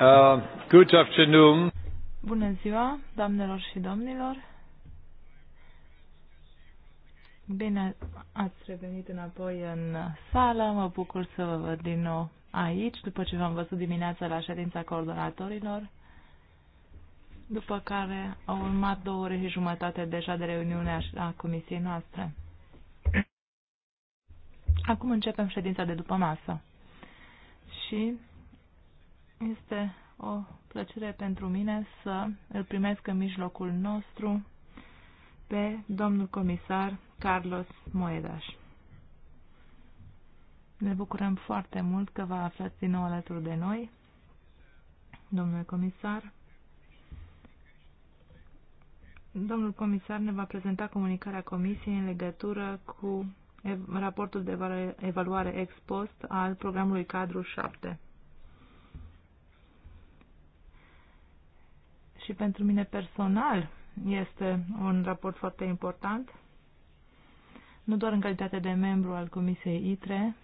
Uh, good afternoon. Bună ziua, doamnelor și domnilor. Bine ați revenit înapoi în sală. Mă bucur să vă văd din nou aici, după ce v-am văzut dimineața la ședința coordonatorilor, după care au urmat două ore și jumătate deja de reuniune a comisiei noastre. Acum începem ședința de după masă. Și este o plăcere pentru mine să îl primesc în mijlocul nostru pe domnul comisar Carlos Moedas. Ne bucurăm foarte mult că vă aflați din nou alături de noi, domnule comisar. Domnul comisar ne va prezenta comunicarea comisiei în legătură cu raportul de evaluare ex post al programului cadru 7. și pentru mine personal este un raport foarte important, nu doar în calitate de membru al Comisiei ITRE,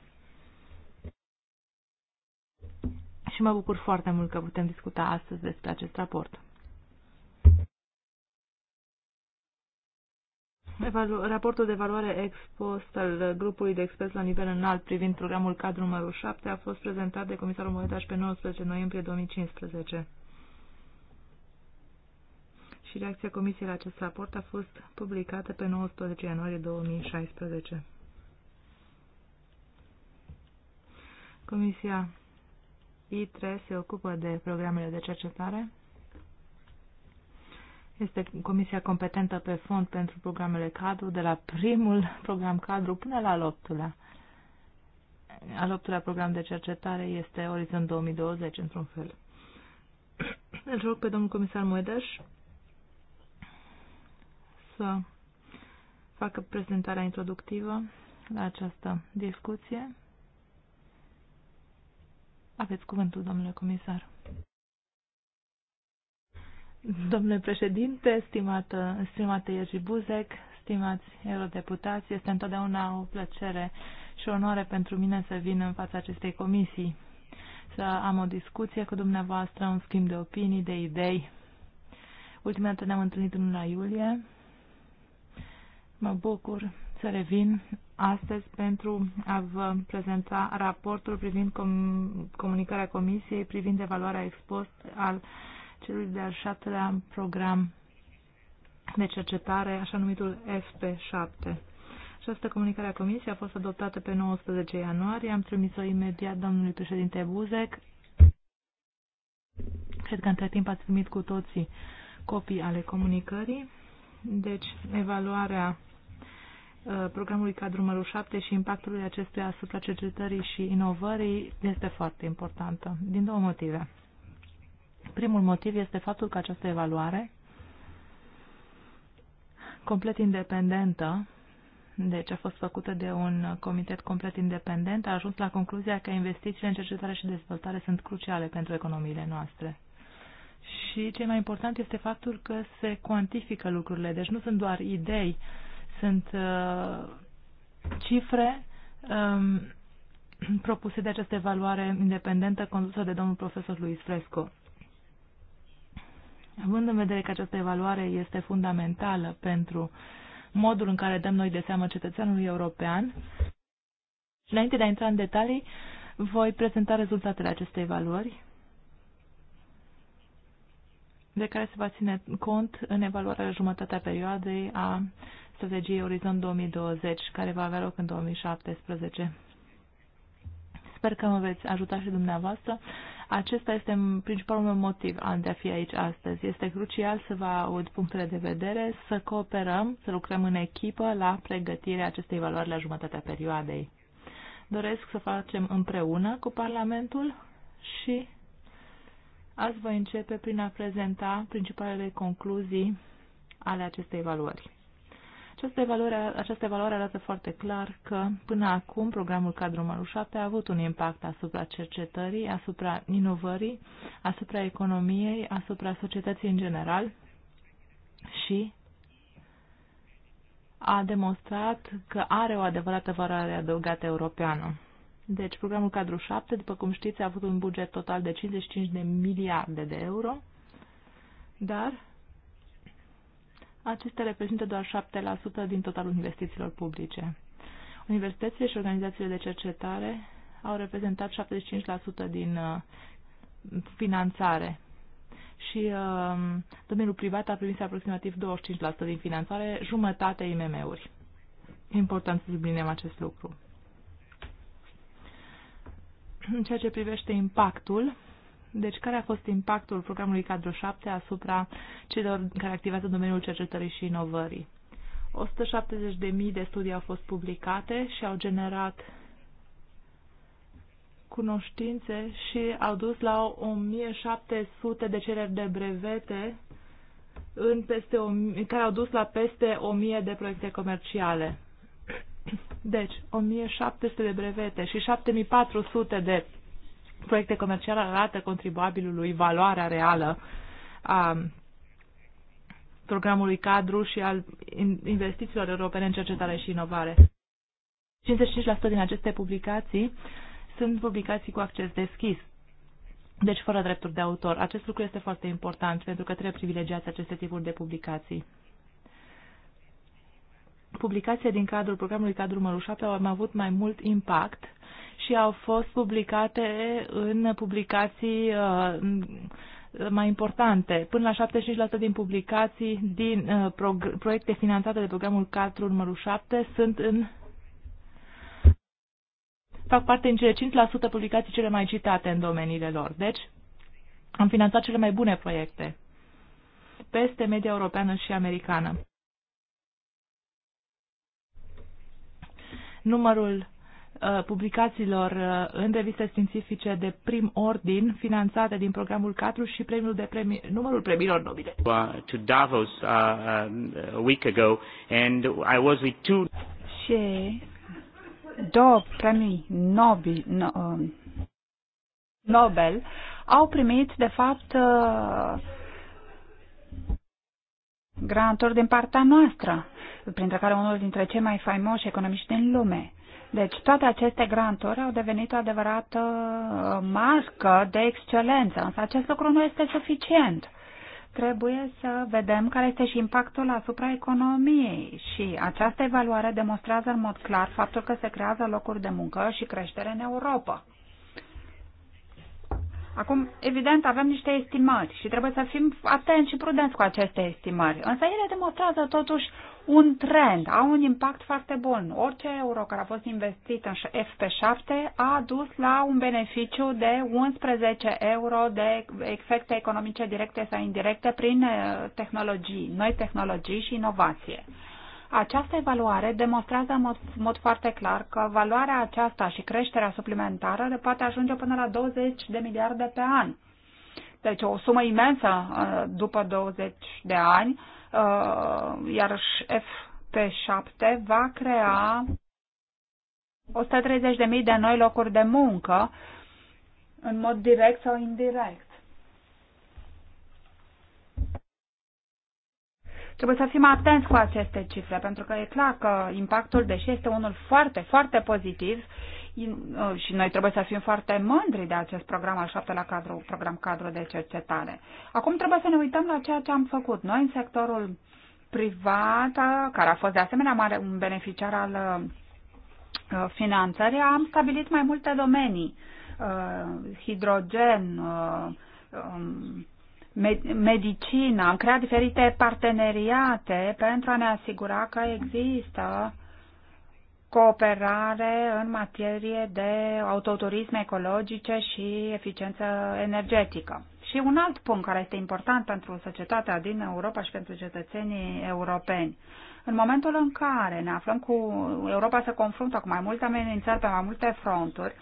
și mă bucur foarte mult că putem discuta astăzi despre acest raport. Evalu raportul de evaluare expost al grupului de experți la nivel înalt privind programul cadru numărul 7 a fost prezentat de Comisarul Moedaș pe 19 noiembrie 2015 și reacția Comisiei la acest raport a fost publicată pe 19 ianuarie 2016. Comisia I3 se ocupă de programele de cercetare. Este comisia competentă pe fond pentru programele cadru, de la primul program cadru până la al optulea. Al optulea program de cercetare este Orizont 2020, într-un fel. Îl rog pe domnul comisar Moedeș să facă prezentarea introductivă la această discuție. Aveți cuvântul, domnule comisar. Domnule președinte, stimată, stimate Iergi Buzek, stimați eurodeputați, este întotdeauna o plăcere și o onoare pentru mine să vin în fața acestei comisii, să am o discuție cu dumneavoastră, un schimb de opinii, de idei. Ultima dată ne-am întâlnit în luna iulie Mă bucur să revin astăzi pentru a vă prezenta raportul privind com comunicarea Comisiei privind evaluarea expost al celui de-al șaptelea program de cercetare, așa numitul FP7. Această comunicare a Comisiei a fost adoptată pe 19 ianuarie. Am trimis-o imediat domnului președinte Buzek. Cred că între timp ați primit cu toții copii ale comunicării. Deci, evaluarea Uh, programului cadru numărul 7 și impactul acestuia asupra cercetării și inovării este foarte importantă, din două motive. Primul motiv este faptul că această evaluare complet independentă, deci a fost făcută de un comitet complet independent, a ajuns la concluzia că investițiile în cercetare și dezvoltare sunt cruciale pentru economiile noastre. Și cel mai important este faptul că se cuantifică lucrurile, deci nu sunt doar idei uh, sunt uh, cifre um, propuse de această evaluare independentă condusă de domnul profesor Luis Fresco. Având în vedere că această evaluare este fundamentală pentru modul în care dăm noi de seamă cetățeanului european, înainte de a intra în detalii, voi prezenta rezultatele acestei evaluări de care se va ține cont în evaluarea jumătatea perioadei a strategiei Orizont 2020, care va avea loc în 2017. Sper că mă veți ajuta și dumneavoastră. Acesta este principalul meu motiv de a fi aici astăzi. Este crucial să vă aud punctele de vedere, să cooperăm, să lucrăm în echipă la pregătirea acestei valori la jumătatea perioadei. Doresc să facem împreună cu Parlamentul și azi voi începe prin a prezenta principalele concluzii ale acestei valori. Această valori, această valori arată foarte clar că până acum programul cadru numărul 7 a avut un impact asupra cercetării, asupra inovării, asupra economiei, asupra societății în general și a demonstrat că are o adevărată valoare adăugată europeană. Deci, programul cadru 7, după cum știți, a avut un buget total de 55 de miliarde de euro, dar acestea reprezintă doar 7% din totalul investițiilor publice. Universitățile și organizațiile de cercetare au reprezentat 75% din uh, finanțare și uh, domeniul privat a primit aproximativ 25% din finanțare, jumătate IMM-uri. E important să subliniem acest lucru. În ceea ce privește impactul, deci, care a fost impactul programului cadru 7 asupra celor care activează domeniul cercetării și inovării? 170.000 de studii au fost publicate și au generat cunoștințe și au dus la 1700 de cereri de brevete în peste o, care au dus la peste 1000 de proiecte comerciale. Deci, 1700 de brevete și 7400 de proiecte comerciale arată contribuabilului valoarea reală a programului cadru și al investițiilor europene în cercetare și inovare. 55% din aceste publicații sunt publicații cu acces deschis, deci fără drepturi de autor. Acest lucru este foarte important pentru că trebuie privilegiați aceste tipuri de publicații. Publicația din cadrul programului cadru numărul 7 au avut mai mult impact și au fost publicate în publicații uh, mai importante. Până la 75% din publicații din uh, proiecte finanțate de programul 4 numărul 7 sunt în fac parte din cele 5% publicații cele mai citate în domeniile lor. Deci, am finanțat cele mai bune proiecte peste media europeană și americană. Numărul Uh, publicațiilor uh, în reviste științifice de prim ordin finanțate din programul 4 și premiul de premi, numărul premiilor nobile. Uh, to Davos uh, a week ago and I was with two și două premii nobi, no, um, Nobel au primit de fapt granturi din partea noastră, printre care unul dintre cei mai faimoși economiști din lume. Deci toate aceste granturi au devenit o adevărată uh, marcă de excelență, însă acest lucru nu este suficient. Trebuie să vedem care este și impactul asupra economiei și această evaluare demonstrează în mod clar faptul că se creează locuri de muncă și creștere în Europa. Acum, evident, avem niște estimări și trebuie să fim atenți și prudenți cu aceste estimări, însă ele demonstrează totuși un trend, au un impact foarte bun. Orice euro care a fost investit în FP7 a dus la un beneficiu de 11 euro de efecte economice directe sau indirecte prin uh, tehnologii, noi tehnologii și inovație. Această evaluare demonstrează în mod, mod foarte clar că valoarea aceasta și creșterea suplimentară poate ajunge până la 20 de miliarde pe an. Deci o sumă imensă uh, după 20 de ani Uh, iarăși FP7 va crea 130.000 de noi locuri de muncă în mod direct sau indirect. Trebuie să fim atenți cu aceste cifre, pentru că e clar că impactul, deși este unul foarte, foarte pozitiv, Uh, și noi trebuie să fim foarte mândri de acest program al șaptelea cadru, program cadru de cercetare. Acum trebuie să ne uităm la ceea ce am făcut noi în sectorul privat, care a fost de asemenea mare, un beneficiar al uh, finanțării, am stabilit mai multe domenii. Uh, hidrogen, um, medicina, am creat diferite parteneriate pentru a ne asigura că există cooperare în materie de autoturisme ecologice și eficiență energetică. Și un alt punct care este important pentru societatea din Europa și pentru cetățenii europeni. În momentul în care ne aflăm cu Europa se confruntă cu mai multe amenințări pe mai multe fronturi,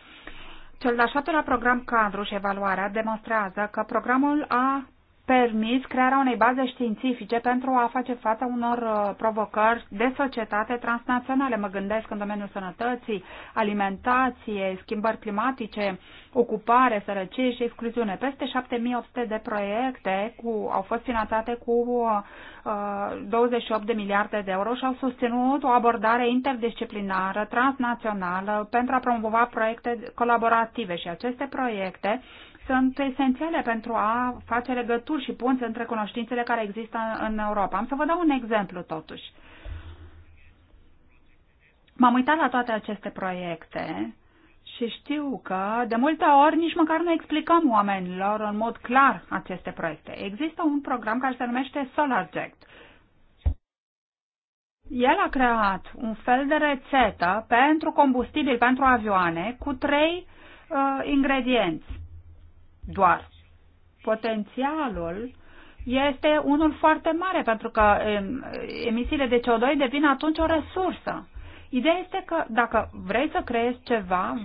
cel de-al șaptelea program cadru și evaluarea demonstrează că programul a permis crearea unei baze științifice pentru a face față unor uh, provocări de societate transnaționale. Mă gândesc în domeniul sănătății, alimentație, schimbări climatice, ocupare, sărăcie și excluziune. Peste 7800 de proiecte cu, au fost finanțate cu uh, 28 de miliarde de euro și au susținut o abordare interdisciplinară, transnațională, pentru a promova proiecte colaborative și aceste proiecte sunt esențiale pentru a face legături și punți între cunoștințele care există în Europa. Am să vă dau un exemplu totuși. M-am uitat la toate aceste proiecte și știu că de multe ori nici măcar nu explicăm oamenilor în mod clar aceste proiecte. Există un program care se numește SolarJect. El a creat un fel de rețetă pentru combustibil pentru avioane cu trei uh, ingredienți doar. Potențialul este unul foarte mare, pentru că emisiile de CO2 devin atunci o resursă. Ideea este că dacă vrei să creezi ceva,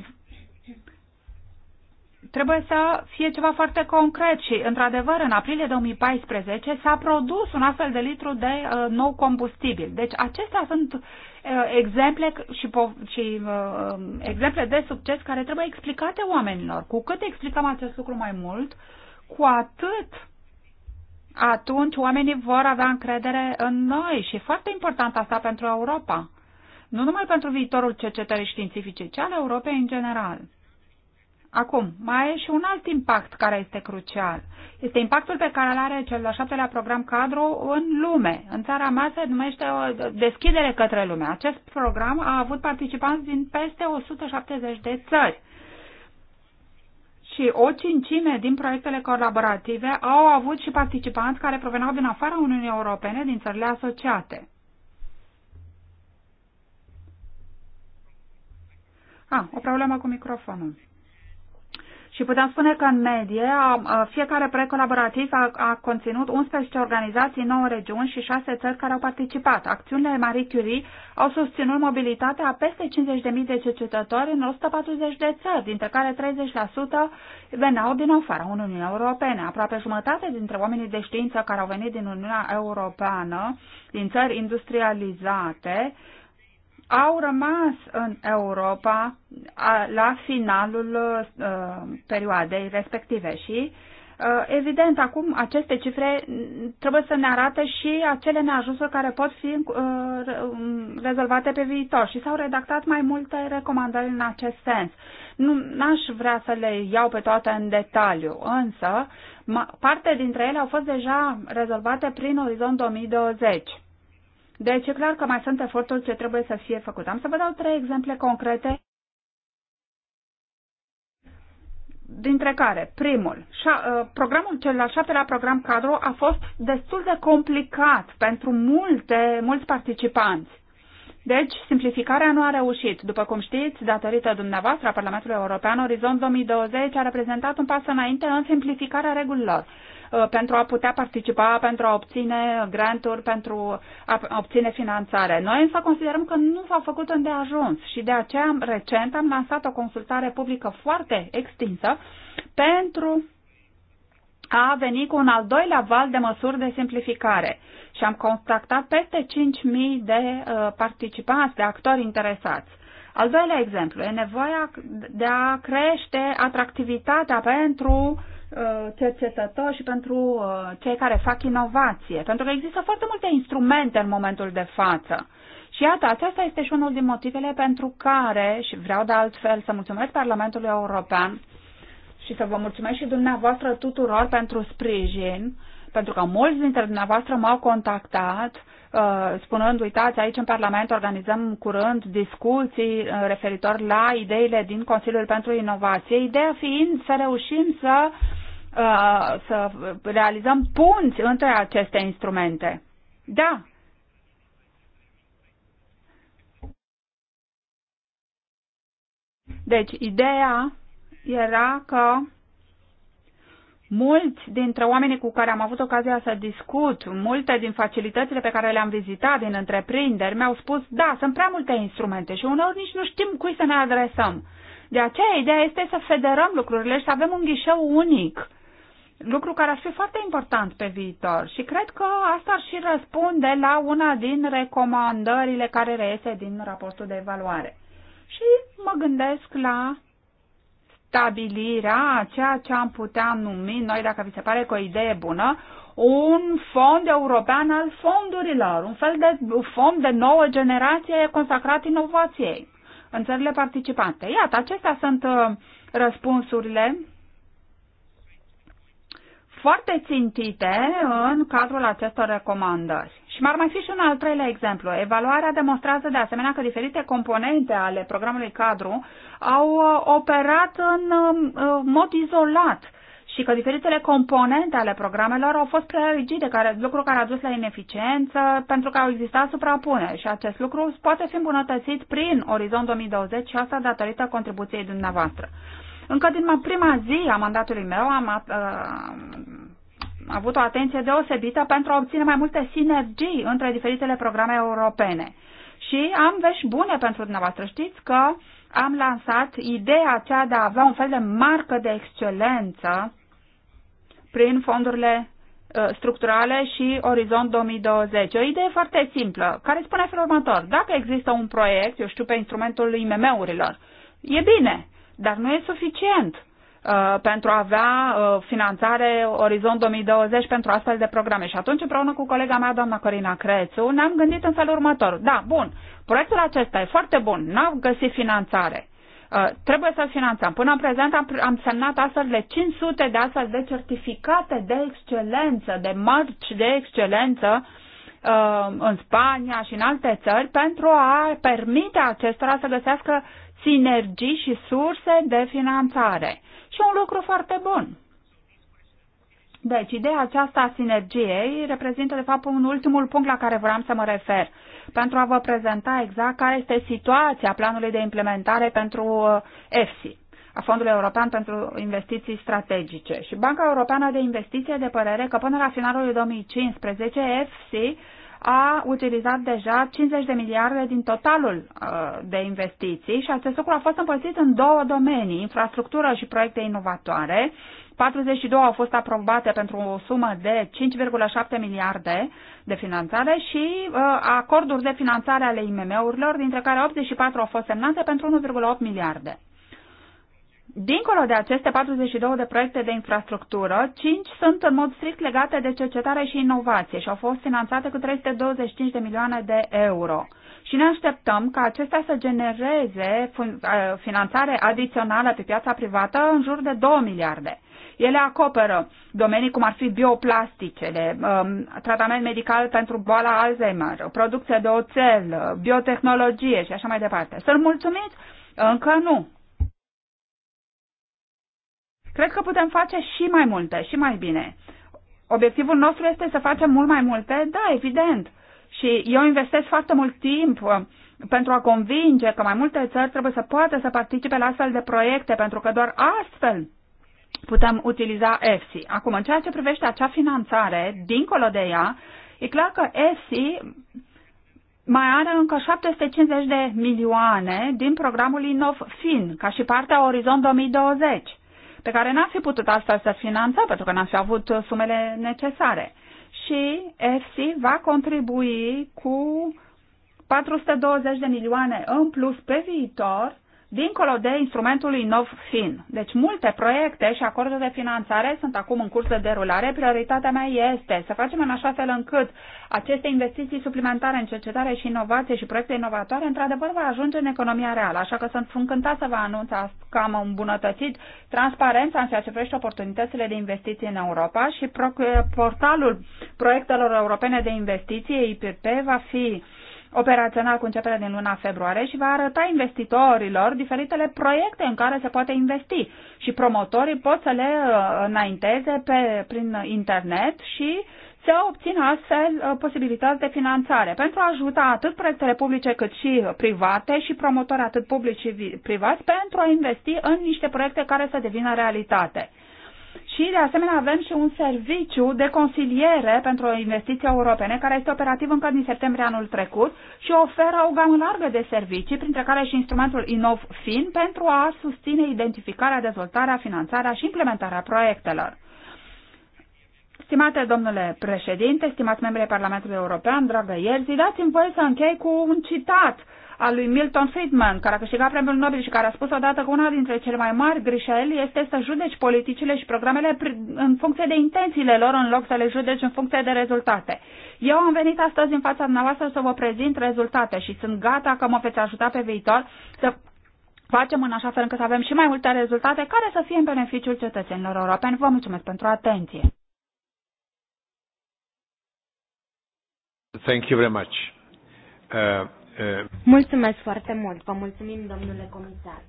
trebuie să fie ceva foarte concret și, într-adevăr, în aprilie 2014 s-a produs un astfel de litru de uh, nou combustibil. Deci acestea sunt Uh, exemple și, și uh, um, exemple de succes care trebuie explicate oamenilor. Cu cât explicăm acest lucru mai mult, cu atât atunci oamenii vor avea încredere în noi și e foarte important asta pentru Europa. Nu numai pentru viitorul cercetării științifice, ci al Europei în general. Acum, mai e și un alt impact care este crucial. Este impactul pe care îl are cel de-al șaptelea program cadru în lume. În țara mea se numește o uh, deschidere către lume. Acest program a avut participanți din peste 170 de țări și o cincime din proiectele colaborative au avut și participanți care proveneau din afara Uniunii Europene, din țările asociate. A, ah, o problemă cu microfonul. Și putem spune că, în medie, fiecare proiect colaborativ a, a conținut 11 organizații, 9 regiuni și 6 țări care au participat. Acțiunile Marie Curie au susținut mobilitatea a peste 50.000 de cercetători în 140 de țări, dintre care 30% veneau din afara Uniunii Europene. Aproape jumătate dintre oamenii de știință care au venit din Uniunea Europeană, din țări industrializate, au rămas în Europa la finalul uh, perioadei respective și uh, Evident, acum aceste cifre trebuie să ne arate și acele neajunsuri care pot fi uh, um, rezolvate pe viitor și s-au redactat mai multe recomandări în acest sens. Nu aș vrea să le iau pe toate în detaliu, însă parte dintre ele au fost deja rezolvate prin orizont 2020. Deci e clar că mai sunt eforturi ce trebuie să fie făcute. Am să vă dau trei exemple concrete, dintre care, primul, uh, programul cel al șaptelea program cadru a fost destul de complicat pentru multe, mulți participanți. Deci, simplificarea nu a reușit. După cum știți, datorită dumneavoastră a Parlamentului European, Orizont 2020 a reprezentat un pas înainte în simplificarea regulilor. Uh, pentru a putea participa, pentru a obține granturi, pentru a obține finanțare. Noi însă considerăm că nu s a făcut îndeajuns și de aceea recent am lansat o consultare publică foarte extinsă pentru a venit cu un al doilea val de măsuri de simplificare și am contactat peste 5.000 de uh, participanți, de actori interesați. Al doilea exemplu, e nevoia de a crește atractivitatea pentru Uh, cercetători și pentru uh, cei care fac inovație, pentru că există foarte multe instrumente în momentul de față. Și iată, acesta este și unul din motivele pentru care, și vreau de altfel să mulțumesc Parlamentului European și să vă mulțumesc și dumneavoastră tuturor pentru sprijin, pentru că mulți dintre dumneavoastră m-au contactat uh, spunând, uitați, aici în Parlament organizăm curând discuții referitor la ideile din Consiliul pentru Inovație, ideea fiind să reușim să uh, Uh, să realizăm punți între aceste instrumente. Da, Deci, ideea era că mulți dintre oamenii cu care am avut ocazia să discut, multe din facilitățile pe care le-am vizitat din întreprinderi, mi-au spus, da, sunt prea multe instrumente și uneori nici nu știm cui să ne adresăm. De aceea, ideea este să federăm lucrurile și să avem un ghișeu unic lucru care ar fi foarte important pe viitor și cred că asta ar și răspunde la una din recomandările care reiese din raportul de evaluare. Și mă gândesc la stabilirea a ceea ce am putea numi noi, dacă vi se pare că o idee bună, un fond european al fondurilor, un fel de fond de nouă generație consacrat inovației în țările participante. Iată, acestea sunt uh, răspunsurile foarte țintite în cadrul acestor recomandări. Și m-ar mai fi și un al treilea exemplu. Evaluarea demonstrează de asemenea că diferite componente ale programului cadru au uh, operat în um, uh, mod izolat și că diferitele componente ale programelor au fost prea rigide, care, lucru care a dus la ineficiență pentru că au existat suprapune. și acest lucru poate fi îmbunătățit prin Orizont 2020 și asta datorită contribuției dumneavoastră. Încă din prima zi a mandatului meu am, uh, a avut o atenție deosebită pentru a obține mai multe sinergii între diferitele programe europene. Și am vești bune pentru dumneavoastră. Știți că am lansat ideea aceea de a avea un fel de marcă de excelență prin fondurile ă, structurale și Orizont 2020. O idee foarte simplă, care spune felul următor. Dacă există un proiect, eu știu, pe instrumentul IMM-urilor, e bine, dar nu e suficient Uh, pentru a avea uh, finanțare Orizont 2020 pentru astfel de programe. Și atunci, împreună cu colega mea, doamna Corina Crețu, ne-am gândit în felul următor. Da, bun, proiectul acesta e foarte bun, n-am găsit finanțare. Uh, trebuie să finanțăm. Până în prezent am, am semnat astfel de 500 de astfel de certificate de excelență, de mărci de excelență uh, în Spania și în alte țări pentru a permite acestora să găsească sinergii și surse de finanțare și un lucru foarte bun. Deci, ideea aceasta a sinergiei reprezintă, de fapt, un ultimul punct la care vreau să mă refer, pentru a vă prezenta exact care este situația planului de implementare pentru EFSI, uh, a Fondului European pentru Investiții Strategice. Și Banca Europeană de Investiții de părere că până la finalul 2015 EFSI a utilizat deja 50 de miliarde din totalul uh, de investiții și acest lucru a fost împărțit în două domenii, infrastructură și proiecte inovatoare. 42 au fost aprobate pentru o sumă de 5,7 miliarde de finanțare și uh, acorduri de finanțare ale IMM-urilor, dintre care 84 au fost semnate pentru 1,8 miliarde. Dincolo de aceste 42 de proiecte de infrastructură, 5 sunt în mod strict legate de cercetare și inovație și au fost finanțate cu 325 de milioane de euro. Și ne așteptăm ca acestea să genereze finanțare adițională pe piața privată în jur de 2 miliarde. Ele acoperă domenii cum ar fi bioplasticele, um, tratament medical pentru boala Alzheimer, producție de oțel, biotehnologie și așa mai departe. Sunt mulțumiți? Încă nu. Cred că putem face și mai multe, și mai bine. Obiectivul nostru este să facem mult mai multe, da, evident. Și eu investesc foarte mult timp uh, pentru a convinge că mai multe țări trebuie să poată să participe la astfel de proiecte, pentru că doar astfel putem utiliza EFSI. Acum, în ceea ce privește acea finanțare, dincolo de ea, e clar că EFSI mai are încă 750 de milioane din programul INOV-FIN, ca și partea Orizont 2020 pe care n a fi putut asta să finanță pentru că n a fi avut uh, sumele necesare. Și EFSI va contribui cu 420 de milioane în plus pe viitor dincolo de instrumentul INOV-FIN. Deci multe proiecte și acorduri de finanțare sunt acum în curs de derulare. Prioritatea mea este să facem în așa fel încât aceste investiții suplimentare în cercetare și inovație și proiecte inovatoare într-adevăr va ajunge în economia reală. Așa că sunt încântat să vă anunț că am îmbunătățit transparența în ceea ce privește oportunitățile de investiții în Europa și portalul proiectelor europene de investiții, EIPP, va fi operațional cu începerea din luna februarie și va arăta investitorilor diferitele proiecte în care se poate investi și promotorii pot să le uh, înainteze pe, prin internet și se obțin astfel uh, posibilități de finanțare pentru a ajuta atât proiectele publice cât și private și promotori atât publici și privați pentru a investi în niște proiecte care să devină realitate. Și, de asemenea, avem și un serviciu de consiliere pentru investiții europene, care este operativ încă din septembrie anul trecut și oferă o gamă largă de servicii, printre care și instrumentul InnovFin, pentru a susține identificarea, dezvoltarea, finanțarea și implementarea proiectelor. Stimate domnule președinte, stimați membrii Parlamentului European, dragă Ierzi, dați-mi voie să închei cu un citat uh, al lui Milton Friedman, care a câștigat premiul Nobel și care a spus odată că una dintre cele mai mari greșeli este să judeci politicile și programele în funcție de intențiile lor în loc să le judeci în funcție de rezultate. Eu am venit astăzi în fața dumneavoastră să vă prezint rezultate și sunt gata că mă veți ajuta pe viitor să facem în așa fel încât să avem și mai multe rezultate care să fie în beneficiul cetățenilor europeni. Vă mulțumesc pentru atenție. Thank you very much. Uh... Mulțumesc foarte mult. Vă mulțumim, domnule comisar.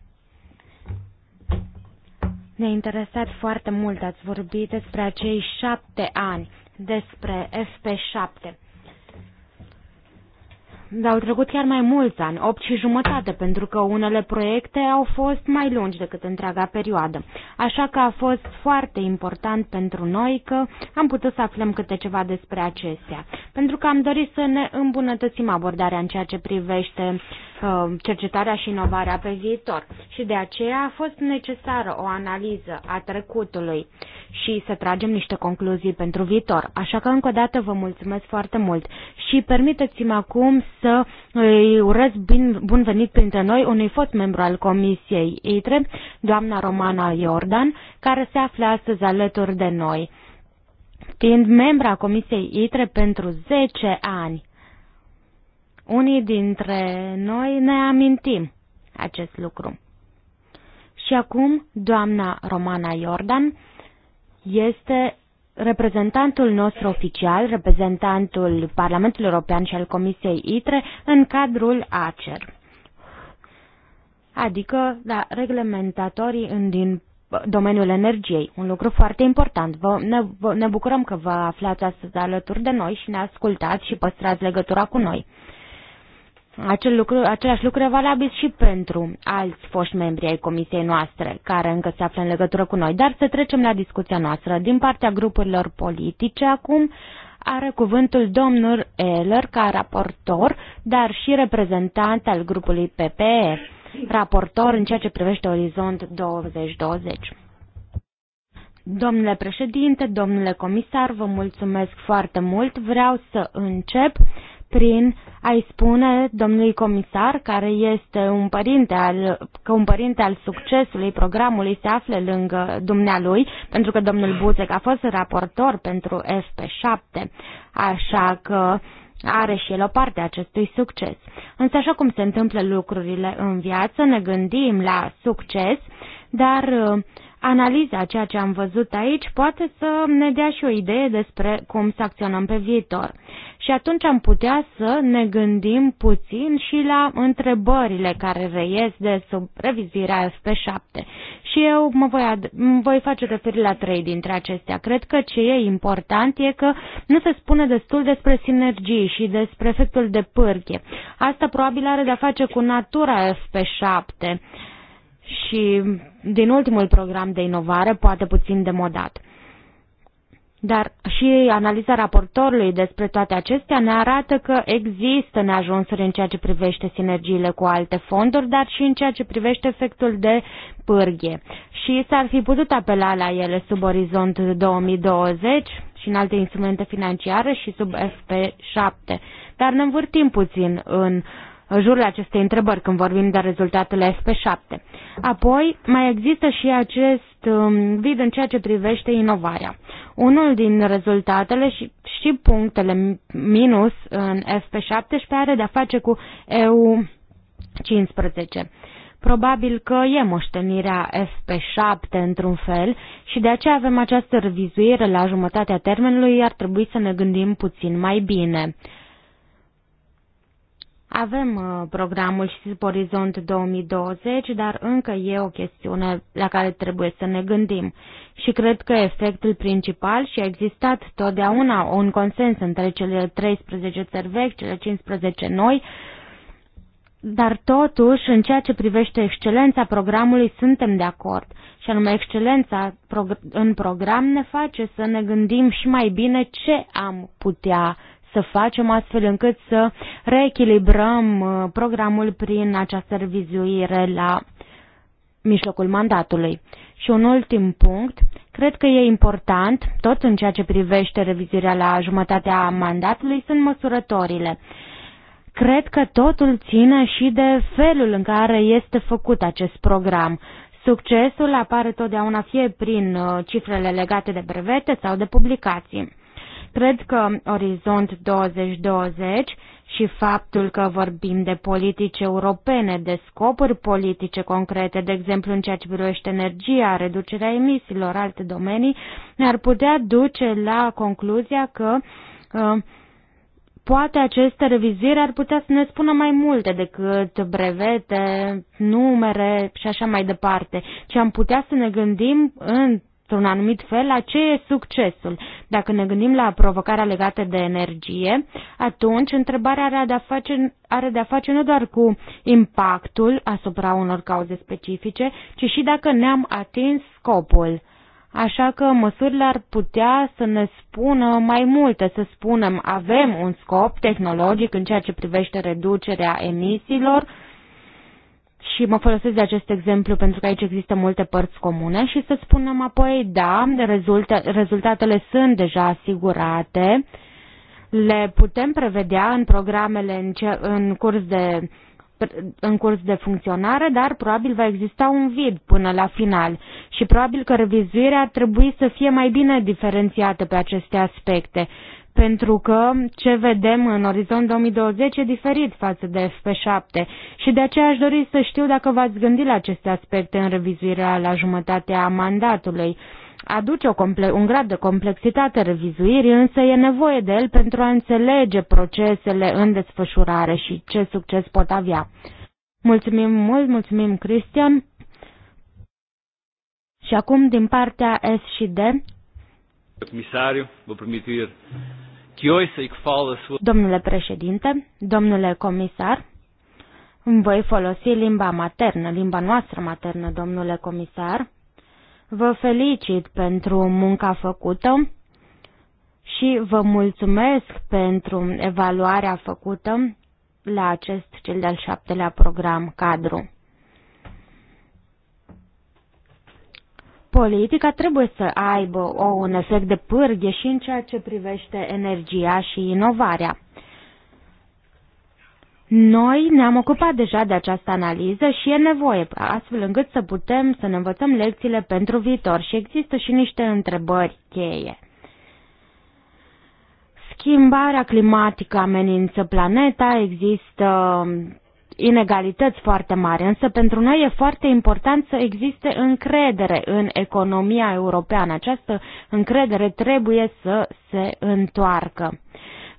Ne-a interesat foarte mult, ați vorbit despre acei șapte ani, despre FP7 dar au trecut chiar mai mulți ani, 8 și jumătate, pentru că unele proiecte au fost mai lungi decât întreaga perioadă. Așa că a fost foarte important pentru noi că am putut să aflăm câte ceva despre acestea, pentru că am dorit să ne îmbunătățim abordarea în ceea ce privește uh, cercetarea și inovarea pe viitor. Și de aceea a fost necesară o analiză a trecutului și să tragem niște concluzii pentru viitor. Așa că încă o dată vă mulțumesc foarte mult și permiteți-mi acum să îi urez bin, bun venit printre noi unui fost membru al Comisiei ITRE, doamna Romana Iordan, care se află astăzi alături de noi, fiind membra Comisiei ITRE pentru 10 ani. Unii dintre noi ne amintim acest lucru. Și acum, doamna Romana Iordan este reprezentantul nostru oficial, reprezentantul Parlamentului European și al Comisiei ITRE în cadrul ACER. Adică, da, reglementatorii în din domeniul energiei, un lucru foarte important. Vă, ne, vă, ne bucurăm că vă aflați astăzi alături de noi și ne ascultați și păstrați legătura cu noi. Acel lucru, același lucru e valabil și pentru alți foști membri ai comisiei noastre care încă se află în legătură cu noi. Dar să trecem la discuția noastră. Din partea grupurilor politice acum are cuvântul domnul Eller ca raportor, dar și reprezentant al grupului PPE, raportor în ceea ce privește Orizont 2020. Domnule președinte, domnule comisar, vă mulțumesc foarte mult. Vreau să încep uh, prin a-i spune domnului comisar, care este un părinte al, că un părinte al succesului programului se află lângă dumnealui, pentru că domnul Buzec a fost raportor pentru FP7, așa că are și el o parte a acestui succes. Însă așa cum se întâmplă lucrurile în viață, ne gândim la succes, dar uh, Analiza ceea ce am văzut aici poate să ne dea și o idee despre cum să acționăm pe viitor. Și atunci am putea să ne gândim puțin și la întrebările care reies de sub revizirea sp 7 Și eu mă voi, mă voi face referire la trei dintre acestea. Cred că ce e important e că nu se spune destul despre sinergii și despre efectul de pârghie. Asta probabil are de-a face cu natura sp 7 și din ultimul program de inovare, poate puțin demodat. Dar și analiza raportorului despre toate acestea ne arată că există neajunsuri în ceea ce privește sinergiile cu alte fonduri, dar și în ceea ce privește efectul de pârghie. Și s-ar fi putut apela la ele sub orizont 2020 și în alte instrumente financiare și sub FP7. Dar ne învârtim puțin în uh, în jurul acestei întrebări când vorbim de rezultatele SP7. Apoi, mai există și acest um, vid în ceea ce privește inovarea. Unul din rezultatele și, și punctele minus în SP17 are de-a face cu EU15. Probabil că e moștenirea sp 7 într-un fel și de aceea avem această revizuire la jumătatea termenului, ar trebui să ne gândim puțin mai bine. Avem uh, programul și Orizont 2020, dar încă e o chestiune la care trebuie să ne gândim. Și cred că efectul principal și a existat totdeauna un consens între cele 13 țări vechi, cele 15 noi, dar totuși, în ceea ce privește excelența programului, suntem de acord. Și anume, excelența în program ne face să ne gândim și mai bine ce am putea să facem astfel încât să reechilibrăm uh, programul prin această revizuire la mijlocul mandatului. Și un ultim punct, cred că e important, tot în ceea ce privește revizuirea la jumătatea mandatului, sunt măsurătorile. Cred că totul ține și de felul în care este făcut acest program. Succesul apare totdeauna fie prin uh, cifrele legate de brevete sau de publicații. Cred că Orizont 2020 și faptul că vorbim de politici europene, de scopuri politice concrete, de exemplu în ceea ce privește energia, reducerea emisiilor, alte domenii, ne-ar putea duce la concluzia că ă, poate aceste revizire ar putea să ne spună mai multe decât brevete, numere și așa mai departe, Ce am putea să ne gândim în într-un anumit fel la ce e succesul. Dacă ne gândim la provocarea legată de energie, atunci întrebarea are de-a face, are de-a face nu doar cu impactul asupra unor cauze specifice, ci și dacă ne-am atins scopul. Așa că măsurile ar putea să ne spună mai multe, să spunem avem un scop tehnologic în ceea ce privește reducerea emisiilor, și mă folosesc de acest exemplu pentru că aici există multe părți comune și să spunem apoi, da, rezulte, rezultatele sunt deja asigurate, le putem prevedea în programele în, ce, în curs de în curs de funcționare, dar probabil va exista un vid până la final și probabil că revizuirea ar trebui să fie mai bine diferențiată pe aceste aspecte pentru că ce vedem în orizont 2020 e diferit față de FP7 și de aceea aș dori să știu dacă v-ați gândit la aceste aspecte în revizuirea la jumătatea mandatului. Aduce o comple- un grad de complexitate revizuirii, însă e nevoie de el pentru a înțelege procesele în desfășurare și ce succes pot avea. Mulțumim mult, mulțumim Cristian. Și acum din partea S și D. Comisariu, vă permitir Domnule președinte, domnule comisar, voi folosi limba maternă, limba noastră maternă, domnule comisar. Vă felicit pentru munca făcută și vă mulțumesc pentru evaluarea făcută la acest cel de-al șaptelea program cadru. politica trebuie să aibă o, un efect de pârghie și în ceea ce privește energia și inovarea. Noi ne-am ocupat deja de această analiză și e nevoie, astfel încât să putem să ne învățăm lecțiile pentru viitor și există și niște întrebări cheie. Schimbarea climatică amenință planeta, există inegalități foarte mari, însă pentru noi e foarte important să existe încredere în economia europeană. Această încredere trebuie să se întoarcă.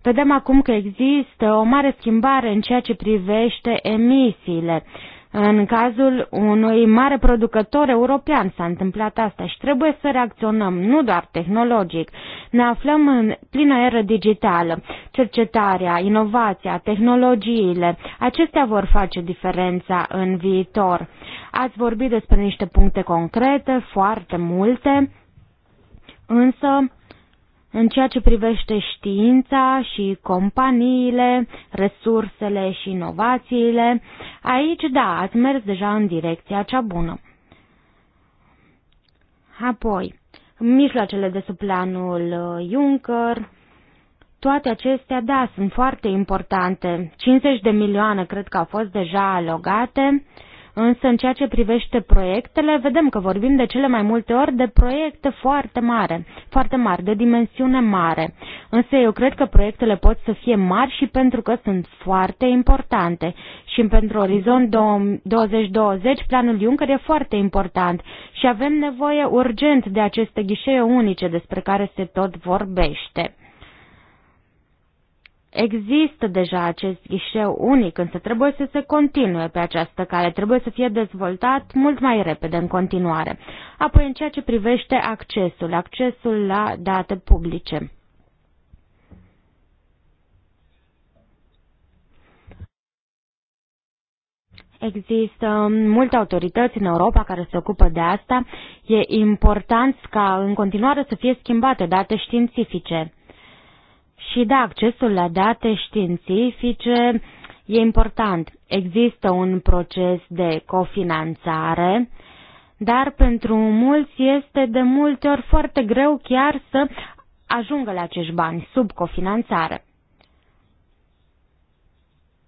Vedem acum că există o mare schimbare în ceea ce privește emisiile. În cazul unui mare producător european s-a întâmplat asta și trebuie să reacționăm, nu doar tehnologic. Ne aflăm în plină eră digitală. Cercetarea, inovația, tehnologiile, acestea vor face diferența în viitor. Ați vorbit despre niște puncte concrete, foarte multe, însă în ceea ce privește știința și companiile, resursele și inovațiile, aici, da, ați mers deja în direcția cea bună. Apoi, mijloacele de sub planul uh, Juncker, toate acestea, da, sunt foarte importante. 50 de milioane cred că au fost deja alogate. Uh, Însă, în ceea ce privește proiectele, vedem că vorbim de cele mai multe ori de proiecte foarte mare, foarte mari, de dimensiune mare. Însă eu cred că proiectele pot să fie mari și pentru că sunt foarte importante. Și pentru Orizont 2020, planul Juncker e foarte important și avem nevoie urgent de aceste ghișee unice despre care se tot vorbește. Există deja acest ghișeu unic, însă trebuie să se continue pe această cale, trebuie să fie dezvoltat mult mai repede în continuare. Apoi în ceea ce privește accesul, accesul la date publice. Există multe autorități în Europa care se ocupă de asta. E important ca în continuare să fie schimbate date științifice și da, accesul la date științifice e important. Există un proces de cofinanțare, dar pentru mulți este de multe ori foarte greu chiar să ajungă la acești bani sub cofinanțare.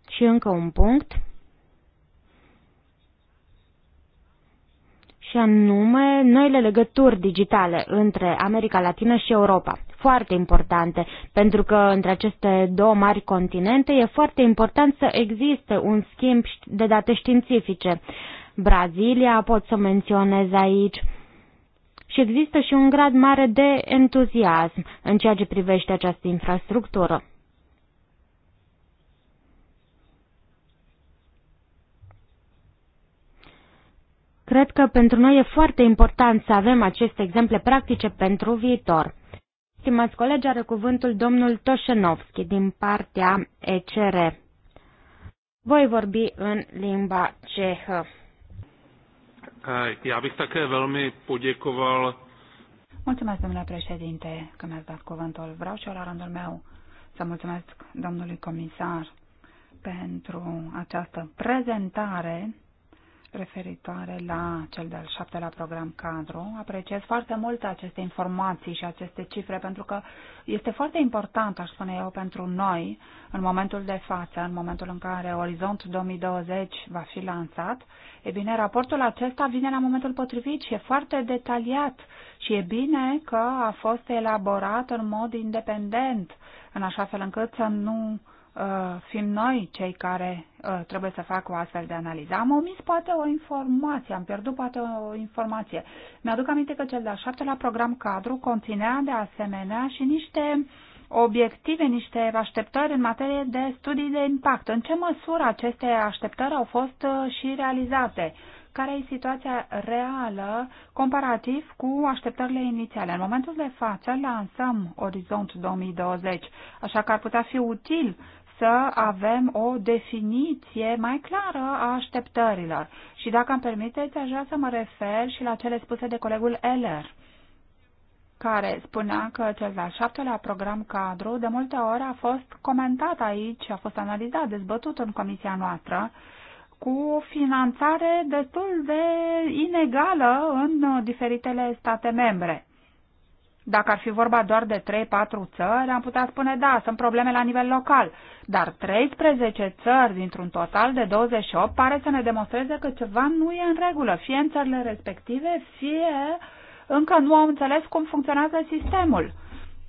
Și încă un punct. și anume noile legături digitale între America Latină și Europa. Foarte importante, pentru că între aceste două mari continente e foarte important să existe un schimb de date științifice. Brazilia pot să menționez aici. Și există și un grad mare de entuziasm în ceea ce privește această infrastructură. Cred că pentru noi e foarte important să avem aceste exemple practice pentru viitor. Stimați colegi, are cuvântul domnul Toșenovski din partea ECR. Voi vorbi în limba cehă. Já bych také velmi poděkoval. Mulțumesc, domnule președinte, că mi-ați dat cuvântul. Vreau și eu la rândul meu să mulțumesc domnului comisar pentru această prezentare referitoare la cel de-al șaptelea program cadru. Apreciez foarte mult aceste informații și aceste cifre pentru că este foarte important, aș spune eu, pentru noi în momentul de față, în momentul în care Orizont 2020 va fi lansat. E bine, raportul acesta vine la momentul potrivit și e foarte detaliat și e bine că a fost elaborat în mod independent, în așa fel încât să nu Uh, fim noi cei care uh, trebuie să facă o astfel de analiză. Am omis poate o informație, am pierdut poate o informație. Mi-aduc aminte că cel de-al șaptelea program cadru conținea de asemenea și niște obiective, niște așteptări în materie de studii de impact. În ce măsură aceste așteptări au fost uh, și realizate? Care e situația reală comparativ cu așteptările inițiale? În momentul de față lansăm Orizont 2020, așa că ar putea fi util uh, să avem o definiție mai clară a așteptărilor. Și dacă îmi permiteți, aș vrea să mă refer și la cele spuse de colegul Eller care spunea că cel de-al șaptelea program cadru de multe ori a fost comentat aici, a fost analizat, dezbătut în comisia noastră, cu o finanțare destul de inegală în diferitele state membre. Dacă ar fi vorba doar de 3-4 țări, am putea spune da, sunt probleme la nivel local. Dar 13 țări dintr-un total de 28 pare să ne demonstreze că ceva nu e în regulă, fie în țările respective, fie încă nu au înțeles cum funcționează sistemul.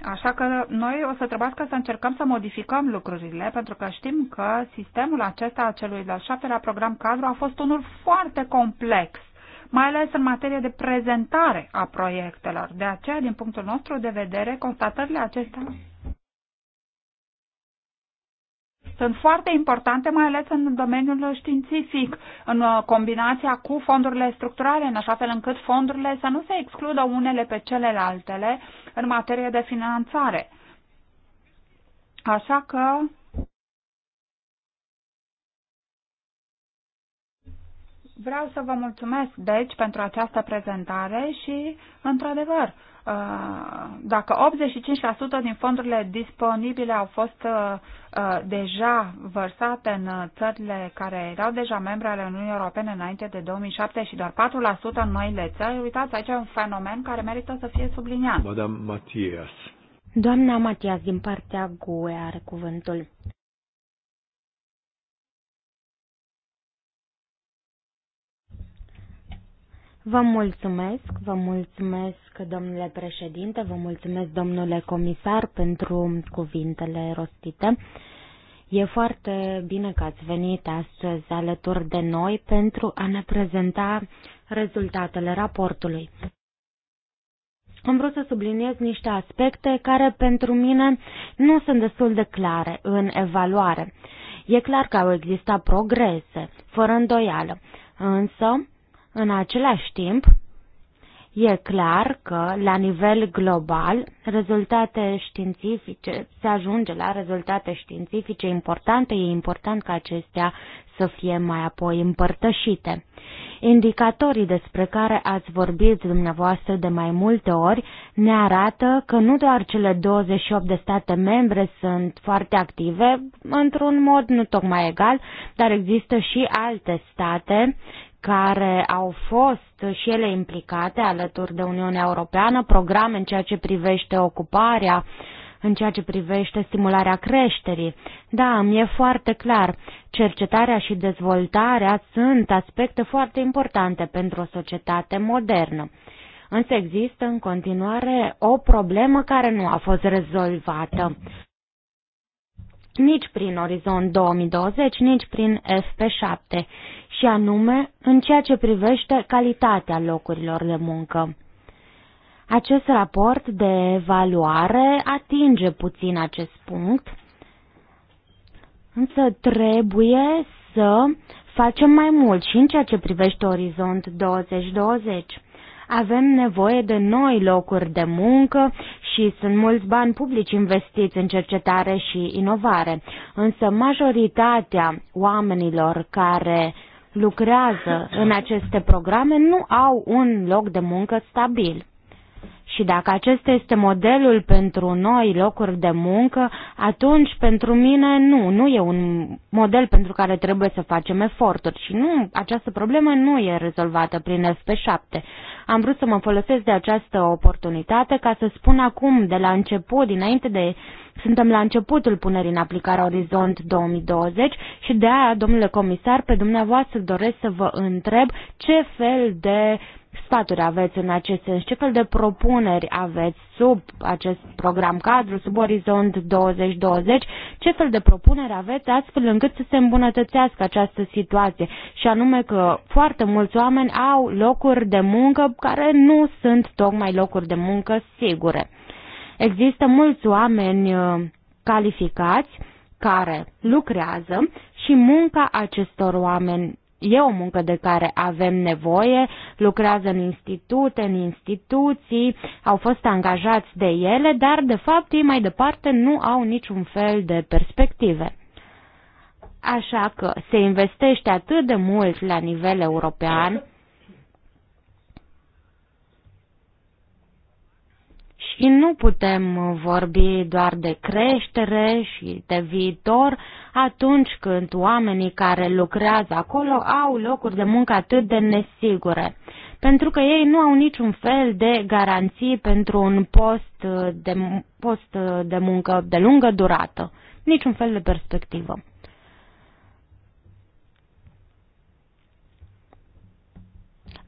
Așa că noi o să trebuiască să încercăm să modificăm lucrurile, pentru că știm că sistemul acesta a celui de-al șaptelea program cadru a fost unul foarte complex mai ales în materie de prezentare a proiectelor. De aceea, din punctul nostru de vedere, constatările acestea sunt foarte importante, mai ales în domeniul științific, în uh, combinația cu fondurile structurale, în așa fel încât fondurile să nu se excludă unele pe celelalte în materie de finanțare. Așa că Vreau să vă mulțumesc, deci, pentru această prezentare și, într-adevăr, uh, dacă 85% din fondurile disponibile au fost uh, uh, deja vărsate în țările care erau deja membre ale Uniunii Europene înainte de 2007 și doar 4% în noile țări, uitați, aici e un fenomen care merită să fie subliniat. Doamna Matias, din partea GUE, are cuvântul. Vă mulțumesc, vă mulțumesc, domnule președinte, vă mulțumesc, domnule comisar, pentru cuvintele rostite. E foarte bine că ați venit astăzi alături de noi pentru a ne prezenta rezultatele raportului. Am vrut să subliniez niște aspecte care pentru mine nu sunt destul de clare în evaluare. E clar că au existat progrese, fără îndoială, însă în același timp, e clar că, la nivel global, rezultate științifice, se ajunge la rezultate științifice importante, e important ca acestea să fie mai apoi împărtășite. Indicatorii despre care ați vorbit dumneavoastră de mai multe ori ne arată că nu doar cele 28 de state membre sunt foarte active, într-un mod nu tocmai egal, dar există și alte state care au fost și ele implicate alături de Uniunea Europeană, programe în ceea ce privește ocuparea, în ceea ce privește stimularea creșterii. Da, mi-e foarte clar, cercetarea și dezvoltarea sunt aspecte foarte importante pentru o societate modernă. Însă există în continuare o problemă care nu a fost rezolvată nici prin Orizont 2020, nici prin FP7 și anume în ceea ce privește calitatea locurilor de muncă. Acest raport de evaluare atinge puțin acest punct, însă trebuie să facem mai mult și în ceea ce privește Orizont 2020 avem nevoie de noi locuri de muncă și sunt mulți bani publici investiți în cercetare și inovare. Însă majoritatea oamenilor care lucrează în aceste programe nu au un loc de muncă stabil. Și dacă acesta este modelul pentru noi locuri de muncă, atunci pentru mine nu, nu e un model pentru care trebuie să facem eforturi și nu, această problemă nu e rezolvată prin FP7. Am vrut să mă folosesc de această oportunitate ca să spun acum, de la început, dinainte de suntem la începutul punerii în aplicare Orizont 2020 și de aia, domnule comisar, pe dumneavoastră doresc să vă întreb ce fel de uh, sfaturi aveți în acest sens? Ce fel de propuneri aveți sub acest program cadru, sub Orizont 2020? Ce fel de propuneri aveți astfel încât să se îmbunătățească această situație? Și anume că foarte mulți oameni au locuri de muncă care nu sunt tocmai locuri de muncă sigure. Există mulți oameni uh, calificați care lucrează și munca acestor oameni e o muncă de care avem nevoie, lucrează în institute, în instituții, au fost angajați de ele, dar de fapt ei mai departe nu au niciun fel de perspective. Așa că se investește atât de mult la nivel european, și nu putem vorbi doar de creștere și de viitor atunci când oamenii care lucrează acolo au locuri de muncă atât de nesigure, pentru că ei nu au niciun fel de garanții pentru un post de, post de muncă de lungă durată, niciun fel de perspectivă.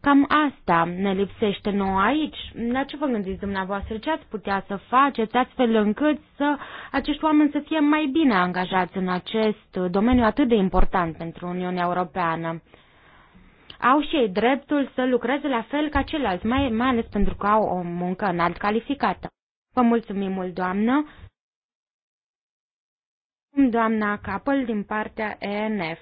Cam asta ne lipsește nouă aici. La ce vă gândiți dumneavoastră? Ce ați putea să faceți astfel încât să acești oameni să fie mai bine angajați în acest domeniu atât de important pentru Uniunea Europeană? Au și ei dreptul să lucreze la fel ca ceilalți, mai, mai ales pentru că au o muncă înalt calificată. Vă mulțumim mult, doamnă! Doamna Capăl din partea ENF.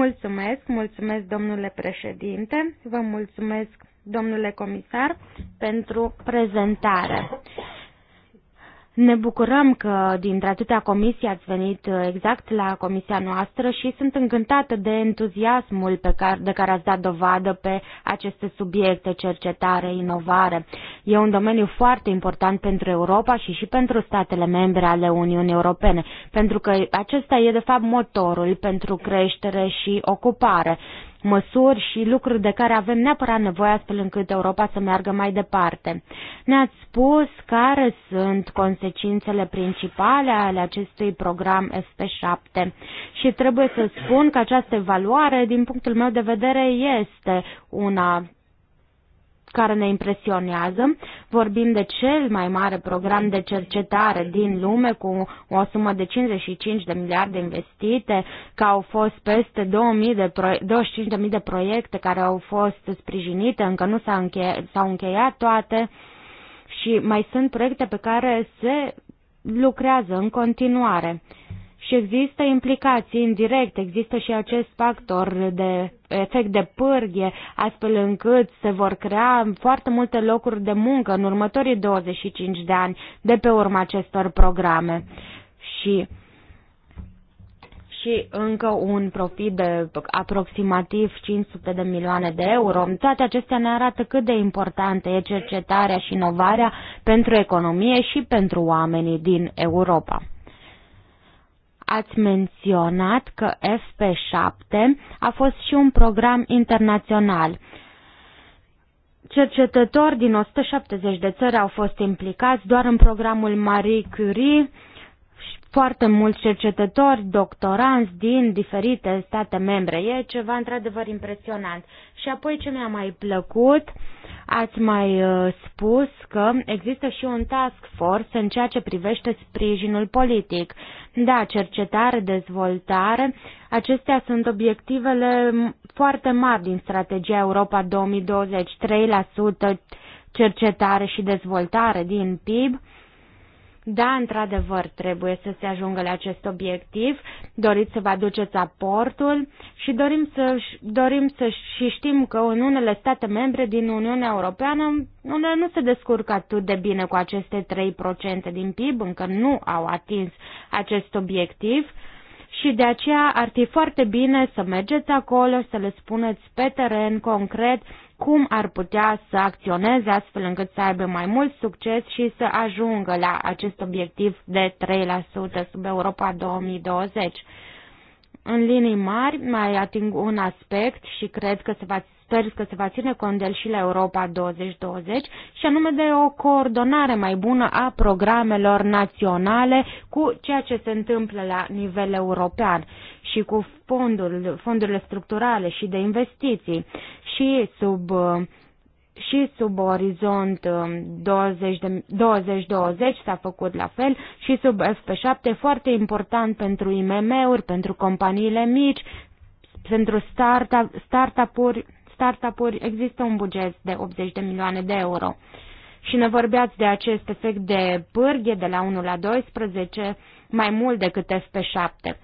Mulțumesc, mulțumesc domnule președinte, vă mulțumesc domnule comisar pentru prezentare. Ne bucurăm că dintre atâtea comisii ați venit uh, exact la comisia noastră și sunt încântată de entuziasmul pe care, de care ați dat dovadă pe aceste subiecte, cercetare, inovare. E un domeniu foarte important pentru Europa și și pentru statele membre ale Uniunii Europene, pentru că acesta e de fapt motorul pentru creștere și ocupare măsuri și lucruri de care avem neapărat nevoie astfel încât Europa să meargă mai departe. Ne-ați spus care sunt consecințele principale ale acestui program sp 7 și trebuie să spun că această evaluare, din punctul meu de vedere, este una care ne impresionează. Vorbim de cel mai mare program de cercetare din lume cu o sumă de 55 de miliarde investite, că au fost peste 2000 de pro- 25.000 de proiecte care au fost sprijinite, încă nu s-au încheiat, încheiat toate și mai sunt proiecte pe care se lucrează în continuare. Și există implicații indirecte, există și acest factor de efect de pârghie, astfel încât se vor crea foarte multe locuri de muncă în următorii 25 de ani de pe urma acestor programe. Și și încă un profit de aproximativ 500 de milioane de euro. Toate acestea ne arată cât de importantă e cercetarea și inovarea pentru economie și pentru oamenii din Europa. Ați menționat că FP7 a fost și un program internațional. Cercetători din 170 de țări au fost implicați doar în programul Marie Curie, foarte mulți cercetători, doctoranți din diferite state membre. E ceva într-adevăr impresionant. Și apoi ce mi-a mai plăcut, ați mai uh, spus că există și un task force în ceea ce privește sprijinul politic. Da, cercetare, dezvoltare, acestea sunt obiectivele foarte mari din strategia Europa 2020, 3% cercetare și dezvoltare din PIB da, într-adevăr, trebuie să se ajungă la acest obiectiv. Doriți să vă aduceți aportul și dorim să, dorim să și știm că în unele state membre din Uniunea Europeană unele nu se descurcă atât de bine cu aceste 3% din PIB, încă nu au atins acest obiectiv și de aceea ar fi foarte bine să mergeți acolo, să le spuneți pe teren concret cum ar putea să acționeze astfel încât să aibă mai mult succes și să ajungă la acest obiectiv de 3% sub Europa 2020. În linii mari mai ating un aspect și cred că se va sper că se va ține cont de el și la Europa 2020, și anume de o coordonare mai bună a programelor naționale cu ceea ce se întâmplă la nivel european și cu fondul, fondurile structurale și de investiții și sub și sub orizont 2020 um, s-a făcut la fel și sub FP7 foarte important pentru IMM-uri, pentru companiile mici, pentru startup-uri startup-uri există un buget de 80 de milioane de euro. Și ne vorbeați de acest efect de pârghie de la 1 la 12, mai mult decât FP7.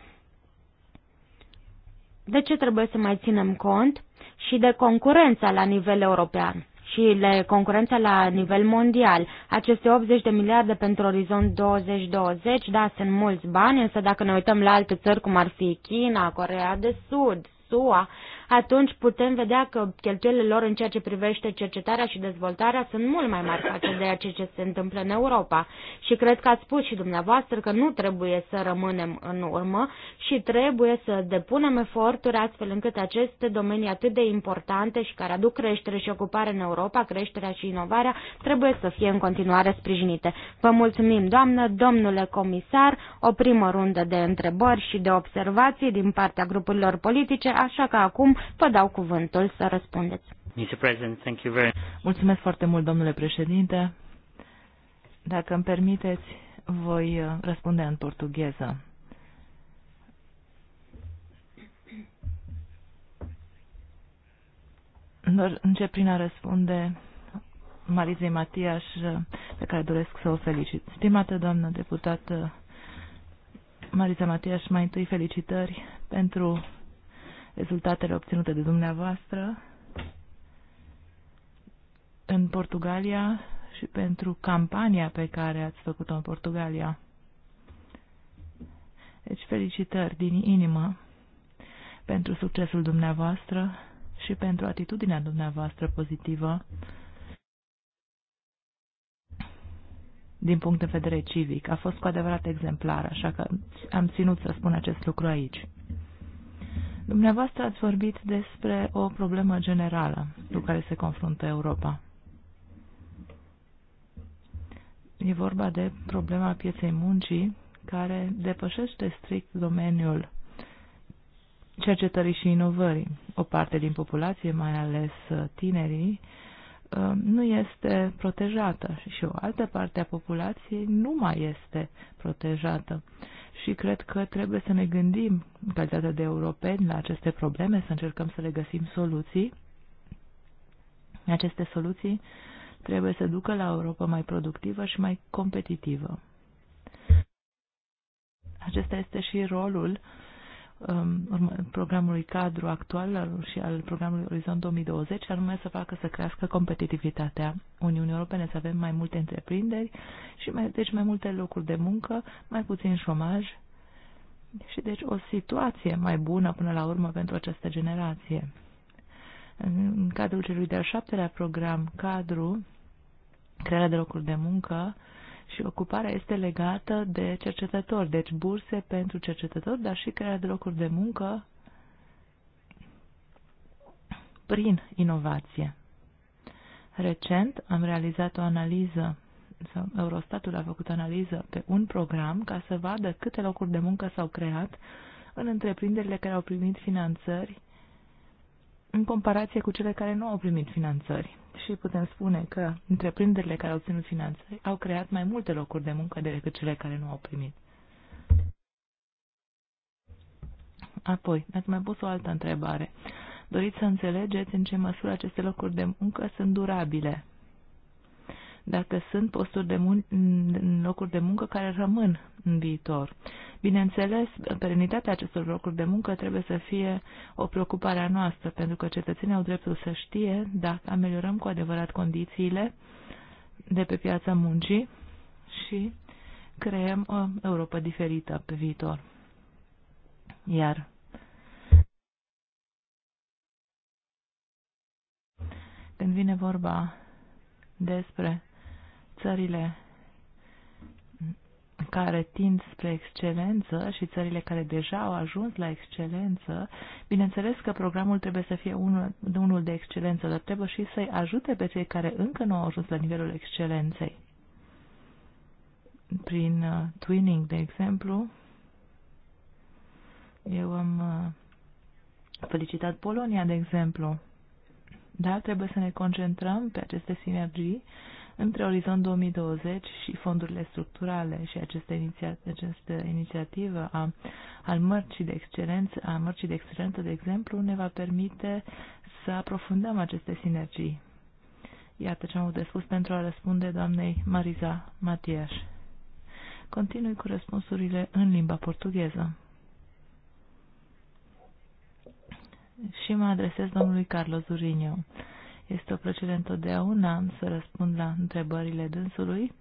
De ce trebuie să mai ținem cont? Și de concurența la nivel european și de concurența la nivel mondial. Aceste 80 de miliarde pentru orizont 2020, da, sunt mulți bani, însă dacă ne uităm la alte țări, cum ar fi China, Corea de Sud, SUA, atunci putem vedea că cheltuielile lor în ceea ce privește cercetarea și dezvoltarea sunt mult mai mari față de ceea ce se întâmplă în Europa. Și cred că ați spus și dumneavoastră că nu trebuie să rămânem în urmă și trebuie să depunem eforturi astfel încât aceste domenii atât de importante și care aduc creștere și ocupare în Europa, creșterea și inovarea, trebuie să fie în continuare sprijinite. Vă mulțumim, doamnă, domnule comisar, o primă rundă de întrebări și de observații din partea grupurilor politice, așa că acum vă dau cuvântul să răspundeți. Mulțumesc foarte mult, domnule președinte. Dacă îmi permiteți, voi uh, răspunde în portugheză. Doar încep prin a răspunde Marizei Matias, uh, pe care doresc să o felicit. Stimată doamnă deputată Mariza Matias, mai întâi felicitări pentru rezultatele obținute de dumneavoastră în Portugalia și pentru campania pe care ați făcut-o în Portugalia. Deci felicitări din inimă pentru succesul dumneavoastră și pentru atitudinea dumneavoastră pozitivă din punct de vedere civic. A fost cu adevărat exemplar, așa că am ținut să spun acest lucru aici. Dumneavoastră ați vorbit despre o problemă generală cu care se confruntă Europa. E vorba de problema pieței muncii care depășește strict domeniul cercetării și inovării. O parte din populație, mai ales tinerii, nu este protejată și o altă parte a populației nu mai este protejată și cred că trebuie să ne gândim, în calitate de europeni, la aceste probleme, să încercăm să le găsim soluții. Aceste soluții trebuie să ducă la Europa mai productivă și mai competitivă. Acesta este și rolul uh, Um, programului cadru actual și al programului Orizont 2020, anume să facă să crească competitivitatea Uniunii Europene, să avem mai multe întreprinderi și mai, deci mai multe locuri de muncă, mai puțin șomaj și deci o situație mai bună până la urmă pentru această generație. În cadrul celui de-al șaptelea program cadru, crearea de locuri de muncă, și ocuparea este legată de cercetători, deci burse pentru cercetători, dar și crearea de locuri de muncă prin inovație. Recent am realizat o analiză, sau Eurostatul a făcut analiză pe un program ca să vadă câte locuri de muncă s-au creat în întreprinderile care au primit finanțări în comparație cu cele care nu au primit finanțări și putem spune că întreprinderile care au obținut finanțe au creat mai multe locuri de muncă decât cele care nu au primit. Apoi, ați mai pus o altă întrebare. Doriți să înțelegeți în ce măsură aceste locuri de muncă sunt durabile dacă sunt posturi de mun- locuri de muncă care rămân în viitor. Bineînțeles, perenitatea acestor locuri de muncă trebuie să fie o preocupare a noastră, pentru că cetățenii au dreptul să știe dacă ameliorăm cu adevărat condițiile de pe piața muncii și creăm o Europa diferită pe viitor. Iar când vine vorba despre țările care tind spre excelență și țările care deja au ajuns la excelență, bineînțeles că programul trebuie să fie unul, unul de excelență, dar trebuie și să-i ajute pe cei care încă nu au ajuns la nivelul excelenței. Prin uh, twinning, de exemplu, eu am uh, felicitat Polonia, de exemplu, dar trebuie să ne concentrăm pe aceste sinergii uh, între Orizont 2020 și fondurile structurale și această, iniția, această inițiativă a, al mărcii de excelență, a mărcii de excelență, de exemplu, ne va permite să aprofundăm aceste sinergii. Iată ce am avut de spus pentru a răspunde doamnei Mariza Matias. Continui cu răspunsurile în limba portugheză. Și mă adresez domnului Carlos Urinio. Este o plăcere întotdeauna să răspund la întrebările dânsului,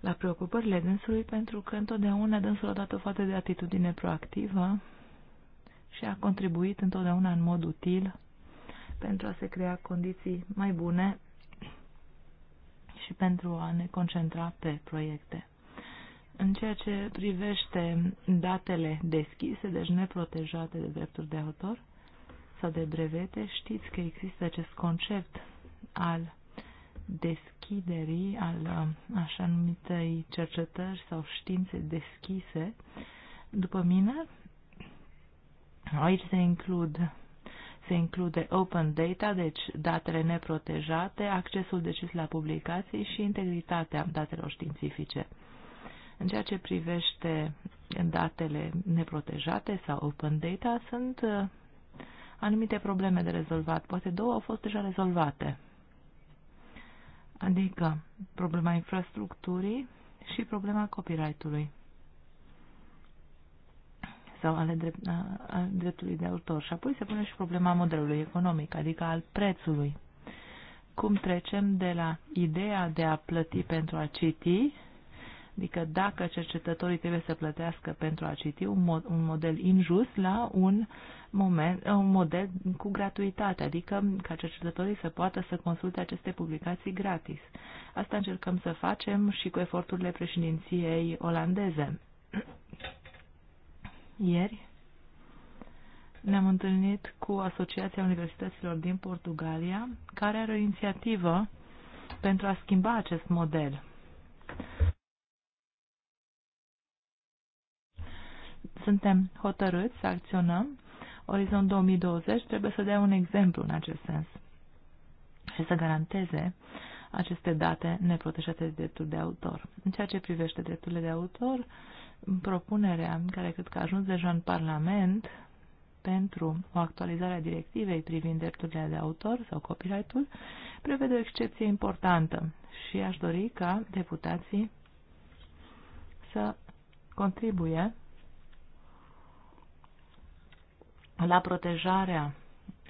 la preocupările dânsului, pentru că întotdeauna dânsul a dat o față de atitudine proactivă și a contribuit întotdeauna în mod util pentru a se crea condiții mai bune și pentru a ne concentra pe proiecte. În ceea ce privește datele deschise, deci neprotejate de drepturi de autor, sau de brevete, știți că există acest concept al deschiderii, al um, așa numitei cercetări sau științe deschise. După mine, aici se includ se include open data, deci datele neprotejate, accesul decis la publicații și integritatea datelor științifice. În ceea ce privește datele neprotejate sau open data, sunt uh, anumite probleme de rezolvat. Poate două au fost deja rezolvate. Adică problema infrastructurii și problema copyright-ului sau ale drept, a, dreptului de autor. Și apoi se pune și problema modelului economic, adică al prețului. Cum trecem de la ideea de a plăti pentru a citi Adică dacă cercetătorii trebuie să plătească pentru a citi un, mod, un model injust la un, moment, un model cu gratuitate, adică ca cercetătorii să poată să consulte aceste publicații gratis. Asta încercăm să facem și cu eforturile președinției olandeze. Ieri ne-am întâlnit cu Asociația Universităților din Portugalia, care are o inițiativă pentru a schimba acest model. Suntem hotărâți să acționăm. Orizont 2020 trebuie să dea un exemplu în acest sens și să garanteze aceste date neprotejate de dreptul de autor. În ceea ce privește drepturile de autor, propunerea care cred că a ajuns deja în Parlament pentru o actualizare a directivei privind drepturile de autor sau copyright-ul prevede o excepție importantă și aș dori ca deputații să contribuie la protejarea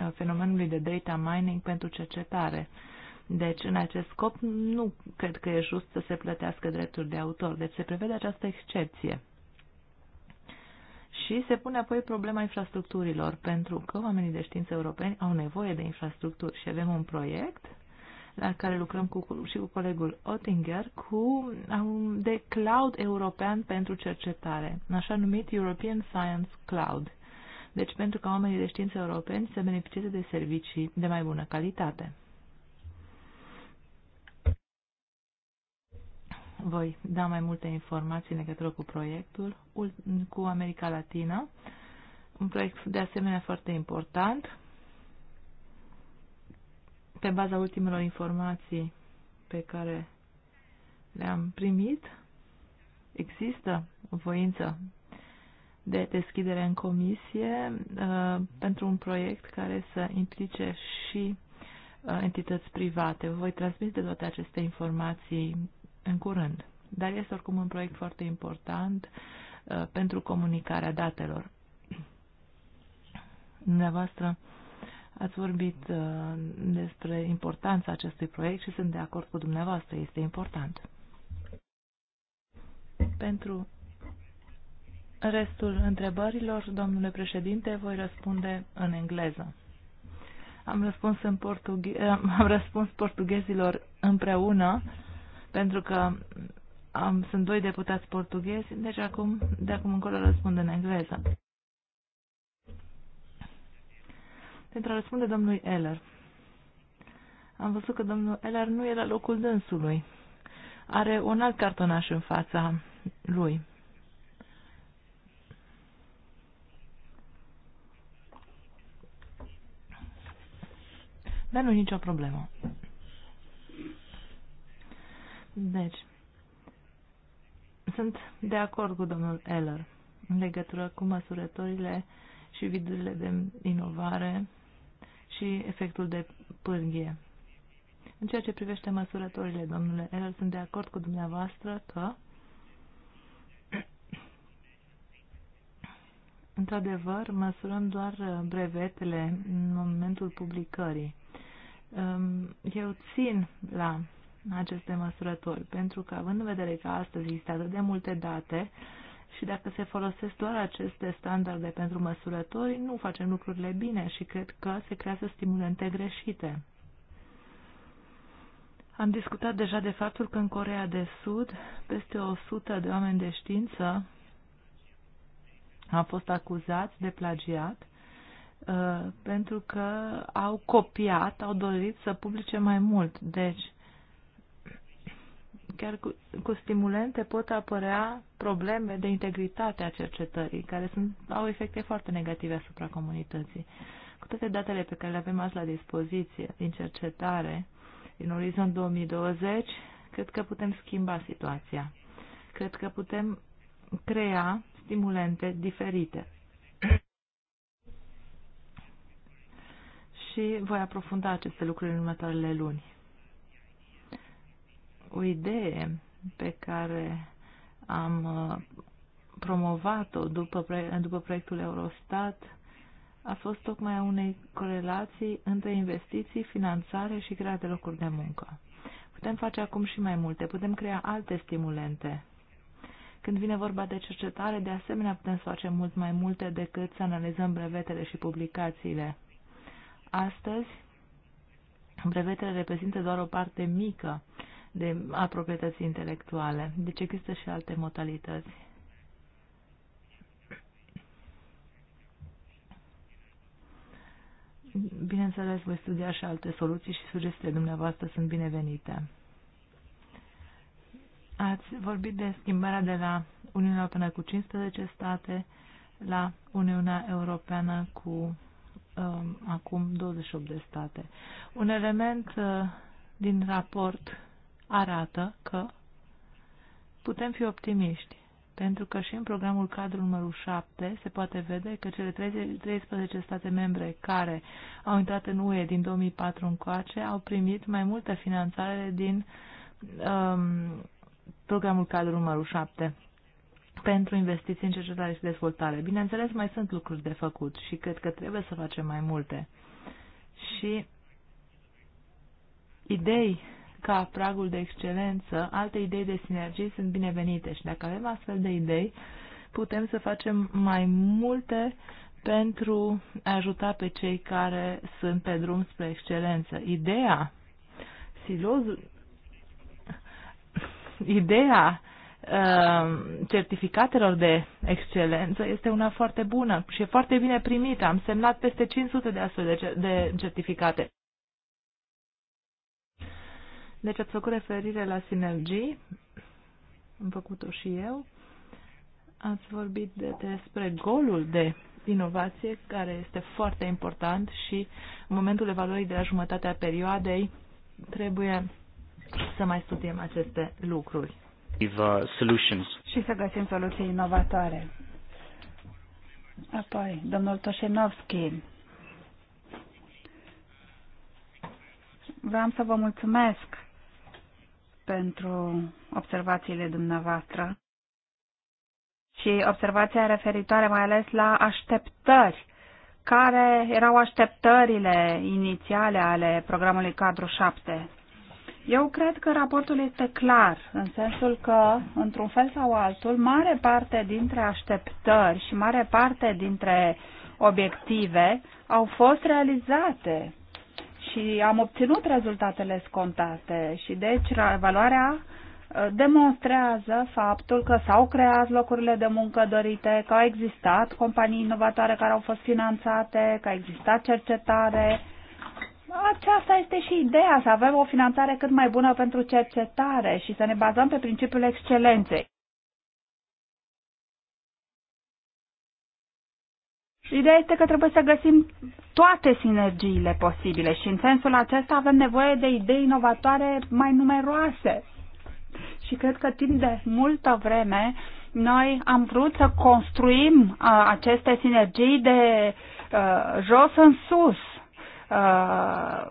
uh, fenomenului de data mining pentru cercetare. Deci, în acest scop, nu cred că e just să se plătească drepturi de autor. Deci se prevede această excepție. Și se pune apoi problema infrastructurilor, pentru că oamenii de știință europeni au nevoie de infrastructuri și avem un proiect la care lucrăm cu, și cu colegul Ottinger, cu, um, de cloud european pentru cercetare, așa numit European Science Cloud. Deci pentru ca oamenii de știință europeni să beneficieze de servicii de mai bună calitate. Voi da mai multe informații în legătură cu proiectul, cu America Latină, un proiect de asemenea foarte important. Pe baza ultimelor informații pe care le-am primit, există voință de deschidere în comisie uh, pentru un proiect care să implice și uh, entități private. voi transmite toate aceste informații în curând. Dar este oricum un proiect foarte important uh, pentru comunicarea datelor. Dumneavoastră ați vorbit despre importanța acestui proiect și sunt de acord cu dumneavoastră, este important. Pentru Restul întrebărilor, domnule președinte, voi răspunde în engleză. Am răspuns, în portughe- am răspuns portughezilor împreună, pentru că am, sunt doi deputați portughezi, deci acum, de acum încolo răspund în engleză. Pentru a răspunde domnului Eller. Am văzut că domnul Eller nu e la locul dânsului. Are un alt cartonaș în fața lui. Dar nu nicio problemă. Deci, sunt de acord cu domnul Eller în legătură cu măsurătorile și vidurile de inovare și efectul de pârghie. În ceea ce privește măsurătorile, domnule Eller, sunt de acord cu dumneavoastră că Într-adevăr, măsurăm doar brevetele în momentul publicării. Ehm, eu țin la aceste măsurători, pentru că având în vedere că astăzi există atât de multe date și dacă se folosesc doar aceste standarde pentru măsurători, nu facem lucrurile bine și cred că se creează stimulente greșite. Am discutat deja de faptul că în Corea de Sud peste 100 de oameni de știință au fost acuzați de plagiat Uh, pentru că au copiat, au dorit să publice mai mult. Deci, chiar cu, cu stimulente pot apărea probleme de integritate a cercetării, care sunt, au efecte foarte negative asupra comunității. Cu toate datele pe care le avem azi la dispoziție din cercetare, din orizont 2020, cred că putem schimba situația. Cred că putem crea stimulente diferite și voi aprofunda aceste lucruri în următoarele luni. O idee pe care am uh, promovat-o după, după proiectul Eurostat a fost tocmai a unei corelații între investiții, finanțare și crearea de locuri de muncă. Putem face acum și mai multe, putem crea alte stimulente. Când vine vorba de cercetare, de asemenea putem să facem mult mai multe decât să analizăm brevetele și publicațiile. Astăzi, brevetele reprezintă doar o parte mică de, a proprietății intelectuale, deci există și alte modalități. Bineînțeles, voi studia și alte soluții și sugestiile dumneavoastră sunt binevenite. Ați vorbit de schimbarea de la Uniunea Europeană cu 15 state la Uniunea Europeană cu Um, acum 28 de state. Un element uh, din raport arată că putem fi optimiști, pentru că și în programul cadru numărul 7 se poate vede că cele 13 state membre care au intrat în UE din 2004 încoace au primit mai multă finanțare din um, programul cadru numărul 7 pentru investiții în cercetare și dezvoltare. Bineînțeles, mai sunt lucruri de făcut și cred că trebuie să facem mai multe. Și idei ca pragul de excelență, alte idei de sinergii sunt binevenite și dacă avem astfel de idei, putem să facem mai multe pentru a ajuta pe cei care sunt pe drum spre excelență. Ideea, silozul, ideea Uh, certificatelor de excelență este una foarte bună și e foarte bine primită. Am semnat peste 500 de astfel de, certificate. Deci ați făcut referire la sinergii, am făcut-o și eu. Ați vorbit de, despre golul de inovație, care este foarte important și în momentul evaluării de la jumătatea perioadei trebuie să mai studiem aceste lucruri. Uh, solutions. Și să găsim soluții inovatoare. Apoi, domnul Toșenovski. Vreau să vă mulțumesc pentru observațiile dumneavoastră și observația referitoare mai ales la așteptări. Care erau așteptările inițiale ale programului cadru 7? Eu cred că raportul este clar, în sensul că, într-un fel sau altul, mare parte dintre așteptări și mare parte dintre obiective au fost realizate și am obținut rezultatele scontate și deci evaluarea uh, demonstrează faptul că s-au creat locurile de muncă dorite, că au existat companii inovatoare care au fost finanțate, că a existat cercetare, aceasta este și ideea, să avem o finanțare cât mai bună pentru cercetare și să ne bazăm pe principiul excelenței. Ideea este că trebuie să găsim toate sinergiile posibile și în sensul acesta avem nevoie de idei inovatoare mai numeroase. Și cred că timp de multă vreme noi am vrut să construim a, uh, aceste sinergii de a, uh, jos în sus, Uh,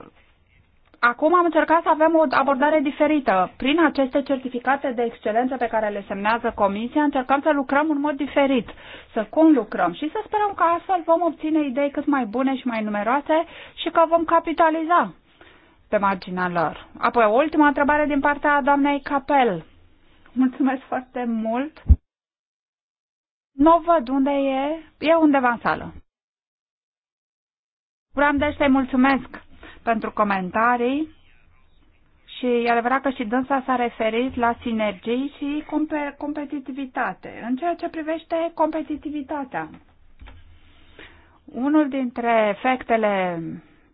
acum am încercat să avem o abordare diferită. Prin aceste certificate de excelență pe care le semnează Comisia, încercăm să lucrăm în mod diferit, să cum lucrăm și să sperăm că astfel vom obține idei cât mai bune și mai numeroase și că vom capitaliza pe marginea lor. Apoi, o ultima întrebare din partea doamnei Capel. Mulțumesc foarte mult. Nu văd unde e. E undeva în sală. Vreau de deci să-i mulțumesc pentru comentarii și e adevărat că și dânsa s-a referit la sinergii și competitivitate. În ceea ce privește competitivitatea, unul dintre efectele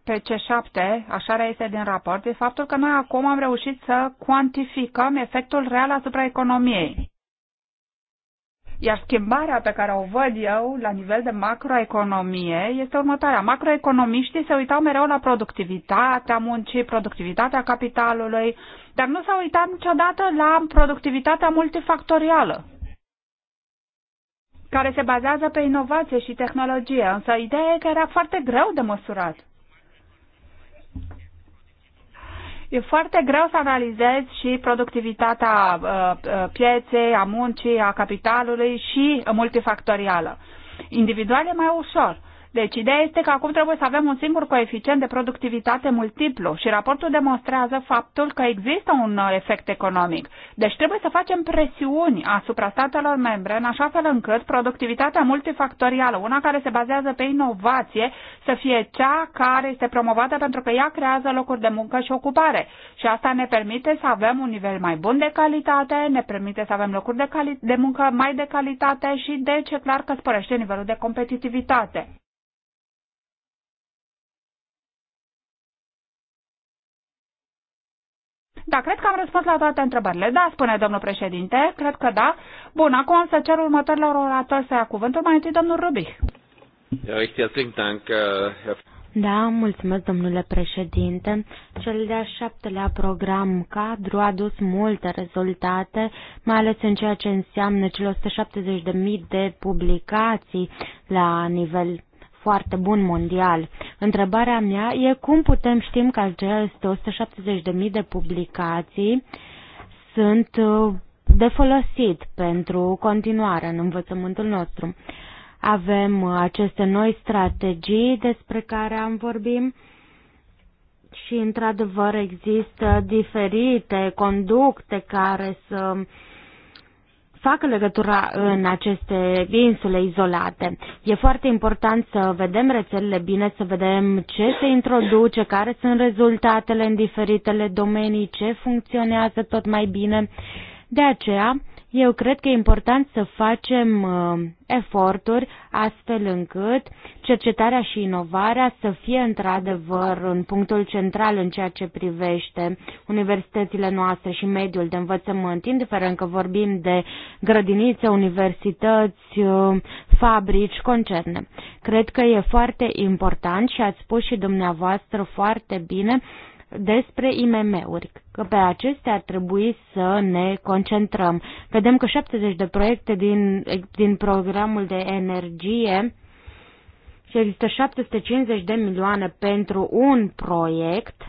pe C7, așa este din raport, e faptul că noi acum am reușit să cuantificăm efectul real asupra economiei. Iar schimbarea pe care o văd eu la nivel de macroeconomie este următoarea. Macroeconomiștii se uitau mereu la productivitatea muncii, productivitatea capitalului, dar nu s-au uitat niciodată la productivitatea multifactorială care se bazează pe inovație și tehnologie, însă ideea e că era foarte greu de măsurat. E foarte greu să analizezi și productivitatea uh, uh, pieței, a muncii, a capitalului și multifactorială. Individual e mai ușor. Deci ideea este că acum trebuie să avem un singur coeficient de productivitate multiplu și raportul demonstrează faptul că există un uh, efect economic. Deci trebuie să facem presiuni asupra statelor membre în așa fel încât productivitatea multifactorială, una care se bazează pe inovație, să fie cea care este promovată pentru că ea creează locuri de muncă și ocupare. Și asta ne permite să avem un nivel mai bun de calitate, ne permite să avem locuri de, de muncă mai de calitate și deci e clar că sporește nivelul de competitivitate. Da, cred că am răspuns la toate întrebările. Da, spune domnul președinte, cred că da. Bun, acum să cer următorilor orator să ia cuvântul. Mai întâi domnul Rubich. Äh, da, mulțumesc, domnule președinte. Cel de-a șaptelea program cadru a dus multe rezultate, mai ales în ceea ce înseamnă cele 170.000 de publicații la nivel foarte bun mondial. Întrebarea mea e cum putem ști că aceste 170.000 de publicații sunt uh, de folosit pentru continuare în învățământul nostru. Avem uh, aceste noi strategii despre care am vorbit și, într-adevăr, există diferite conducte care să uh, facă legătura în aceste insule izolate. E foarte important să vedem rețelele bine, să vedem ce se introduce, care sunt rezultatele în diferitele domenii, ce funcționează tot mai bine. De aceea, eu cred că e important să facem uh, eforturi astfel încât cercetarea și inovarea să fie într-adevăr în punctul central în ceea ce privește universitățile noastre și mediul de învățământ, indiferent că vorbim de grădinițe, universități, uh, fabrici, concerne. Cred că e foarte important și ați spus și dumneavoastră foarte bine despre IMM-uri, că pe acestea ar trebui să ne concentrăm. Vedem că 70 de proiecte din, din programul de energie și există 750 de milioane pentru un proiect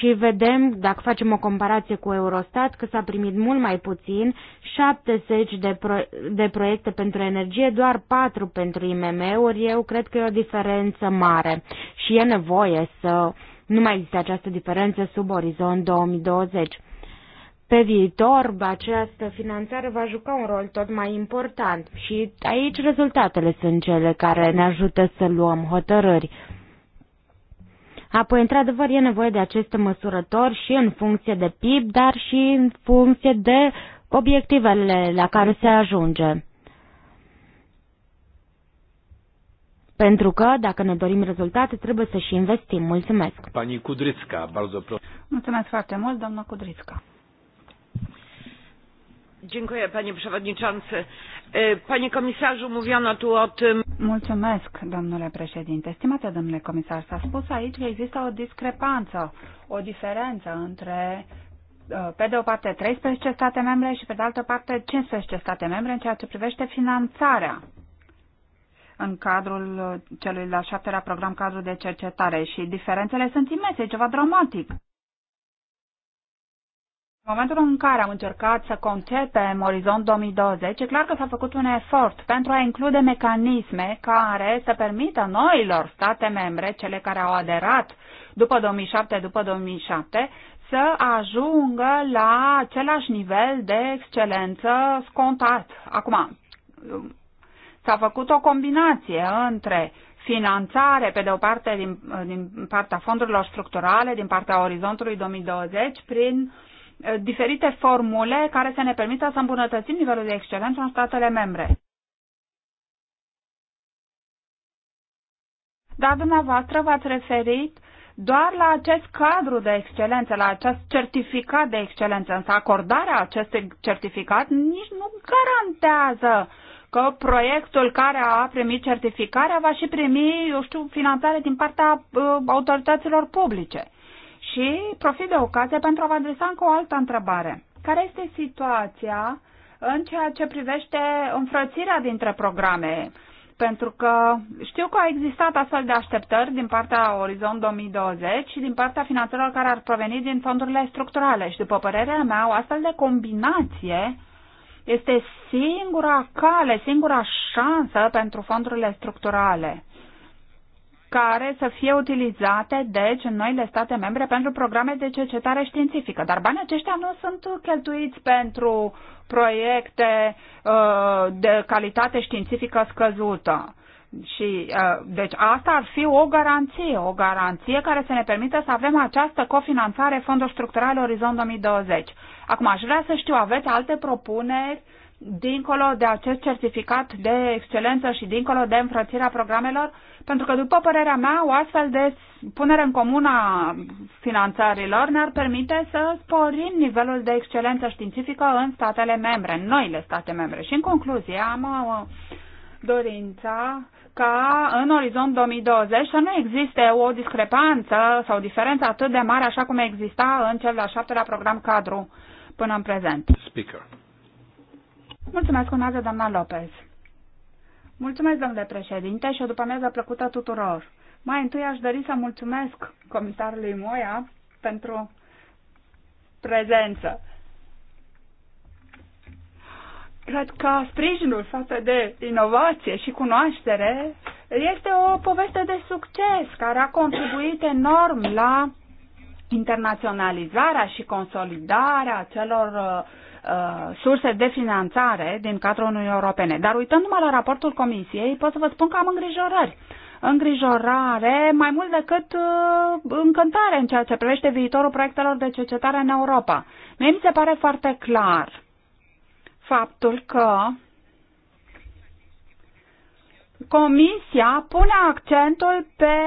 și vedem, dacă facem o comparație cu Eurostat, că s-a primit mult mai puțin, 70 de, pro- de proiecte pentru energie, doar 4 pentru IMM-uri. Eu cred că e o diferență mare și e nevoie să nu mai există această diferență sub orizont 2020. Pe viitor, această finanțare va juca un rol tot mai important și aici rezultatele sunt cele care ne ajută să luăm hotărâri. Apoi, într-adevăr, e nevoie de aceste măsurători și în funcție de PIB, dar și în funcție de obiectivele la care se ajunge. Pentru că, dacă ne dorim rezultate, trebuie să și investim. Mulțumesc. Pani Kudrițca, bardzo Mulțumesc foarte mult, doamna Kudrițca. Dziękuję panie przewodniczący. Panie komisarzu, mówiono tu o tym. Mulțumesc, domnule președinte. Stimate domnule comisar, s-a spus aici că există o discrepanță, o diferență între pe de o parte 13 state membre și pe de altă parte 15 state membre în ceea ce privește finanțarea în cadrul celui de-al șaptelea program cadru de cercetare și diferențele sunt imense, ceva dramatic. În momentul în care am încercat să concepem Orizont 2020, e clar că s-a făcut un efort pentru a include mecanisme care să permită noilor state membre, cele care au aderat după 2007, după 2007, să ajungă la același nivel de excelență scontat. Acum, s-a făcut o combinație între finanțare, pe de o parte, din, din partea fondurilor structurale, din partea orizontului 2020, prin Eh, diferite formule care să ne permită să îmbunătățim nivelul de excelență în statele membre. Dar dumneavoastră v-ați referit doar la acest cadru de excelență, la acest certificat de excelență, însă acordarea acestui certificat nici nu garantează că proiectul care a primit certificarea va și primi, eu știu, finanțare din partea uh, autorităților publice. Și profit de ocazie pentru a vă adresa încă o altă întrebare. Care este situația în ceea ce privește înfrățirea dintre programe? Pentru că știu că au existat astfel de așteptări din partea Orizont 2020 și din partea finanțelor care ar proveni din fondurile structurale. Și după părerea mea, o astfel de combinație este singura cale, singura șansă pentru fondurile structurale care să fie utilizate, deci, în noile state membre pentru programe de cercetare științifică. Dar banii aceștia nu sunt cheltuiți pentru proiecte uh, de calitate științifică scăzută. Și, uh, deci asta ar fi o garanție, o garanție care să ne permită să avem această cofinanțare Fonduri Structurale Orizont 2020. Acum aș vrea să știu, aveți alte propuneri dincolo de acest certificat de excelență și dincolo de înfrățirea programelor? Pentru că, după părerea mea, o astfel de punere în comun a finanțărilor ne-ar permite să sporim nivelul de excelență științifică în statele membre, în noile state membre. Și, în concluzie, am uh, dorința ca în orizont 2020 să nu existe o discrepanță sau o diferență atât de mare așa cum exista în cel de-al șaptelea program cadru până în prezent. Speaker. Mulțumesc, urmează doamna Lopez. Mulțumesc, domnule președinte, și o după amiază plăcută tuturor. Mai întâi aș dori să mulțumesc comisarului Moia pentru prezență. Cred că sprijinul față de inovație și cunoaștere este o poveste de succes care a contribuit enorm la internaționalizarea și consolidarea celor uh, uh, surse de finanțare din cadrul Uniunii Europene. Dar uitându-mă la raportul Comisiei, pot să vă spun că am îngrijorări. Îngrijorare mai mult decât uh, încântare în ceea ce privește viitorul proiectelor de cercetare în Europa. Mie mi se pare foarte clar faptul că Comisia pune accentul pe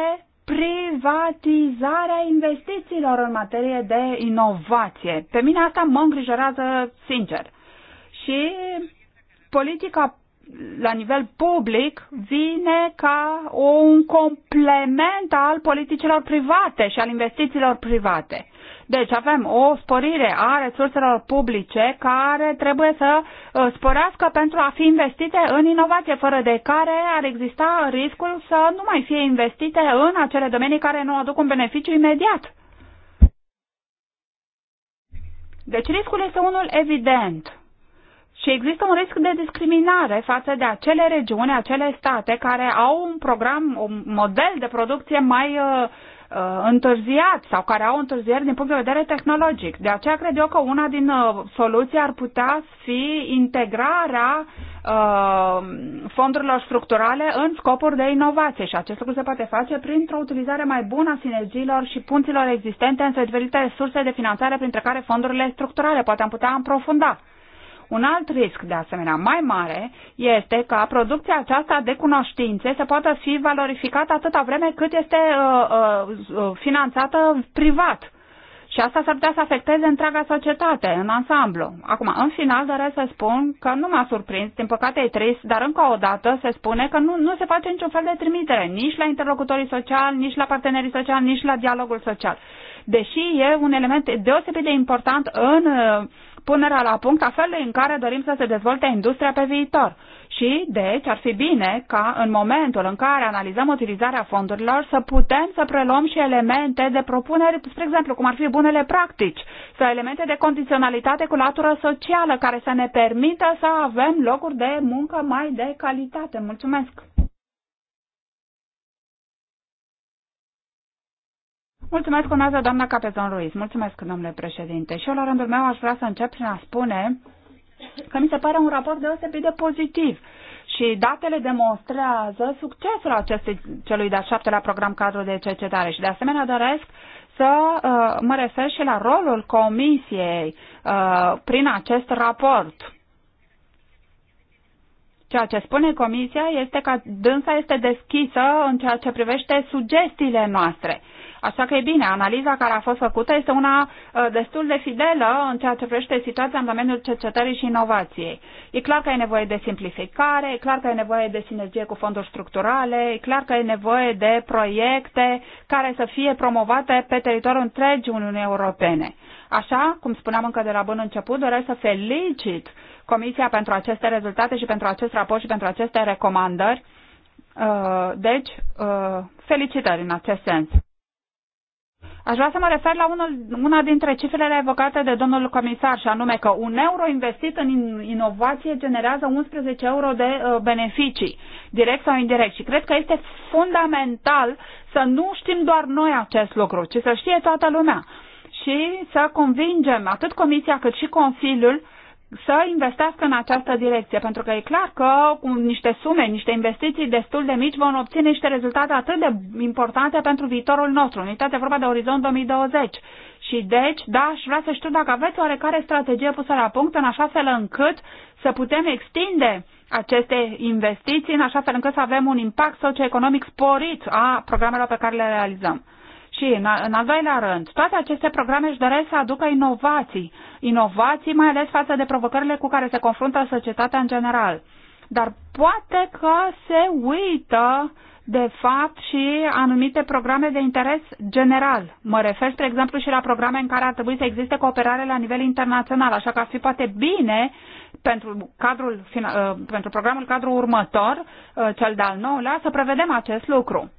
privatizarea investițiilor în materie de inovație. Pe mine asta mă îngrijorează sincer. Și politica la nivel public vine ca un complement al politicilor private și al investițiilor private. Deci avem o sporire a resurselor publice care trebuie să uh, sporească pentru a fi investite în inovație, fără de care ar exista riscul să nu mai fie investite în acele domenii care nu aduc un beneficiu imediat. Deci riscul este unul evident. Și există un risc de discriminare față de acele regiuni, acele state care au un program, un model de producție mai uh, uh întârziat sau care au întârzieri din punct de vedere tehnologic. De aceea cred eu că una din uh, soluții ar putea fi integrarea uh, fondurilor structurale în scopuri de inovație și acest lucru se poate face printr-o utilizare mai bună a sinergiilor și punților existente între diferite surse de finanțare, printre care fondurile structurale. Poate am putea aprofunda. Un alt risc, de asemenea, mai mare, este ca producția aceasta de cunoștințe să poată fi valorificată atâta vreme cât este uh, uh, uh, finanțată privat. Și asta s-ar putea să afecteze întreaga societate, în ansamblu. Acum, în final, doresc să spun că nu m-a surprins, din păcate e trist, dar încă o dată se spune că nu, nu se face niciun fel de trimitere, nici la interlocutorii sociali, nici la partenerii sociali, nici la dialogul social. Deși e un element deosebit de important în uh, punerea la punct a felului în care dorim să se dezvolte industria pe viitor. Și, deci, ar fi bine ca în momentul în care analizăm utilizarea fondurilor să putem să preluăm și elemente de propuneri, spre exemplu, cum ar fi bunele practici sau elemente de condiționalitate cu latură socială care să ne permită să avem locuri de muncă mai de calitate. Mulțumesc! Mulțumesc, urmează doamna Capezon Ruiz. Mulțumesc, domnule președinte. Și eu, la rândul meu, aș vrea să încep prin a spune că mi se pare un raport deosebit de pozitiv și datele demonstrează succesul acestui celui de a șaptelea program cadru de cercetare și de asemenea doresc să uh, mă refer și la rolul comisiei uh, prin acest raport. Ceea ce spune comisia este că dânsa este deschisă în ceea ce privește sugestiile noastre Așa că e bine, analiza care a fost făcută este una ă, destul de fidelă în ceea ce privește situația în domeniul cercetării și inovației. E clar că e nevoie de simplificare, e clar că e nevoie de sinergie cu fonduri structurale, e clar că e nevoie de proiecte care să fie promovate pe teritoriul întregii Uniunii Europene. Așa, cum spuneam încă de la bun început, doresc să felicit Comisia pentru aceste rezultate și pentru acest raport și pentru aceste recomandări. Ă, deci, ă, felicitări în acest sens. Aș vrea să mă refer la unul, una dintre cifrele evocate de domnul comisar, și anume că un euro investit în inovație generează 11 euro de uh, beneficii, direct sau indirect. Și cred că este fundamental să nu știm doar noi acest lucru, ci să știe toată lumea și să convingem atât Comisia cât și Consiliul să investească în această direcție, pentru că e clar că cu niște sume, niște investiții destul de mici vom obține niște rezultate atât de importante pentru viitorul nostru. În unitate vorba de Orizont 2020. Și deci, da, și vreau să știu dacă aveți oarecare strategie pusă la punct în așa fel încât să putem extinde aceste investiții, în așa fel încât să avem un impact socioeconomic sporit a programelor pe care le realizăm. Și în, în al doilea rând, toate aceste programe își doresc să aducă inovații, inovații mai ales față de provocările cu care se confruntă societatea în general. Dar poate că se uită de fapt și anumite programe de interes general. Mă refer, spre exemplu, și la programe în care ar trebui să existe cooperare la nivel internațional, așa că ar fi poate bine pentru, cadrul, uh, pentru programul cadru următor, uh, cel de-al nouălea, să prevedem acest lucru.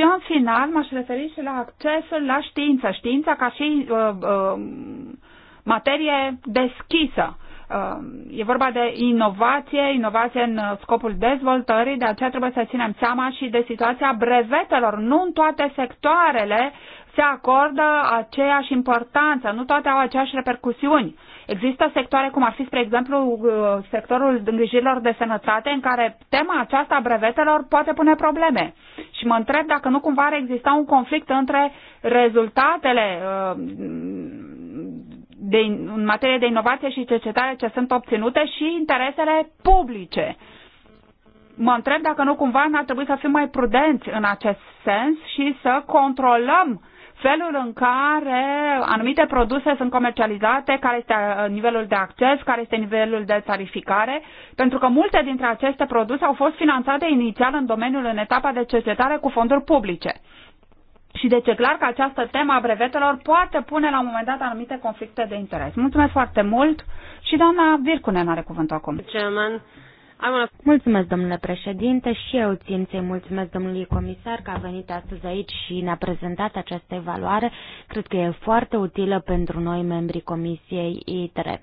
Și în final m-aș referi și la accesul la știință, știința ca și uh, uh, materie deschisă. Uh, e vorba de inovație, inovație în scopul dezvoltării, de aceea trebuie să ținem seama și de situația brevetelor. Nu în toate sectoarele se acordă aceeași importanță, nu toate au aceeași repercusiuni. Există sectoare, cum ar fi, spre exemplu, uh, sectorul îngrijirilor de sănătate, în care tema aceasta a brevetelor poate pune probleme. Și mă întreb dacă nu cumva ar exista un conflict între rezultatele uh, de, în materie de inovație și cercetare ce sunt obținute și interesele publice. Mă întreb dacă nu cumva n-ar trebui să fim mai prudenți în acest sens și să controlăm felul în care anumite produse sunt comercializate, care este uh, nivelul de acces, care este nivelul de tarificare, pentru că multe dintre aceste produse au fost finanțate inițial în domeniul în etapa de cercetare cu fonduri publice. Și deci ce clar că această temă a brevetelor poate pune la un moment dat anumite conflicte de interes. Mulțumesc foarte mult și doamna Vircune are cuvântul acum. Mulțumesc, domnule președinte, și eu țin să-i mulțumesc domnului comisar că a venit astăzi aici și ne-a prezentat această evaluare. Cred că e foarte utilă pentru noi, membrii Comisiei ITRE.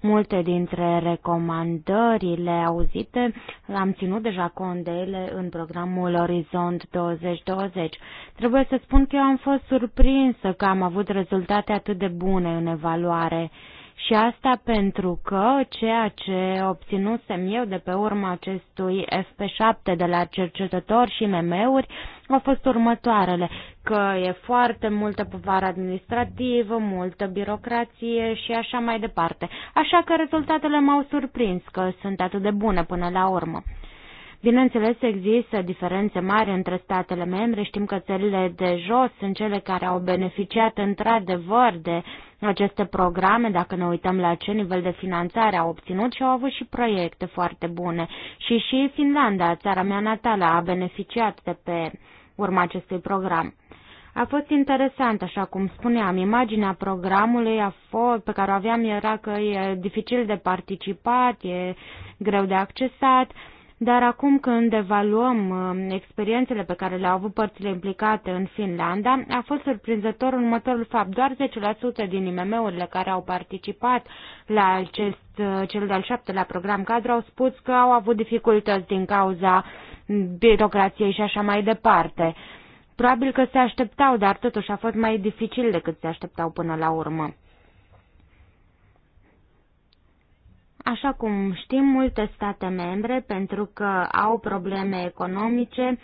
Multe dintre recomandările auzite am ținut deja cont de ele în programul Orizont 2020. Trebuie să spun că eu am fost surprinsă că am avut rezultate atât de bune în evaluare. Și asta pentru că ceea ce obținusem eu de pe urma acestui FP7 de la cercetători și MM-uri au fost următoarele, că e foarte multă povară administrativă, multă birocrație și așa mai departe. Așa că rezultatele m-au surprins că sunt atât de bune până la urmă. Bineînțeles, există diferențe mari între statele membre. Știm că țările de jos sunt cele care au beneficiat într-adevăr de aceste programe, dacă ne uităm la ce nivel de finanțare au obținut și au avut și proiecte foarte bune. Și și Finlanda, țara mea natală, a beneficiat de pe urma acestui program. A fost interesant, așa cum spuneam, imaginea programului a fost, pe care o aveam era că e dificil de participat, e greu de accesat, dar acum când evaluăm um, experiențele pe care le-au avut părțile implicate în Finlanda, a fost surprinzător următorul fapt. Doar 10% din IMM-urile care au participat la acest uh, cel de-al șaptelea program cadru au spus că au avut dificultăți din cauza birocrației și așa mai departe. Probabil că se așteptau, dar totuși a fost mai dificil decât se așteptau până la urmă. Așa cum știm, multe state membre, pentru că au probleme economice,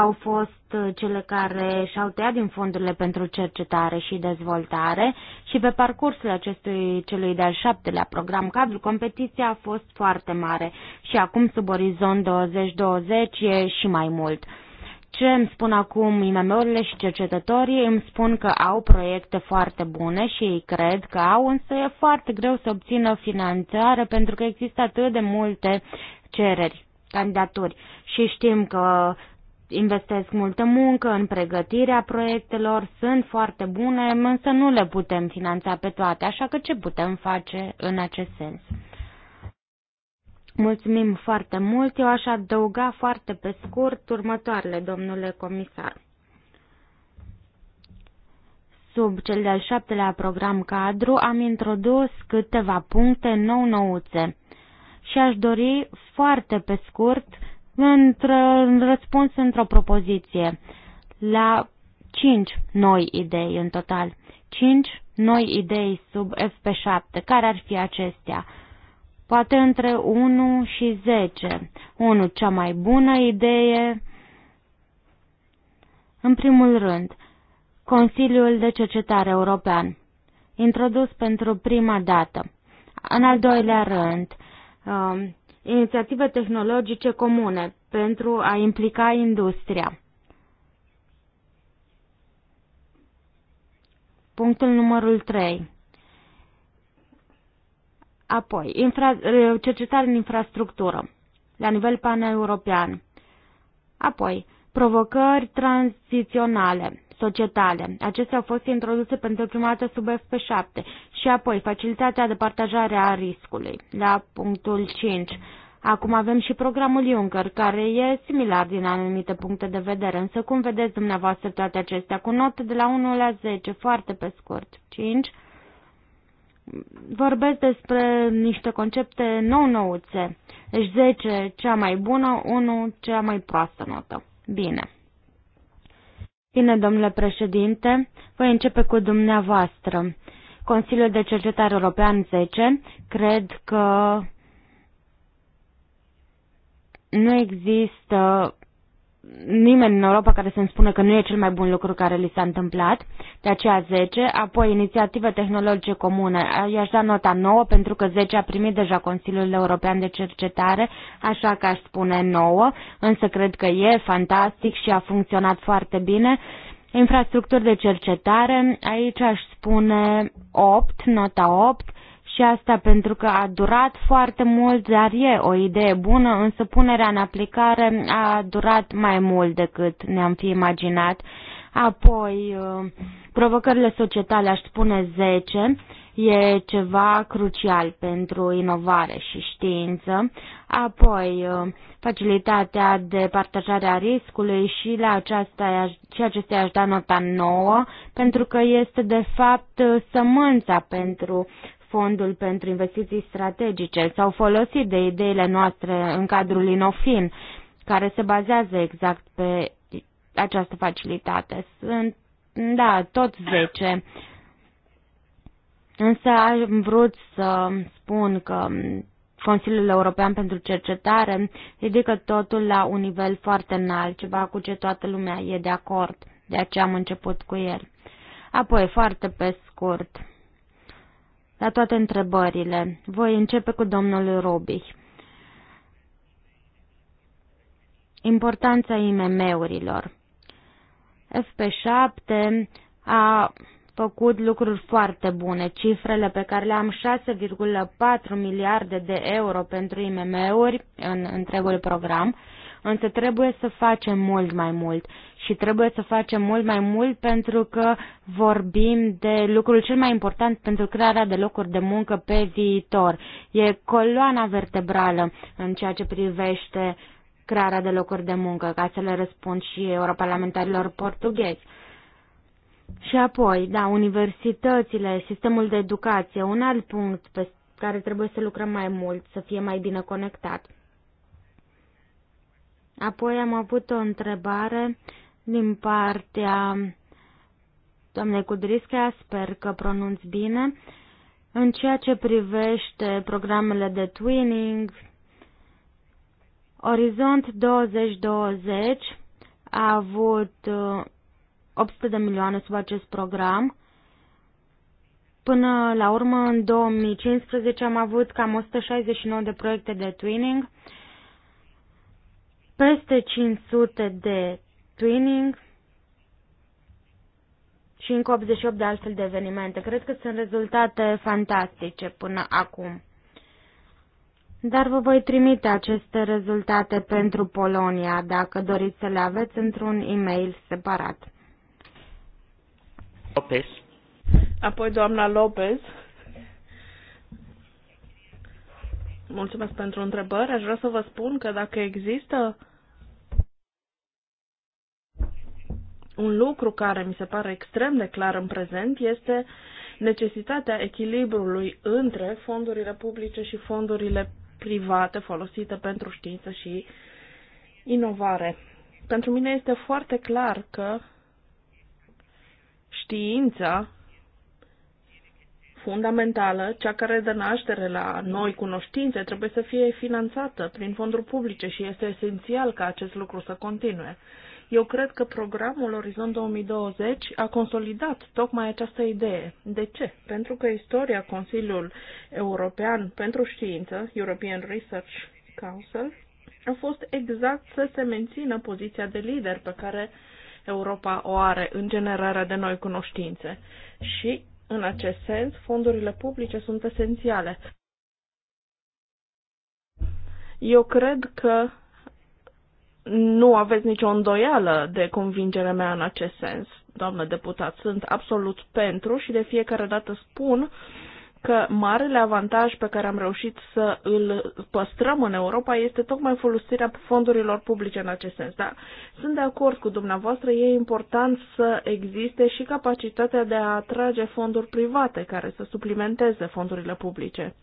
au fost uh, cele care și-au tăiat din fondurile pentru cercetare și dezvoltare și pe parcursul acestui celui de-al șaptelea program cadru, competiția a fost foarte mare și acum sub orizont 2020 e și mai mult. Ce îmi spun acum IMM-urile și cercetătorii? Îmi spun că au proiecte foarte bune și ei cred că au, însă e foarte greu să obțină finanțare pentru că există atât de multe cereri, candidaturi. Și știm că investesc multă muncă în pregătirea proiectelor, sunt foarte bune, însă nu le putem finanța pe toate, așa că ce putem face în acest sens? Mulțumim foarte mult. Eu aș adăuga foarte pe scurt următoarele, domnule comisar. Sub cel de-al șaptelea program cadru am introdus câteva puncte nou-nouțe și aș dori foarte pe scurt într în răspuns într-o propoziție la cinci noi idei în total. cinci noi idei sub FP7. Care ar fi acestea? poate între 1 și 10. 1. Cea mai bună idee, în primul rând, Consiliul de Cercetare European, introdus pentru prima dată. În al doilea rând, um, inițiative tehnologice comune pentru a implica industria. Punctul numărul 3. Apoi, infra, eh, cercetare în infrastructură, la nivel paneuropean. Apoi, provocări tranziționale, societale. Acestea au fost introduse pentru prima dată sub FP7 și apoi facilitatea de partajare a riscului, la punctul 5. Acum avem și programul Juncker, care e similar din anumite puncte de vedere, însă cum vedeți dumneavoastră toate acestea? Cu note de la 1 la 10, foarte pe scurt, 5 vorbesc despre niște concepte nou-nouțe. Deci 10 cea mai bună, 1 cea mai proastă notă. Bine. Bine, domnule președinte, voi începe cu dumneavoastră. Consiliul de Cercetare European 10, cred că nu există nimeni în Europa care să-mi spună că nu e cel mai bun lucru care li s-a întâmplat, de aceea 10, apoi inițiative tehnologice comune, i-aș da nota 9 pentru că 10 a primit deja Consiliul European de Cercetare, așa că aș spune 9, însă cred că e fantastic și a funcționat foarte bine. Infrastructuri de cercetare, aici aș spune 8, nota 8, și asta pentru că a durat foarte mult, dar e o idee bună, însă punerea în aplicare a durat mai mult decât ne-am fi imaginat. Apoi, uh, provocările societale, aș spune 10, e ceva crucial pentru inovare și știință. Apoi, uh, facilitatea de partajare a riscului și la aceasta, și acestea aș da nota nouă, pentru că este de fapt sămânța pentru Fondul pentru Investiții Strategice. S-au folosit de ideile noastre în cadrul INOFIN, care se bazează exact pe această facilitate. Sunt, da, tot 10. Însă am vrut să spun că Consiliul European pentru Cercetare ridică totul la un nivel foarte înalt, ceva cu ce toată lumea e de acord. De aceea am început cu el. Apoi, foarte pe scurt, la toate întrebările. Voi începe cu domnul Rubi. Importanța IMM-urilor. FP7 a făcut lucruri foarte bune. Cifrele pe care le am 6,4 miliarde de euro pentru IMM-uri în întregul program, însă trebuie să facem mult mai mult și trebuie să facem mult mai mult pentru că vorbim de lucrul cel mai important pentru crearea de locuri de muncă pe viitor. E coloana vertebrală în ceea ce privește crearea de locuri de muncă, ca să le răspund și europarlamentarilor portughezi. Și apoi, da, universitățile, sistemul de educație, un alt punct pe care trebuie să lucrăm mai mult, să fie mai bine conectat. Apoi am avut o întrebare din partea doamnei Cudrisca, sper că pronunț bine, în ceea ce privește programele de twinning, Orizont 2020 a avut 800 uh, de milioane sub acest program. Până la urmă, în 2015, am avut cam 169 de proiecte de twinning, peste 500 de twinning și încă 88 de altfel de evenimente. Cred că sunt rezultate fantastice până acum. Dar vă voi trimite aceste rezultate pentru Polonia, dacă doriți să le aveți într-un e-mail separat. Lopez. Apoi doamna Lopez. Mulțumesc pentru întrebări. Aș vrea să vă spun că dacă există Un lucru care mi se pare extrem de clar în prezent este necesitatea echilibrului între fondurile publice și fondurile private folosite pentru știință și inovare. Pentru mine este foarte clar că știința fundamentală, cea care dă naștere la noi cunoștințe, trebuie să fie finanțată prin fonduri publice și este esențial ca acest lucru să continue. Eu cred că programul Orizont 2020 a consolidat tocmai această idee. De ce? Pentru că istoria Consiliul European pentru Știință, European Research Council, a fost exact să se mențină poziția de lider pe care Europa o are în generarea de noi cunoștințe. Și, în acest sens, fondurile publice sunt esențiale. Eu cred că nu aveți nicio îndoială de convingerea mea în acest sens, doamnă deputat. Sunt absolut pentru și de fiecare dată spun că marele avantaj pe care am reușit să îl păstrăm în Europa este tocmai folosirea fondurilor publice în acest sens. Dar sunt de acord cu dumneavoastră, e important să existe și capacitatea de a atrage fonduri private care să suplimenteze fondurile publice.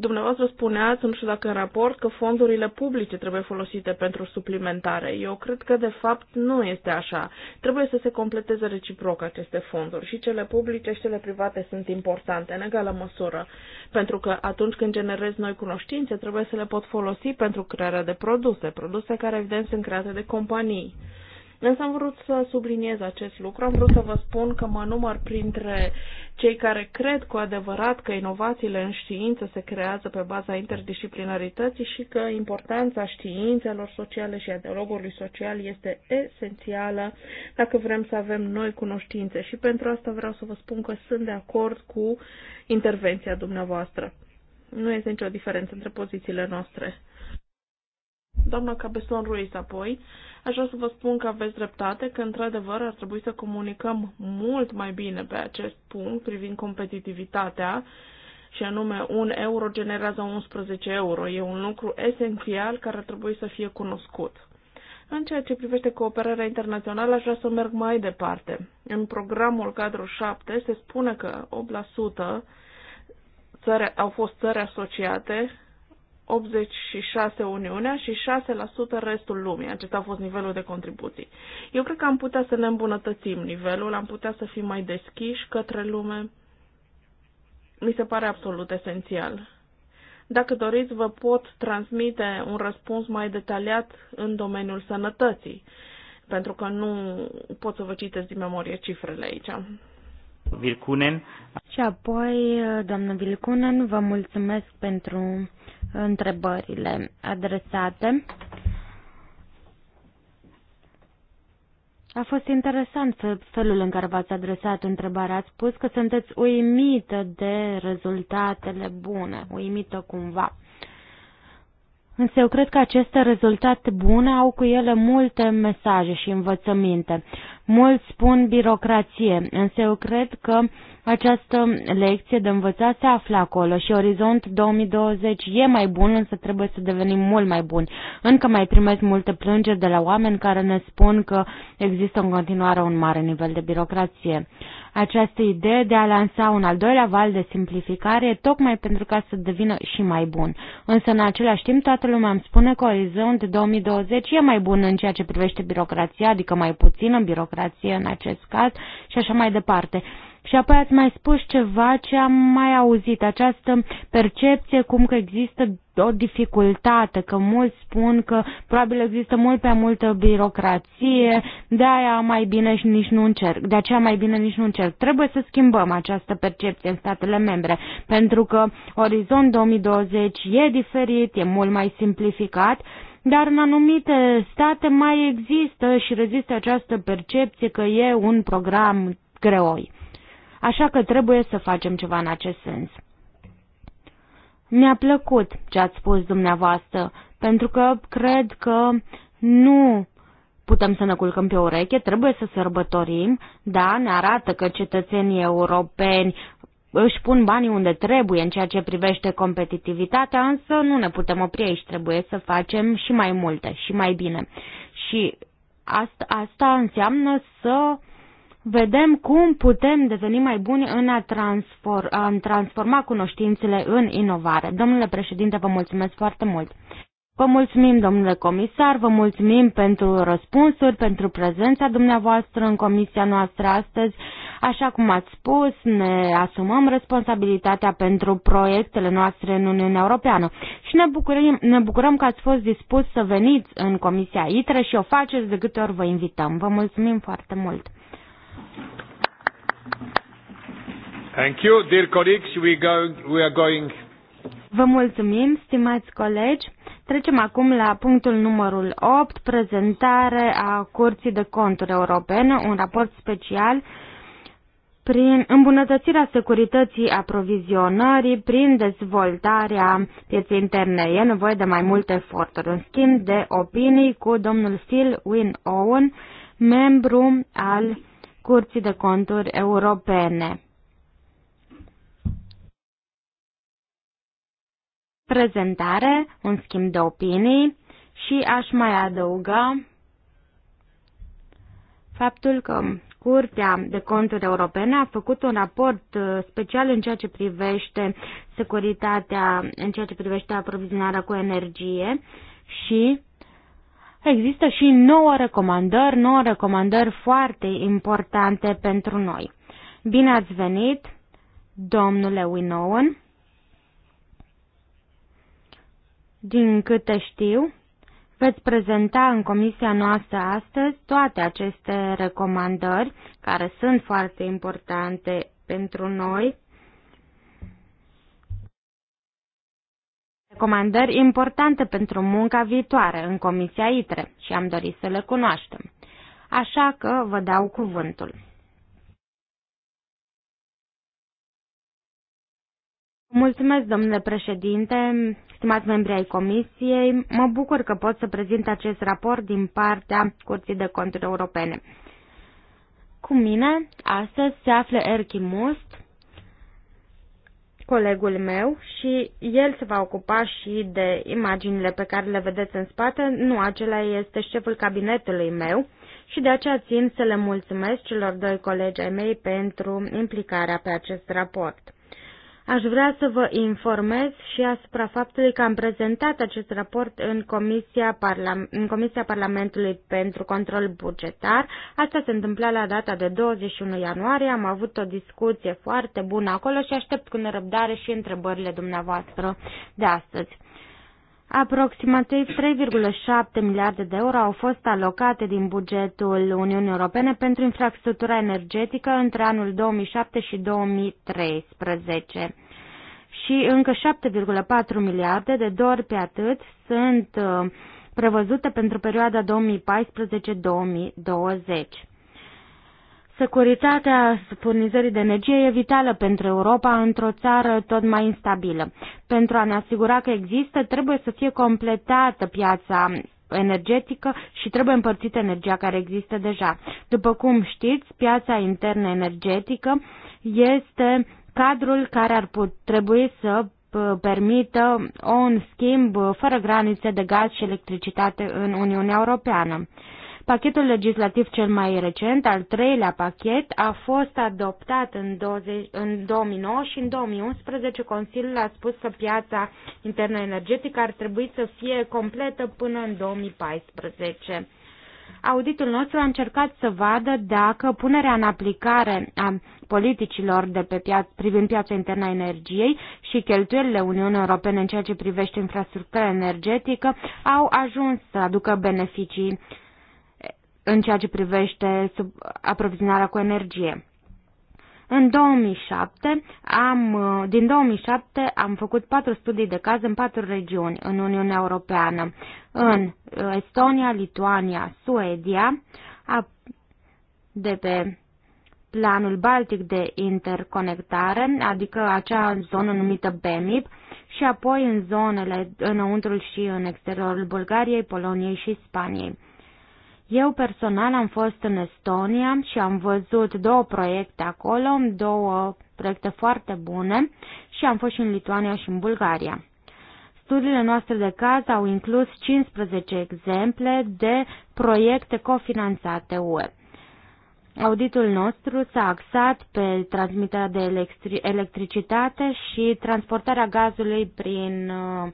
Dumneavoastră spuneați, nu știu dacă în raport, că fondurile publice trebuie folosite pentru suplimentare. Eu cred că, de fapt, nu este așa. Trebuie să se completeze reciproc aceste fonduri. Și cele publice și cele private sunt importante, în egală măsură. Pentru că atunci când generezi noi cunoștințe, trebuie să le pot folosi pentru crearea de produse, produse care, evident, sunt create de companii. Însă am vrut să subliniez acest lucru, am vrut să vă spun că mă număr printre cei care cred cu adevărat că inovațiile în știință se creează pe baza interdisciplinarității și că importanța științelor sociale și a dialogului social este esențială dacă vrem să avem noi cunoștințe. Și pentru asta vreau să vă spun că sunt de acord cu intervenția dumneavoastră. Nu este nicio diferență între pozițiile noastre. Doamna Cabeson Ruiz apoi Aș vrea să vă spun că aveți dreptate, că într-adevăr ar trebui să comunicăm mult mai bine pe acest punct privind competitivitatea și anume un euro generează 11 euro. E un lucru esențial care ar trebui să fie cunoscut. În ceea ce privește cooperarea internațională, aș vrea să merg mai departe. În programul cadru 7 se spune că 8% țări, au fost țări asociate 86 Uniunea și 6% restul lumii. Acesta a fost nivelul de contribuții. Eu cred că am putea să ne îmbunătățim nivelul, am putea să fim mai deschiși către lume. Mi se pare absolut esențial. Dacă doriți, vă pot transmite un răspuns mai detaliat în domeniul sănătății, pentru că nu pot să vă citesc din memorie cifrele aici. Vilcunen. Și apoi, doamnă Vilcunen, vă mulțumesc pentru întrebările adresate. A fost interesant felul în care v-ați adresat întrebarea. Ați spus că sunteți uimită de rezultatele bune, uimită cumva. Însă eu cred că aceste rezultate bune au cu ele multe mesaje și învățăminte. Mulți spun birocrație, însă eu cred că această lecție de învățat se află acolo și Orizont 2020 e mai bun, însă trebuie să devenim mult mai buni. Încă mai primesc multe plângeri de la oameni care ne spun că există în continuare un mare nivel de birocrație. Această idee de a lansa un al doilea val de simplificare e tocmai pentru ca să devină și mai bun. Însă în același timp toată lumea îmi spune că Orizont 2020 e mai bun în ceea ce privește birocrația, adică mai puțină birocrație în acest caz și așa mai departe. Și apoi ați mai spus ceva ce am mai auzit, această percepție cum că există o dificultate, că mulți spun că probabil există mult prea multă birocrație, de aia mai bine și nici nu încerc, de aceea mai bine nici nu încerc. Trebuie să schimbăm această percepție în statele membre, pentru că Orizont 2020 e diferit, e mult mai simplificat, dar în anumite state mai există și rezistă această percepție că e un program greoi. Așa că trebuie să facem ceva în acest sens. Mi-a plăcut ce ați spus dumneavoastră, pentru că cred că nu putem să ne culcăm pe ureche, trebuie să sărbătorim, da, ne arată că cetățenii europeni își pun banii unde trebuie în ceea ce privește competitivitatea, însă nu ne putem opri aici, trebuie să facem și mai multe și mai bine. Și asta, asta înseamnă să vedem cum putem deveni mai buni în a, transform, a transforma cunoștințele în inovare. Domnule președinte, vă mulțumesc foarte mult! Vă mulțumim, domnule comisar, vă mulțumim pentru răspunsuri, pentru prezența dumneavoastră în comisia noastră astăzi. Așa cum ați spus, ne asumăm responsabilitatea pentru proiectele noastre în Uniunea Europeană și ne bucurăm, ne bucurăm că ați fost dispus să veniți în comisia ITRE și o faceți de câte ori vă invităm. Vă mulțumim foarte mult! Thank you, dear colleagues. We, go, we are going. Vă mulțumim, stimați colegi. Trecem acum la punctul numărul 8, prezentare a Curții de Conturi Europene, un raport special prin îmbunătățirea securității aprovizionării, prin dezvoltarea pieței interne. E nevoie de mai multe eforturi. În schimb de opinii cu domnul Phil Win Owen, membru al Curții de Conturi Europene. Prezentare, un schimb de opinii și aș mai adăuga faptul că Curtea de Conturi Europene a făcut un raport uh, special în ceea ce privește securitatea, în ceea ce privește aprovizionarea cu energie și există și nouă recomandări, nouă recomandări foarte importante pentru noi. Bine ați venit, domnule Winowen. Din câte știu, veți prezenta în comisia noastră astăzi toate aceste recomandări care sunt foarte importante pentru noi. recomandări importante pentru munca viitoare în Comisia ITRE și am dorit să le cunoaștem. Așa că vă dau cuvântul. Mulțumesc, domnule președinte, stimați membri ai Comisiei. Mă bucur că pot să prezint acest raport din partea Curții de Conturi Europene. Cu mine astăzi se află Erchi Must, colegul meu și el se va ocupa și de imaginile pe care le vedeți în spate. Nu, acela este șeful cabinetului meu și de aceea țin să le mulțumesc celor doi colegi ai mei pentru implicarea pe acest raport. Aș vrea să vă informez și asupra faptului că am prezentat acest raport în Comisia, Parlam- în Comisia Parlamentului pentru Control Bugetar. Asta se întâmpla la data de 21 ianuarie. Am avut o discuție foarte bună acolo și aștept cu nerăbdare și întrebările dumneavoastră de astăzi. Aproximativ 3,7 miliarde de euro au fost alocate din bugetul Uniunii Europene pentru infrastructura energetică între anul 2007 și 2013 și încă 7,4 miliarde de dori pe atât sunt uh, prevăzute pentru perioada 2014-2020. Securitatea furnizării de energie e vitală pentru Europa într-o țară tot mai instabilă. Pentru a ne asigura că există, trebuie să fie completată piața energetică și trebuie împărțită energia care există deja. După cum știți, piața internă energetică este cadrul care ar trebui să permită un schimb fără granițe de gaz și electricitate în Uniunea Europeană. Pachetul legislativ cel mai recent, al treilea pachet, a fost adoptat în, 20, în 2009 și în 2011 Consiliul a spus că piața internă energetică ar trebui să fie completă până în 2014. Auditul nostru a încercat să vadă dacă punerea în aplicare a politicilor de pe piaț- privind piața internă a energiei și cheltuielile Uniunii Europene în ceea ce privește infrastructura energetică au ajuns să aducă beneficii în ceea ce privește sub aprovizionarea cu energie. În 2007 am, din 2007 am făcut patru studii de caz în patru regiuni în Uniunea Europeană, în uh, Estonia, Lituania, Suedia, de pe planul Baltic de interconectare, adică acea zonă numită BEMIP, și apoi în zonele înăuntrul și în exteriorul Bulgariei, Poloniei și Spaniei. Eu personal am fost în Estonia și am văzut două proiecte acolo, două proiecte foarte bune și am fost și în Lituania și în Bulgaria. Studiile noastre de caz au inclus 15 exemple de proiecte cofinanțate UE. Auditul nostru s-a axat pe transmiterea de electricitate și transportarea gazului prin uh,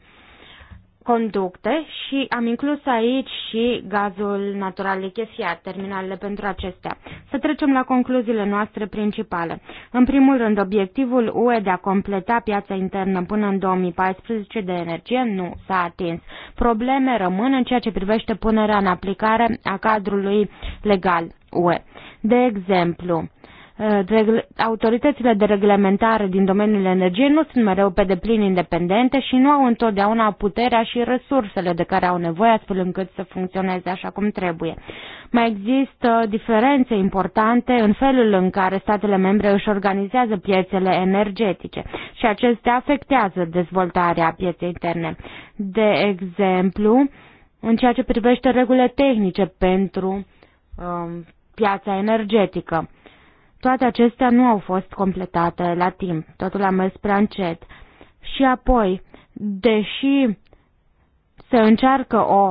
conducte și am inclus aici și gazul natural lichefiat, terminalele pentru acestea. Să trecem la concluziile noastre principale. În primul rând, obiectivul UE de a completa piața internă până în 2014 de energie nu s-a atins. Probleme rămân în ceea ce privește punerea în aplicare a cadrului legal UE. De exemplu, Eh, autoritățile de reglementare din domeniul energiei nu sunt mereu pe deplin independente și nu au întotdeauna puterea și resursele de care au nevoie astfel încât să funcționeze așa cum trebuie. Mai există diferențe importante în felul în care statele membre își organizează piețele energetice și acestea afectează dezvoltarea pieței interne. De exemplu, în ceea ce privește regulile tehnice pentru um, piața energetică toate acestea nu au fost completate la timp, totul a mers prea încet. Și apoi, deși se încearcă o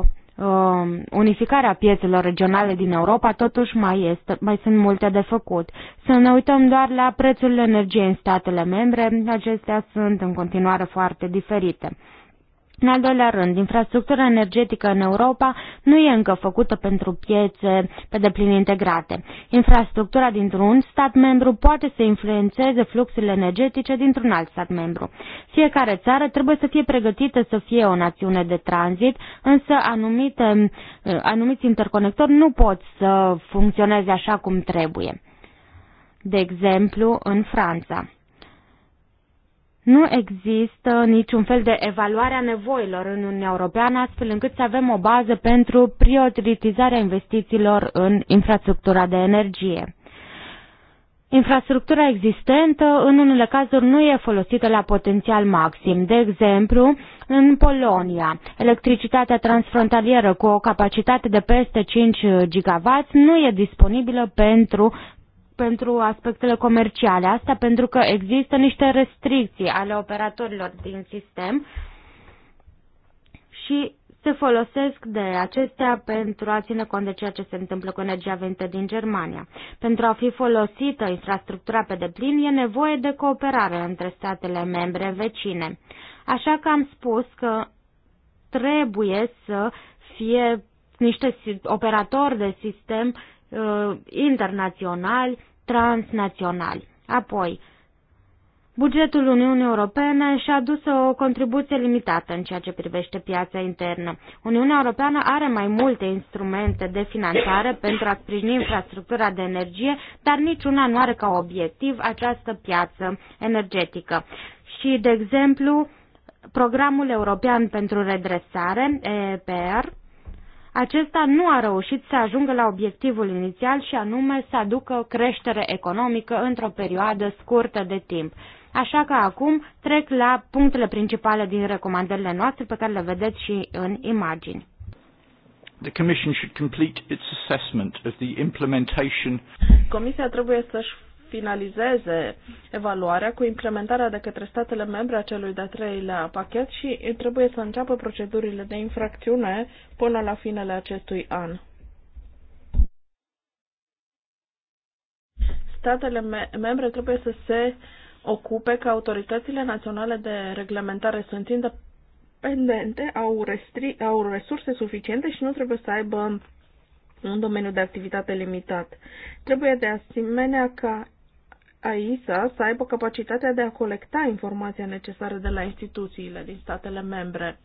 uh, a piețelor regionale din Europa, totuși mai, este, mai sunt multe de făcut. Să ne uităm doar la prețurile energiei în statele membre, acestea sunt în continuare foarte diferite. În al doilea rând, infrastructura energetică în Europa nu e încă făcută pentru piețe pe deplin integrate. Infrastructura dintr-un stat membru poate să influențeze fluxurile energetice dintr-un alt stat membru. Fiecare țară trebuie să fie pregătită să fie o națiune de tranzit, însă anumite, anumiți interconectori nu pot să funcționeze așa cum trebuie. De exemplu, în Franța. Nu există niciun fel de evaluare a nevoilor în Uniunea Europeană, astfel încât să avem o bază pentru prioritizarea investițiilor în infrastructura de energie. Infrastructura existentă în unele cazuri nu e folosită la potențial maxim. De exemplu, în Polonia, electricitatea transfrontalieră cu o capacitate de peste 5 GW nu e disponibilă pentru pentru aspectele comerciale. Asta pentru că există niște restricții ale operatorilor din sistem și se folosesc de acestea pentru a ține cont de ceea ce se întâmplă cu energia venită din Germania. Pentru a fi folosită infrastructura pe deplin, e nevoie de cooperare între statele membre vecine. Așa că am spus că trebuie să fie niște operatori de sistem Uh, internaționali, transnaționali. Apoi, Bugetul Uniunii Europene și-a dus o contribuție limitată în ceea ce privește piața internă. Uniunea Europeană are mai multe instrumente de finanțare pentru a sprijini infrastructura de energie, dar niciuna nu are ca obiectiv această piață energetică. Și, de exemplu, Programul European pentru Redresare, EPR, acesta nu a reușit să ajungă la obiectivul inițial și anume să aducă creștere economică într-o perioadă scurtă de timp. Așa că acum trec la punctele principale din recomandările noastre pe care le vedeți și în imagini. The Commission should complete its assessment of the implementation. Comisia trebuie să-și finalizeze evaluarea cu implementarea de către statele membre a celui de-a treilea pachet și trebuie să înceapă procedurile de infracțiune până la finele acestui an. Statele me- membre trebuie să se ocupe că autoritățile naționale de reglementare sunt independente, au, au resurse suficiente și nu trebuie să aibă un domeniu de activitate limitat. Trebuie de asemenea ca AISA să aibă capacitatea de a colecta informația necesară de la instituțiile din statele membre.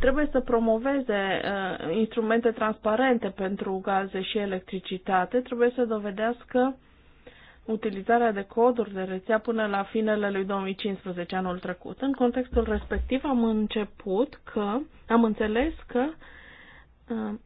Trebuie să promoveze uh, instrumente transparente pentru gaze și electricitate, trebuie să dovedească utilizarea de coduri de rețea până la finele lui 2015 anul trecut. În contextul respectiv am început că, am înțeles că uh,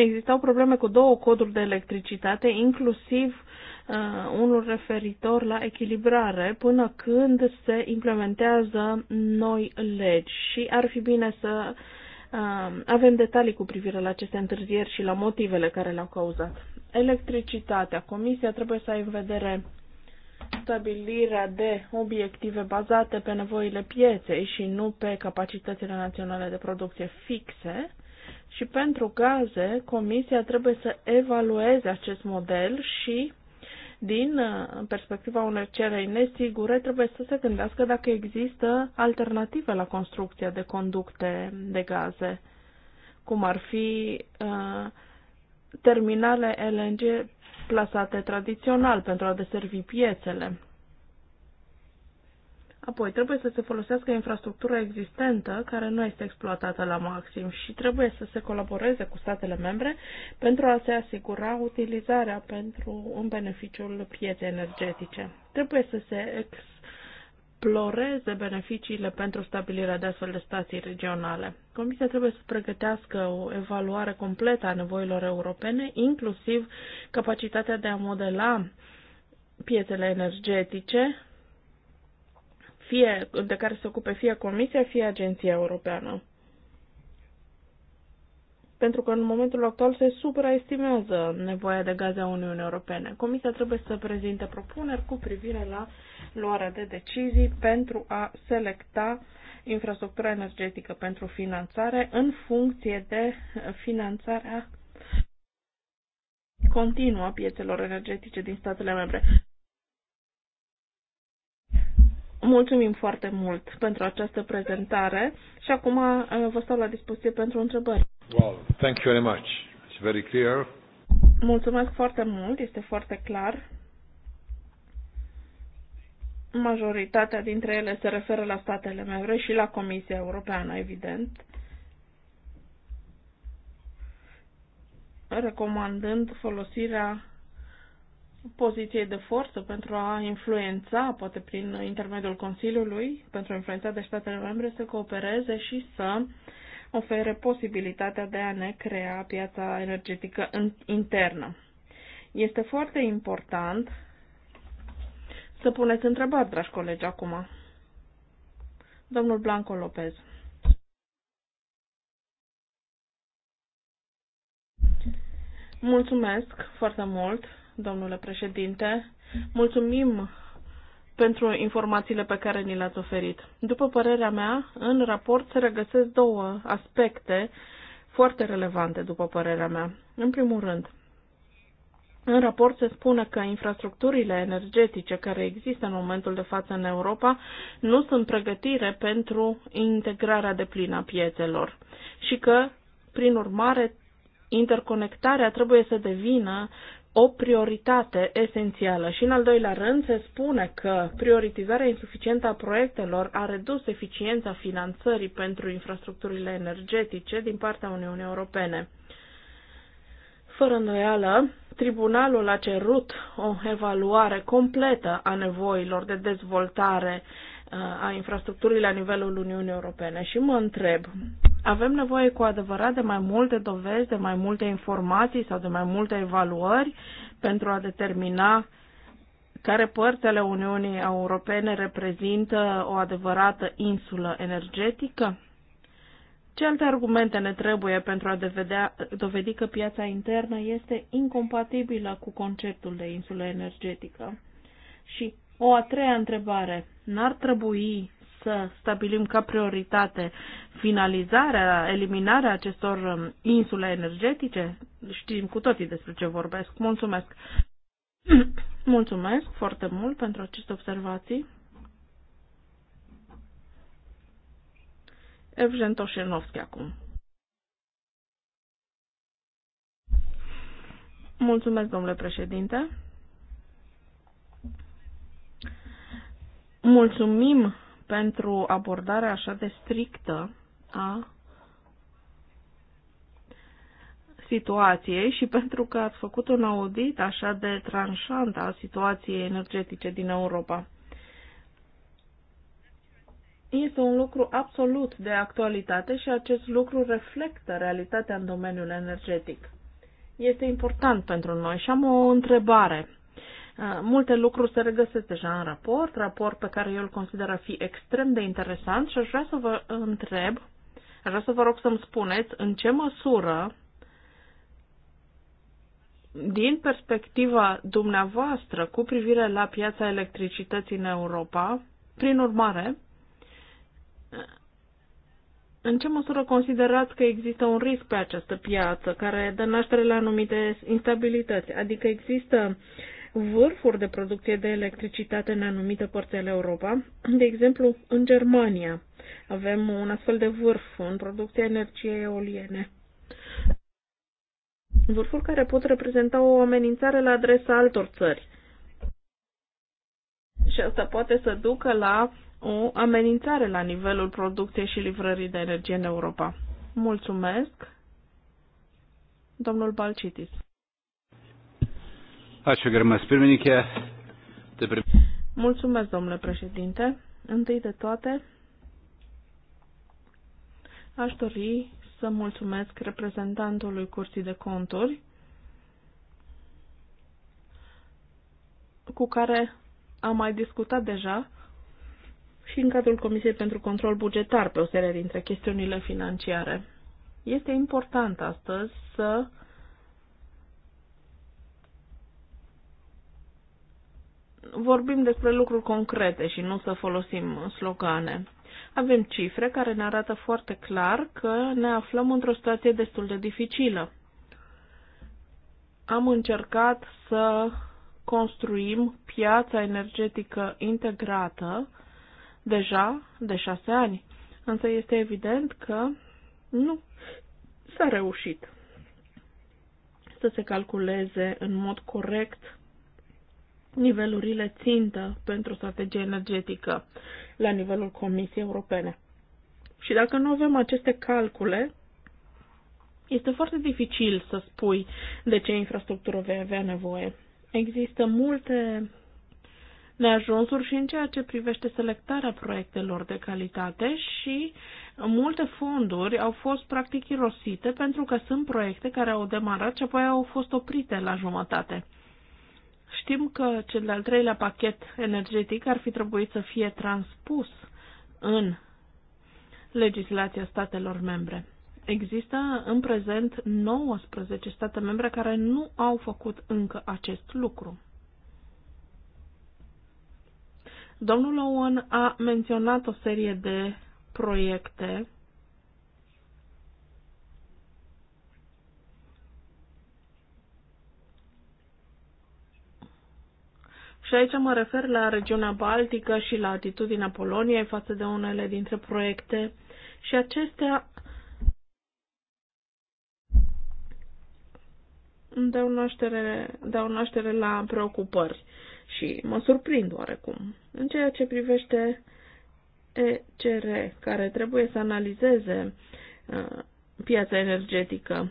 existau probleme cu două coduri de electricitate, inclusiv uh, unul referitor la echilibrare, până când se implementează noi legi. Și ar fi bine să uh, avem detalii cu privire la aceste întârzieri și la motivele care le-au cauzat. Electricitatea. Comisia trebuie să ai în vedere stabilirea de obiective bazate pe nevoile pieței și nu pe capacitățile naționale de producție fixe și pentru gaze, Comisia trebuie să evalueze acest model și, din uh, perspectiva unei cereri nesigure, trebuie să se gândească dacă există alternative la construcția de conducte de gaze, cum ar fi uh, terminale LNG plasate tradițional pentru a deservi piețele. Apoi, trebuie să se folosească infrastructura existentă care nu este exploatată la maxim și trebuie să se colaboreze cu statele membre pentru a se asigura utilizarea pentru un beneficiul pieței energetice. Trebuie să se exploreze beneficiile pentru stabilirea de astfel de stații regionale. Comisia trebuie să pregătească o evaluare completă a nevoilor europene, inclusiv capacitatea de a modela piețele energetice fie, de care se ocupe fie Comisia, fie Agenția Europeană. Pentru că în momentul actual se supraestimează nevoia de gaze a Uniunii Europene. Comisia trebuie să prezinte propuneri cu privire la luarea de decizii pentru a selecta infrastructura energetică pentru finanțare în funcție de finanțarea continuă a piețelor energetice din statele membre. Mulțumim foarte mult pentru această prezentare și acum uh, vă stau la dispoziție pentru întrebări. Well, thank you very much. It's very clear. Mulțumesc foarte mult, este foarte clar. Majoritatea dintre ele se referă la statele membre și la Comisia Europeană, evident. Recomandând folosirea poziției de forță pentru a influența, poate prin intermediul Consiliului, pentru a influența de statele membre să coopereze și să ofere posibilitatea de a ne crea piața energetică internă. Este foarte important să puneți întrebări, dragi colegi, acum. Domnul Blanco Lopez. Mulțumesc foarte mult domnule președinte. Mulțumim pentru informațiile pe care ni le-ați oferit. După părerea mea, în raport se regăsesc două aspecte foarte relevante, după părerea mea. În primul rând, în raport se spune că infrastructurile energetice care există în momentul de față în Europa nu sunt pregătire pentru integrarea de plină a piețelor și că, prin urmare, interconectarea trebuie să devină o prioritate esențială și, în al doilea rând, se spune că prioritizarea insuficientă a proiectelor a redus eficiența finanțării pentru infrastructurile energetice din partea Uniunii Europene. Fără îndoială, tribunalul a cerut o evaluare completă a nevoilor de dezvoltare uh, a infrastructurii la nivelul Uniunii Europene și mă întreb, avem nevoie cu adevărat de mai multe dovezi, de mai multe informații sau de mai multe evaluări pentru a determina care părți ale Uniunii Europene reprezintă o adevărată insulă energetică? Ce alte argumente ne trebuie pentru a devedea, dovedi că piața internă este incompatibilă cu conceptul de insulă energetică? Și o a treia întrebare. N-ar trebui să stabilim ca prioritate finalizarea, eliminarea acestor um, insule energetice? Știm cu toții despre ce vorbesc. Mulțumesc! Mulțumesc foarte mult pentru aceste observații. Evgen Toșenovski acum. Mulțumesc, domnule președinte. Mulțumim pentru abordarea așa de strictă a situației și pentru că ați făcut un audit așa de tranșant a situației energetice din Europa. Este un lucru absolut de actualitate și acest lucru reflectă realitatea în domeniul energetic. Este important pentru noi și am o întrebare Uh, multe lucruri se regăsesc deja în raport, raport pe care eu îl consider a fi extrem de interesant și aș vrea să vă întreb, aș vrea să vă rog să-mi spuneți în ce măsură din perspectiva dumneavoastră cu privire la piața electricității în Europa, prin urmare, uh, în ce măsură considerați că există un risc pe această piață care dă naștere la anumite instabilități? Adică există vârfuri de producție de electricitate în anumite părți ale Europa. De exemplu, în Germania avem un astfel de vârf în producția energiei eoliene. Vârfuri care pot reprezenta o amenințare la adresa altor țări. Și asta poate să ducă la o amenințare la nivelul producției și livrării de energie în Europa. Mulțumesc! Domnul Balcitis. Ačiū, gerbiamas pirmininkė. Mulțumesc, domnule președinte. Întâi de toate, aș dori să mulțumesc reprezentantului Curții de Conturi, cu care am mai discutat deja și în cadrul Comisiei pentru Control Bugetar pe o serie dintre chestiunile financiare. Este important astăzi să vorbim despre lucruri concrete și nu să folosim slogane. Avem cifre care ne arată foarte clar că ne aflăm într-o situație destul de dificilă. Am încercat să construim piața energetică integrată deja de șase ani, însă este evident că nu s-a reușit să se calculeze în mod corect nivelurile țintă pentru strategie energetică la nivelul Comisiei Europene. Și dacă nu avem aceste calcule, este foarte dificil să spui de ce infrastructură vei avea nevoie. Există multe neajunsuri și în ceea ce privește selectarea proiectelor de calitate și multe fonduri au fost practic irosite pentru că sunt proiecte care au demarat și apoi au fost oprite la jumătate. Știm că cel de-al treilea pachet energetic ar fi trebuit să fie transpus în legislația statelor membre. Există în prezent 19 state membre care nu au făcut încă acest lucru. Domnul Owen a menționat o serie de proiecte Și aici mă refer la regiunea Baltică și la atitudinea Poloniei față de unele dintre proiecte. Și acestea dau naștere, dau naștere la preocupări și mă surprind oarecum. În ceea ce privește ECR, care trebuie să analizeze uh, piața energetică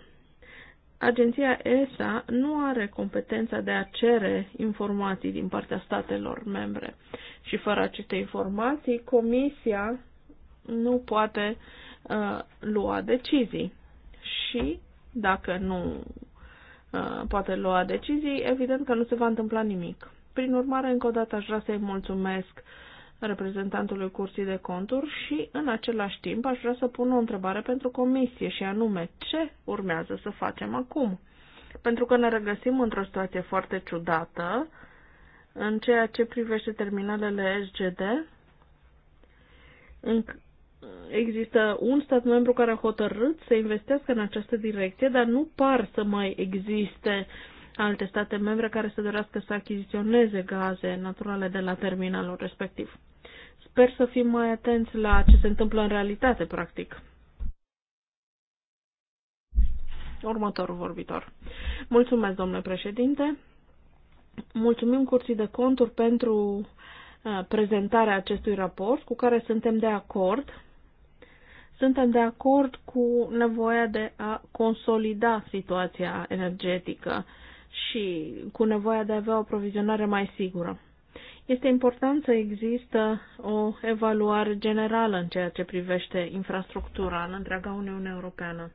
Agenția ESA nu are competența de a cere informații din partea statelor membre și fără aceste informații, Comisia nu poate uh, lua decizii. Și dacă nu uh, poate lua decizii, evident că nu se va întâmpla nimic. Prin urmare, încă o dată aș vrea să-i mulțumesc uh, reprezentantului Curții de Conturi și, în același timp, aș vrea să pun o întrebare pentru comisie și anume, ce urmează să facem acum? Pentru că ne regăsim într-o situație foarte ciudată în ceea ce privește terminalele SGD, în există un stat membru care a hotărât să investească în această direcție, dar nu par să mai existe alte state membre care să dorească să achiziționeze gaze naturale de la terminalul respectiv. Sper să fim mai atenți la ce se întâmplă în realitate, practic. Următorul vorbitor. Mulțumesc, domnule președinte. Mulțumim Curții de Conturi pentru uh, prezentarea acestui raport, cu care suntem de acord. Suntem de acord cu nevoia de a consolida situația energetică și cu nevoia de a avea o provizionare mai sigură. Este important să există o evaluare generală în ceea ce privește infrastructura în întreaga Uniune Europeană.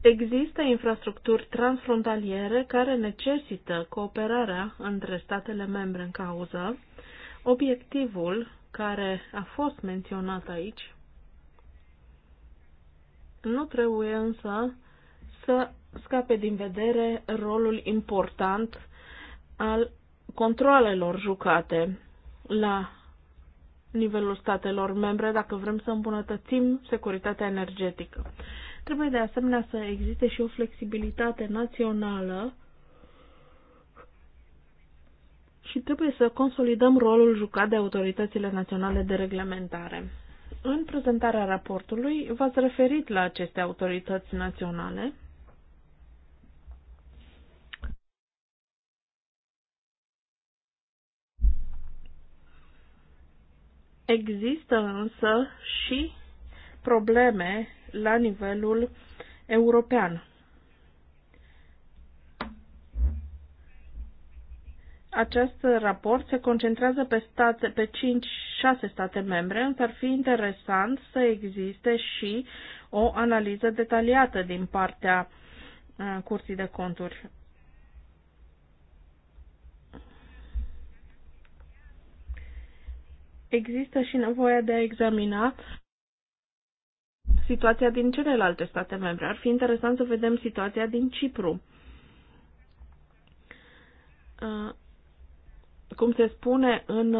Există infrastructuri transfrontaliere care necesită cooperarea între statele membre în cauză. Obiectivul care a fost menționat aici nu trebuie însă să scape din vedere rolul important al controlelor jucate la nivelul statelor membre dacă vrem să îmbunătățim securitatea energetică. Trebuie de asemenea să existe și o flexibilitate națională și trebuie să consolidăm rolul jucat de autoritățile naționale de reglementare. În prezentarea raportului v-ați referit la aceste autorități naționale Există însă și probleme la nivelul european. Acest raport se concentrează pe, state, pe 5-6 state membre, însă ar fi interesant să existe și o analiză detaliată din partea uh, Curții de Conturi. există și nevoia de a examina situația din celelalte state membre. Ar fi interesant să vedem situația din Cipru. Cum se spune în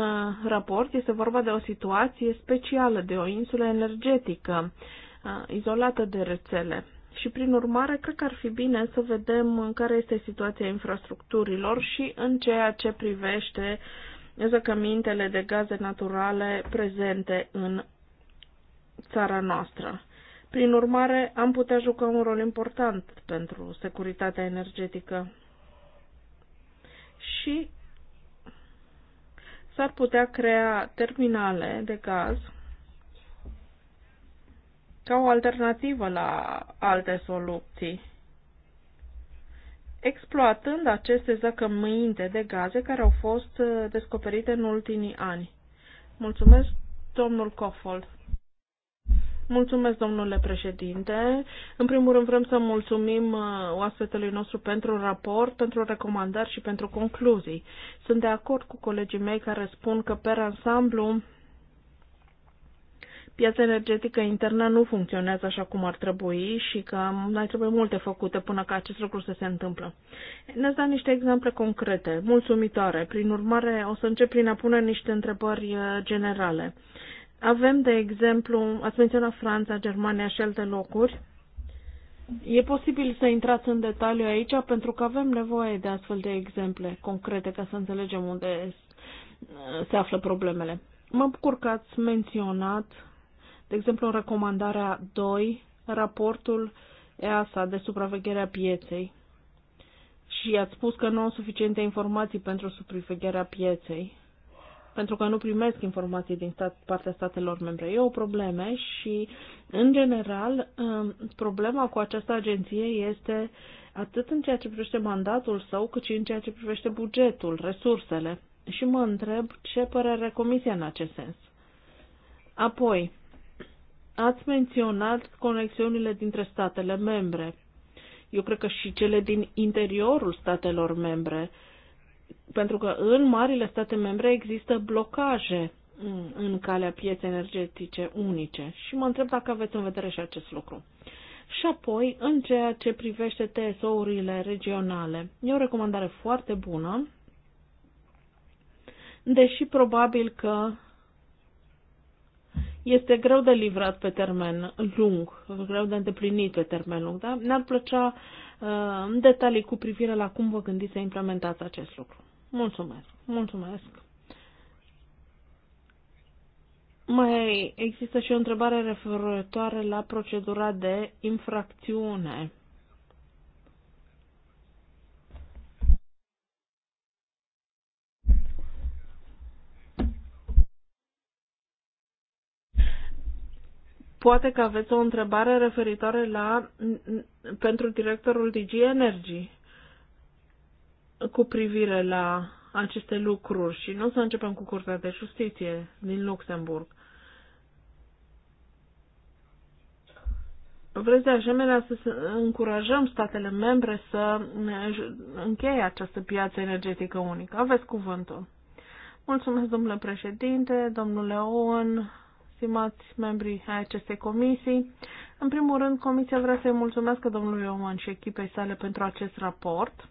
raport, este vorba de o situație specială, de o insulă energetică, izolată de rețele. Și, prin urmare, cred că ar fi bine să vedem în care este situația infrastructurilor și în ceea ce privește uh, zăcămintele de gaze naturale prezente în țara noastră. Prin urmare, am putea juca un rol important pentru securitatea energetică. Și s-ar putea crea terminale de gaz ca o alternativă la alte soluții exploatând aceste zăcămâinte de gaze care au fost uh, descoperite în ultimii ani. Mulțumesc, domnul Cofold. Mulțumesc, domnule președinte. În primul rând vrem să mulțumim uh, oaspetelui nostru pentru raport, pentru recomandări și pentru concluzii. Sunt de acord cu colegii mei care spun că, pe ansamblu, piața energetică internă nu funcționează așa cum ar trebui și că mai trebuie multe făcute până ca acest lucru să se întâmplă. Ne-ați dat niște exemple concrete, mulțumitoare. Prin urmare, o să încep prin a pune niște întrebări uh, generale. Avem, de exemplu, ați menționat Franța, Germania și alte locuri. E posibil să intrați în detaliu aici pentru că avem nevoie de astfel de exemple concrete ca să înțelegem unde uh, se află problemele. Mă bucur că ați menționat de exemplu, în recomandarea 2, raportul EASA de supraveghere a pieței. Și ați spus că nu au suficiente informații pentru supravegherea pieței, pentru că nu primesc informații din stat, partea statelor membre. E o problemă și, în general, um, problema cu această agenție este atât în ceea ce privește mandatul său, cât și în ceea ce privește bugetul, resursele. Și mă întreb ce părere comisia în acest sens. Apoi, Ați menționat conexiunile dintre statele membre. Eu cred că și cele din interiorul statelor membre, pentru că în marile state membre există blocaje mm, în calea pieței energetice unice și mă întreb dacă aveți în vedere și acest lucru. Și apoi, în ceea ce privește TSO-urile regionale, e o recomandare foarte bună, deși probabil că este greu de livrat pe termen lung, greu de îndeplinit pe termen lung, da? Ne-ar plăcea uh, detalii cu privire la cum vă gândiți să implementați acest lucru. Mulțumesc! Mulțumesc! Mai există și o întrebare referitoare la procedura de infracțiune. Poate că aveți o întrebare referitoare la pentru directorul DG Energy cu privire la aceste lucruri și nu să începem cu Curtea de Justiție din Luxemburg. Vreți de asemenea să încurajăm statele membre să încheie această piață energetică unică. Aveți cuvântul. Mulțumesc, domnule președinte, domnule Owen, stimați membrii ai acestei comisii. În primul rând, comisia vrea să-i mulțumească domnului Oman și echipei sale pentru acest raport.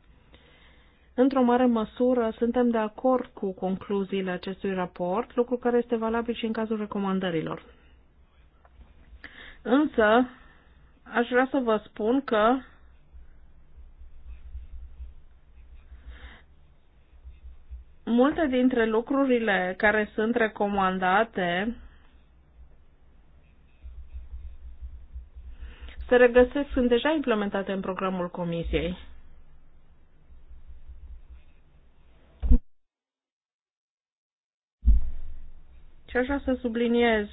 Într-o mare măsură, suntem de acord cu concluziile acestui raport, lucru care este valabil și în cazul recomandărilor. Însă, aș vrea să vă spun că multe dintre lucrurile care sunt recomandate se regăsesc, sunt deja implementate în programul Comisiei. Și aș vrea să subliniez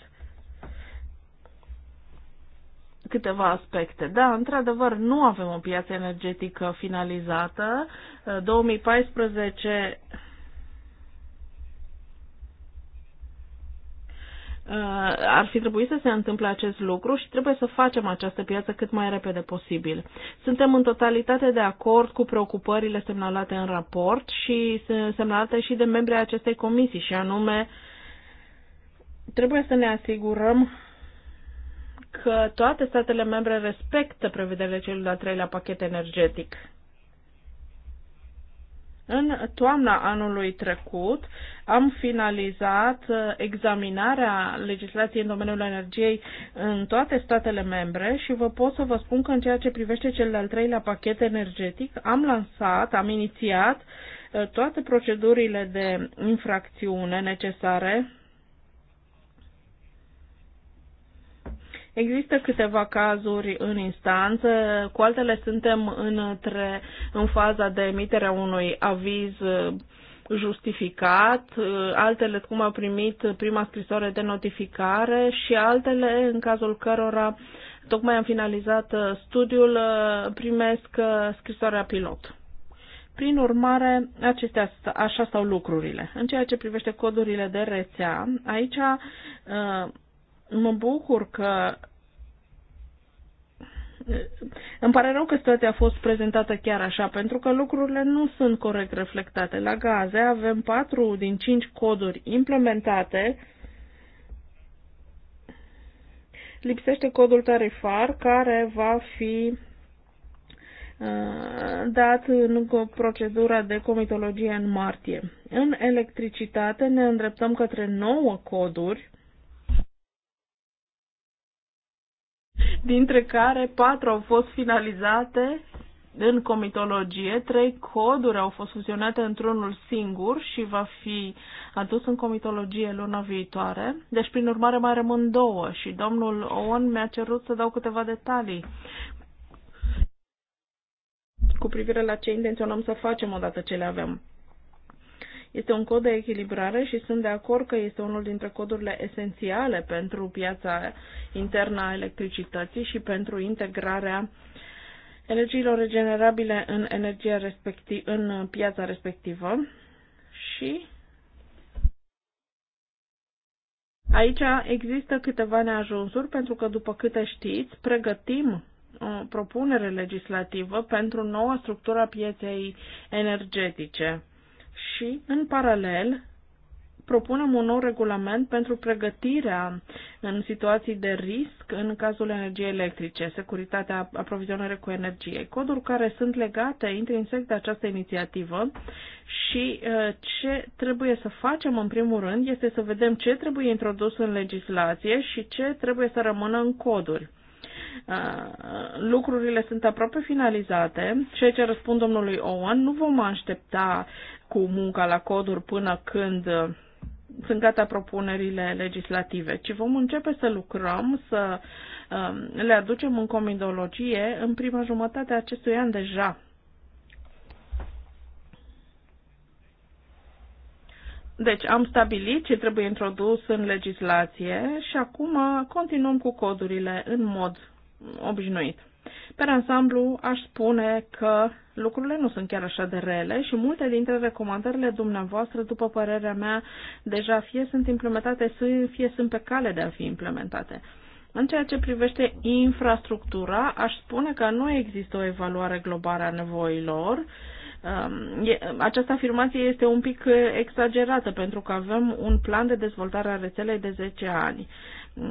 câteva aspecte. Da, într-adevăr, nu avem o piață energetică finalizată. 2014 Uh, ar fi trebuit să se întâmple acest lucru și trebuie să facem această piață cât mai repede posibil. Suntem în totalitate de acord cu preocupările semnalate în raport și semnalate și de membrii acestei comisii și anume trebuie să ne asigurăm că toate statele membre respectă prevederile celui de-al treilea pachet energetic în toamna anului trecut am finalizat uh, examinarea legislației în domeniul energiei în toate statele membre și vă pot să vă spun că în ceea ce privește cel de-al treilea pachet energetic am lansat, am inițiat uh, toate procedurile de infracțiune necesare Există câteva cazuri în instanță, cu altele suntem între, în faza de emitere unui aviz uh, justificat, uh, altele cum au primit prima scrisoare de notificare și altele în cazul cărora tocmai am finalizat uh, studiul primesc scrisoarea pilot. Prin urmare, acestea, așa stau lucrurile. În ceea ce privește codurile de rețea, aici Mă bucur că îmi pare rău că situația a fost prezentată chiar așa, pentru că lucrurile nu sunt corect reflectate. La gaze avem 4 din 5 coduri implementate. Lipsește codul tarifar care va fi uh, dat în procedura de comitologie în martie. În electricitate ne îndreptăm către 9 coduri dintre care patru au fost finalizate în comitologie, trei coduri au fost fuzionate într-unul singur și va fi adus în comitologie luna viitoare. Deci, prin urmare, mai rămân două și domnul Owen mi-a cerut să dau câteva detalii cu privire la ce intenționăm să facem odată ce le avem. Este un cod de echilibrare și sunt de acord că este unul dintre codurile esențiale pentru piața internă a electricității și pentru integrarea energiilor regenerabile în, energia respectiv, în piața respectivă. Și aici există câteva neajunsuri pentru că, după câte știți, pregătim o propunere legislativă pentru noua structură a pieței energetice și, în paralel, propunem un nou regulament pentru pregătirea în situații de risc în cazul energiei electrice, securitatea aprovizionării cu energie, coduri care sunt legate intrinsec de această inițiativă și uh, ce trebuie să facem în primul rând este să vedem ce trebuie introdus în legislație și ce trebuie să rămână în coduri uh, lucrurile sunt aproape finalizate, ceea ce răspund domnului Owen, nu vom aștepta cu munca la coduri până când uh, sunt gata propunerile legislative, ci vom începe să lucrăm, să um, le aducem în comidologie în prima jumătate a acestui an deja. Deci am stabilit ce trebuie introdus în legislație și acum continuăm cu codurile în mod obișnuit. Pe ansamblu, aș spune că lucrurile nu sunt chiar așa de rele și multe dintre recomandările dumneavoastră, după părerea mea, deja fie sunt implementate, fie sunt pe cale de a fi implementate. În ceea ce privește infrastructura, aș spune că nu există o evaluare globală a nevoilor. Um, această afirmație este un pic exagerată pentru că avem un plan de dezvoltare a rețelei de 10 ani.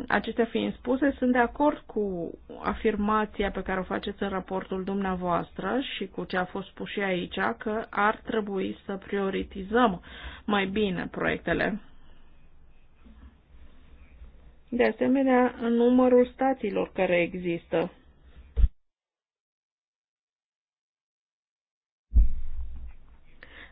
Acestea fiind spuse, sunt de acord cu afirmația pe care o faceți în raportul dumneavoastră și cu ce a fost spus și aici, că ar trebui să prioritizăm mai bine proiectele. De asemenea, numărul stațiilor care există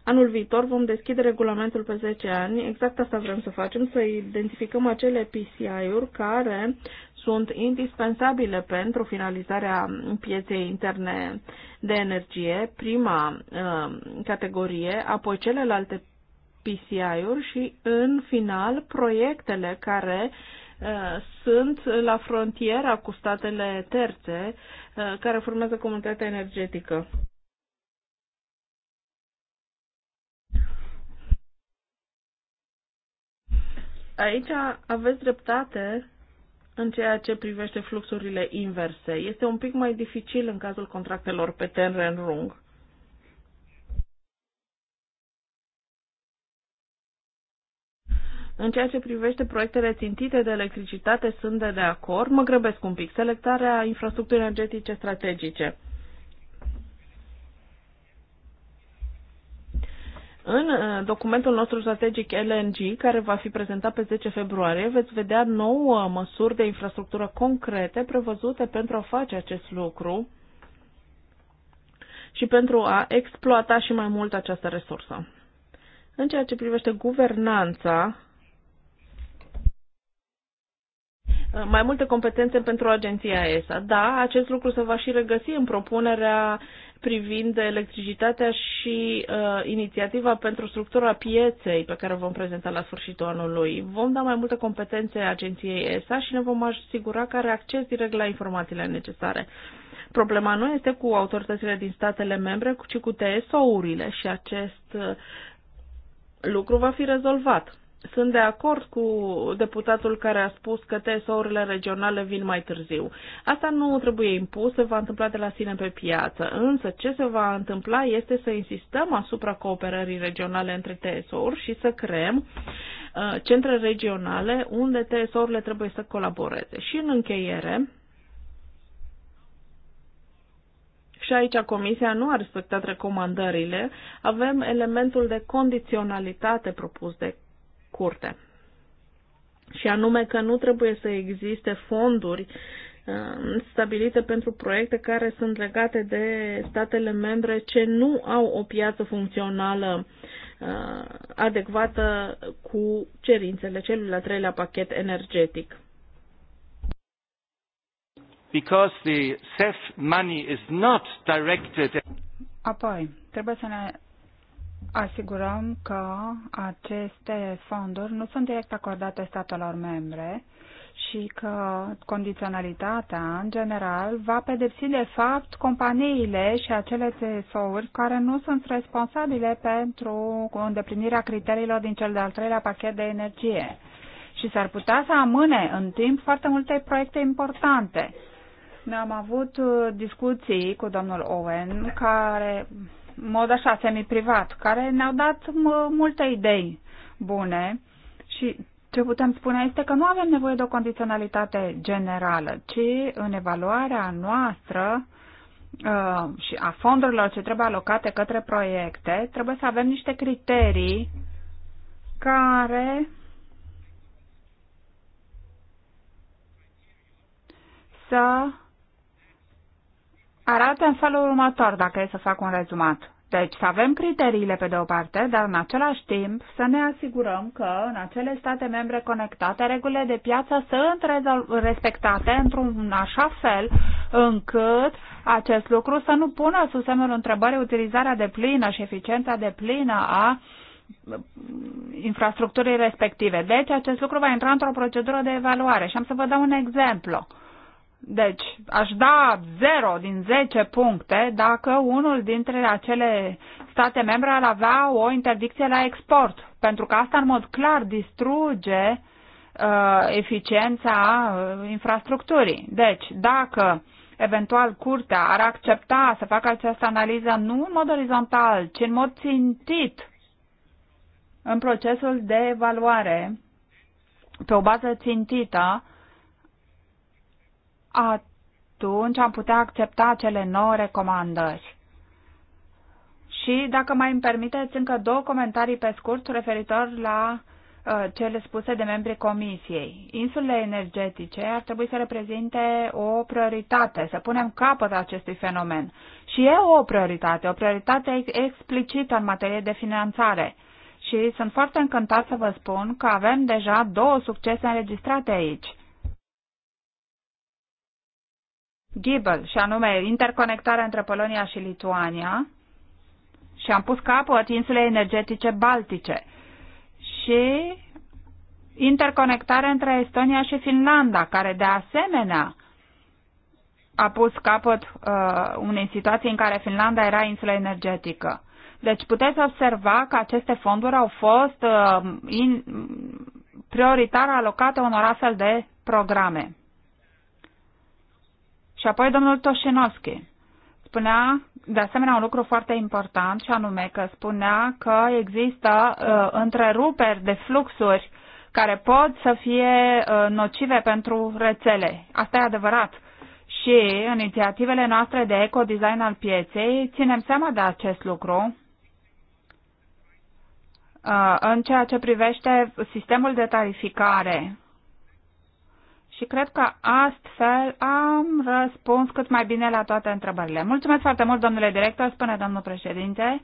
Anul viitor vom deschide regulamentul pe 10 ani. Exact asta vrem să facem, să identificăm acele PCI-uri care sunt indispensabile pentru finalizarea pieței interne de energie, prima uh, categorie, apoi celelalte PCI-uri și, în final, proiectele care uh, sunt la frontiera cu statele terțe uh, care formează comunitatea energetică. Aici aveți dreptate în ceea ce privește fluxurile inverse. Este un pic mai dificil în cazul contractelor pe termen lung. În ceea ce privește proiectele țintite de electricitate, sunt de, de acord. Mă grăbesc un pic. Selectarea infrastructurii energetice strategice. În uh, documentul nostru strategic LNG, care va fi prezentat pe 10 februarie, veți vedea nouă măsuri de infrastructură concrete prevăzute pentru a face acest lucru și pentru a exploata și mai mult această resursă. În ceea ce privește guvernanța, mai multe competențe pentru agenția ESA. Da, acest lucru se va și regăsi în propunerea privind electricitatea și uh, inițiativa pentru structura pieței pe care o vom prezenta la sfârșitul anului. Vom da mai multe competențe agenției ESA și ne vom asigura că are acces direct la informațiile necesare. Problema nu este cu autoritățile din statele membre, ci cu TSO-urile și acest uh, lucru va fi rezolvat. Sunt de acord cu deputatul care a spus că TSO-urile regionale vin mai târziu. Asta nu trebuie impus, se va întâmpla de la sine pe piață. Însă ce se va întâmpla este să insistăm asupra cooperării regionale între TSO-uri și să creăm uh, centre regionale unde TSO-urile trebuie să colaboreze. Și în încheiere, și aici Comisia nu a respectat recomandările, avem elementul de condiționalitate propus de curte. Și anume că nu trebuie să existe fonduri uh, stabilite pentru proiecte care sunt legate de statele membre ce nu au o piață funcțională uh, adecvată cu cerințele celui la treilea pachet energetic. Because the CEF money is not directed Apoi, trebuie să ne asigurăm că aceste fonduri nu sunt direct acordate statelor membre și că condiționalitatea, în general, va pedepsi de fapt companiile și acele TSO-uri care nu sunt responsabile pentru îndeplinirea criteriilor din cel de-al treilea pachet de energie. Și s-ar putea să amâne în timp foarte multe proiecte importante. Ne-am avut uh, discuții cu domnul Owen, care mod așa semi-privat, care ne-au dat multe idei bune și ce putem spune este că nu avem nevoie de o condiționalitate generală, ci în evaluarea noastră uh, și a fondurilor ce trebuie alocate către proiecte, trebuie să avem niște criterii care să arată în felul următor, dacă e să fac un rezumat. Deci să avem criteriile pe de o parte, dar în același timp să ne asigurăm că în acele state membre conectate regulile de piață sunt respectate într-un așa fel încât acest lucru să nu pună sub semnul întrebării utilizarea de plină și eficiența de plină a mm, infrastructurii respective. Deci acest lucru va intra într-o procedură de evaluare și am să vă dau un exemplu. Uh, deci, aș da 0 din 10 puncte dacă unul dintre acele state membre ar avea o interdicție la export, pentru că asta în mod clar distruge uh, eficiența uh, infrastructurii. Deci, dacă eventual curtea ar accepta să facă această analiză nu în mod orizontal, ci în mod țintit în procesul de evaluare, pe o bază țintită, atunci am putea accepta cele nouă recomandări. Și dacă mai îmi permiteți încă două comentarii pe scurt referitor la uh, cele spuse de membrii comisiei. Insulele energetice ar trebui să reprezinte o prioritate, să punem capăt acestui fenomen. Și e o prioritate, o prioritate explicită în materie de finanțare. Și sunt foarte încântat să vă spun că avem deja două succese înregistrate aici. Gibel, și anume interconectarea între Polonia și Lituania, și am pus capăt insulei energetice baltice și interconectarea între Estonia și Finlanda, care de asemenea a pus capăt uh, unei situații în care Finlanda era insulă energetică. Deci puteți observa că aceste fonduri au fost uh, in, prioritar alocate unor astfel de programe. Și apoi domnul Toșenovski spunea de asemenea un lucru foarte important și anume că spunea că există uh, întreruperi de fluxuri care pot să fie uh, nocive pentru rețele. Asta e adevărat. Și în inițiativele noastre de ecodesign al pieței ținem seama de acest lucru uh, în ceea ce privește sistemul de tarificare și cred că astfel am răspuns cât mai bine la toate întrebările. Mulțumesc foarte mult, domnule director, spune domnul președinte.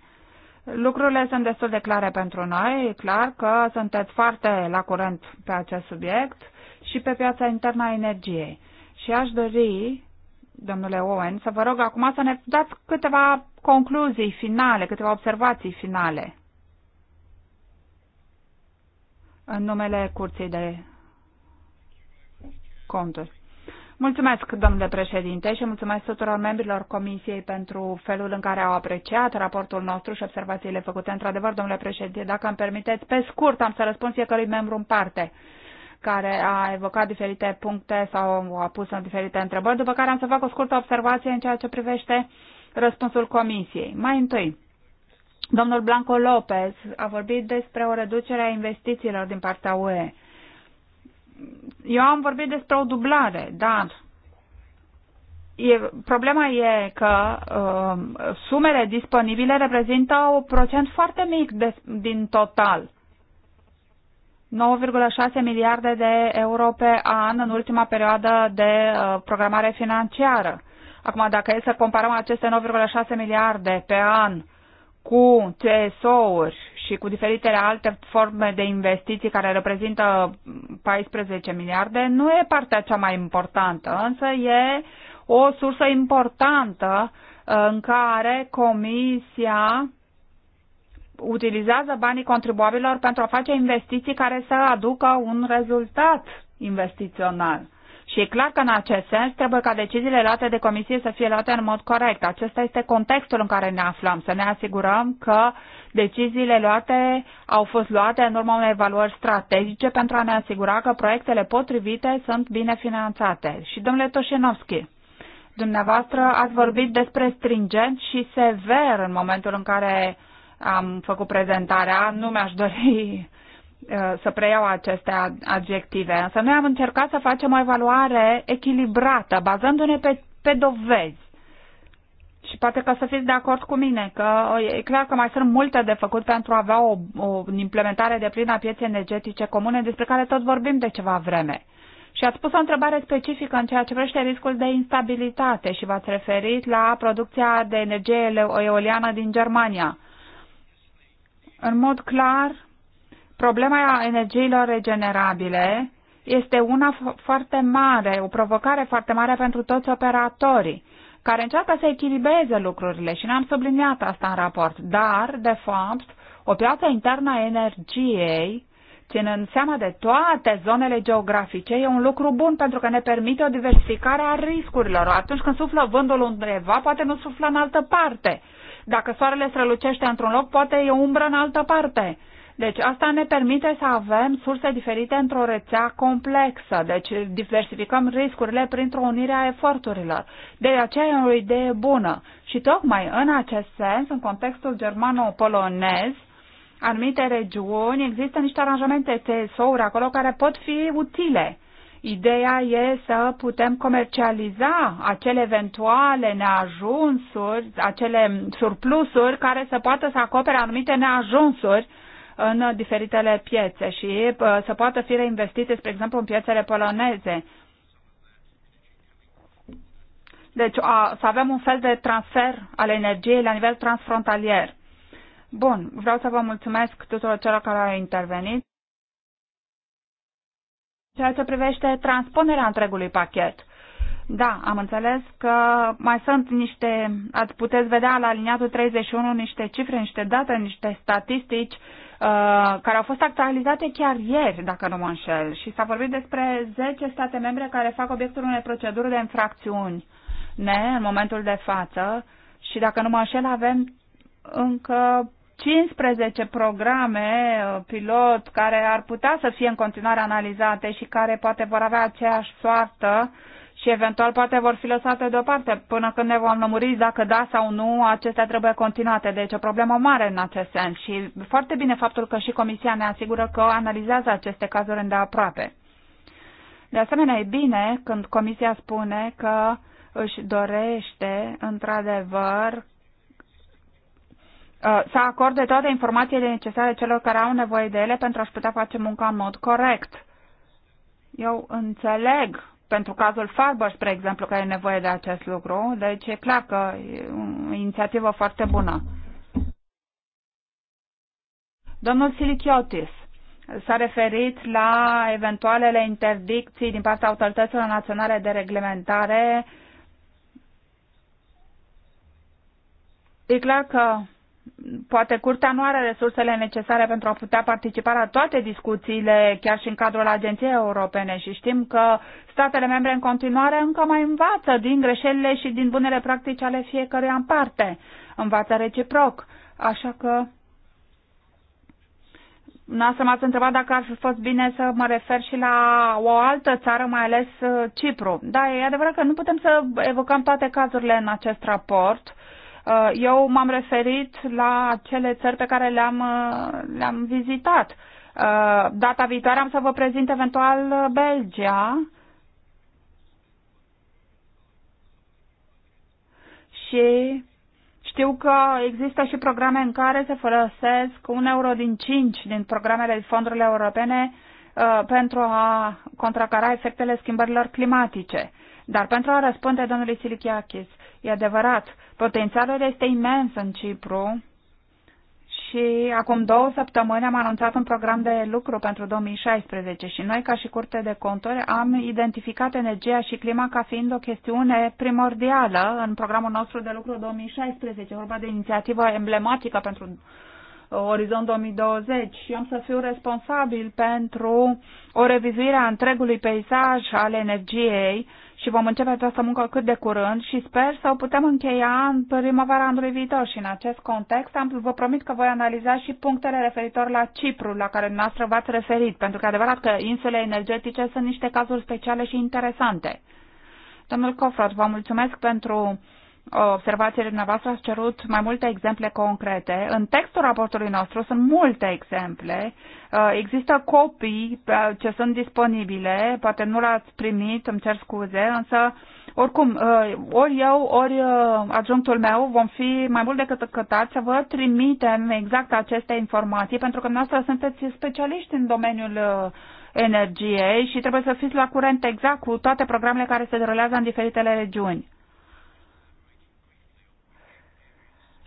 Lucrurile sunt destul de clare pentru noi. E clar că sunteți foarte la curent pe acest subiect și pe piața internă a energiei. Și aș dori, domnule Owen, să vă rog acum să ne dați câteva concluzii finale, câteva observații finale în numele Curții de Conturi. Mulțumesc, domnule președinte, și mulțumesc tuturor membrilor Comisiei pentru felul în care au apreciat raportul nostru și observațiile făcute. Într-adevăr, domnule președinte, dacă îmi permiteți, pe scurt am să răspund fiecărui membru în parte care a evocat diferite puncte sau a pus în diferite întrebări, după care am să fac o scurtă observație în ceea ce privește răspunsul Comisiei. Mai întâi, domnul Blanco Lopez a vorbit despre o reducere a investițiilor din partea UE eu am vorbit despre o dublare, dar e, problema e că uh, sumele disponibile reprezintă un procent foarte mic de, din total. 9,6 miliarde de euro pe an în ultima perioadă de uh, programare financiară. Acum, dacă e să comparăm aceste 9,6 miliarde pe an cu TSO-uri și cu diferitele alte forme de investiții care reprezintă 14 miliarde, nu e partea cea mai importantă, însă e o sursă importantă uh, în care Comisia utilizează banii contribuabilor pentru a face investiții care să aducă un rezultat investițional. Și e clar că în acest sens trebuie ca deciziile luate de comisie să fie luate în mod corect. Acesta este contextul în care ne aflăm, să ne asigurăm că Deciziile luate au fost luate în urma unei evaluări strategice pentru a ne asigura că proiectele potrivite sunt bine finanțate. Și domnule Toșenovski, dumneavoastră ați vorbit despre stringent și sever în momentul în care am făcut prezentarea. Nu mi-aș dori uh, să preiau aceste adjective. Însă noi am încercat să facem o evaluare echilibrată, bazându-ne pe, pe dovezi și poate că să fiți de acord cu mine, că uh, e clar că mai sunt multe de făcut pentru a avea o, o implementare de plină a pieței energetice comune, despre care tot vorbim de ceva vreme. Și ați pus o întrebare specifică în ceea ce privește riscul de instabilitate și v-ați referit la producția de energie eoliană din Germania. În mod clar, problema energiilor regenerabile este una foarte mare, o provocare foarte mare pentru toți operatorii care încearcă să echilibreze lucrurile și ne-am subliniat asta în raport. Dar, de fapt, o piață internă a energiei, ținând seama de toate zonele geografice, e un lucru bun pentru că ne permite o diversificare a riscurilor. Atunci când suflă vântul undeva, poate nu suflă în altă parte. Dacă soarele strălucește într-un loc, poate e umbră în altă parte. Deci asta ne permite să avem surse diferite într-o rețea complexă, deci diversificăm riscurile printr-o unire a eforturilor. De aceea e o idee bună. Și tocmai în acest sens, în contextul germano-polonez, anumite regiuni, există niște aranjamente TSO-uri acolo care pot fi utile. Ideea e să putem comercializa acele eventuale neajunsuri, acele surplusuri care să poată să acopere anumite neajunsuri în diferitele piețe și uh, să poată fi reinvestite, spre exemplu, în piețele poloneze. Deci a, să avem un fel de transfer al energiei la nivel transfrontalier. Bun, vreau să vă mulțumesc tuturor celor care au intervenit. Ceea ce privește transpunerea întregului pachet. Da, am înțeles că mai sunt niște, ați puteți vedea la aliniatul 31 niște cifre, niște date, niște statistici uh, Uh, care au fost actualizate chiar ieri, dacă nu mă înșel, și s-a vorbit despre 10 state membre care fac obiectul unei proceduri de infracțiuni ne, în momentul de față și dacă nu mă înșel avem încă 15 programe uh, pilot care ar putea să fie în continuare analizate și care poate vor avea aceeași soartă uh, și eventual poate vor fi lăsate deoparte până când ne vom lămuri dacă da sau nu acestea trebuie continuate. Deci o problemă mare în acest sens și foarte bine faptul că și Comisia ne asigură că analizează aceste cazuri îndeaproape. De asemenea, e bine când Comisia spune că își dorește, într-adevăr, uh, să acorde toate informațiile necesare celor care au nevoie de ele pentru a-și putea face munca în mod corect. Eu înțeleg pentru cazul Farber, spre exemplu, care e nevoie de acest lucru. Deci e clar că e o inițiativă foarte bună. Domnul Silichiotis s-a referit la eventualele interdicții din partea autorităților naționale de reglementare. E clar că poate curtea nu are resursele necesare pentru a putea participa la toate discuțiile, chiar și în cadrul agenției europene și știm că statele membre în continuare încă mai învață din greșelile și din bunele practici ale fiecăruia în parte, învață reciproc. Așa că să m-ați întrebat dacă ar fi fost bine să mă refer și la o altă țară, mai ales uh, Cipru. Da, e adevărat că nu putem să evocăm toate cazurile în acest raport, Uh, eu m-am referit la cele țări pe care le-am, uh, le-am vizitat. Uh, data viitoare am să vă prezint eventual Belgia. Și știu că există și programe în care se folosesc un euro din cinci din programele fondurile europene pentru a contracara efectele schimbărilor climatice. Dar pentru a răspunde domnului Silichiachis, E adevărat, potențialul este imens în Cipru și acum două săptămâni am anunțat un program de lucru pentru 2016 și noi, ca și Curte de Conturi, am identificat energia și clima ca fiind o chestiune primordială în programul nostru de lucru 2016, vorba de inițiativă emblematică pentru uh, Orizont 2020 și am să fiu responsabil pentru o revizuire a întregului peisaj al energiei și vom începe această muncă cât de curând și sper să o putem încheia în primăvara anului viitor și în acest context am, vă promit că voi analiza și punctele referitor la Cipru la care noastră v-ați referit, pentru că adevărat că insulele energetice sunt niște cazuri speciale și interesante. Domnul Cofrot, vă mulțumesc pentru uh, observațiile dumneavoastră, ați cerut mai multe exemple concrete. În textul raportului nostru sunt multe exemple. Uh, există copii uh, ce sunt disponibile, poate nu l-ați primit, îmi cer scuze, însă oricum, uh, ori eu, ori adjunctul meu vom fi mai mult decât cătați să vă trimitem exact aceste informații, pentru că noastră sunteți specialiști în domeniul energiei și trebuie să fiți la curent exact cu toate programele care se derulează în diferitele regiuni.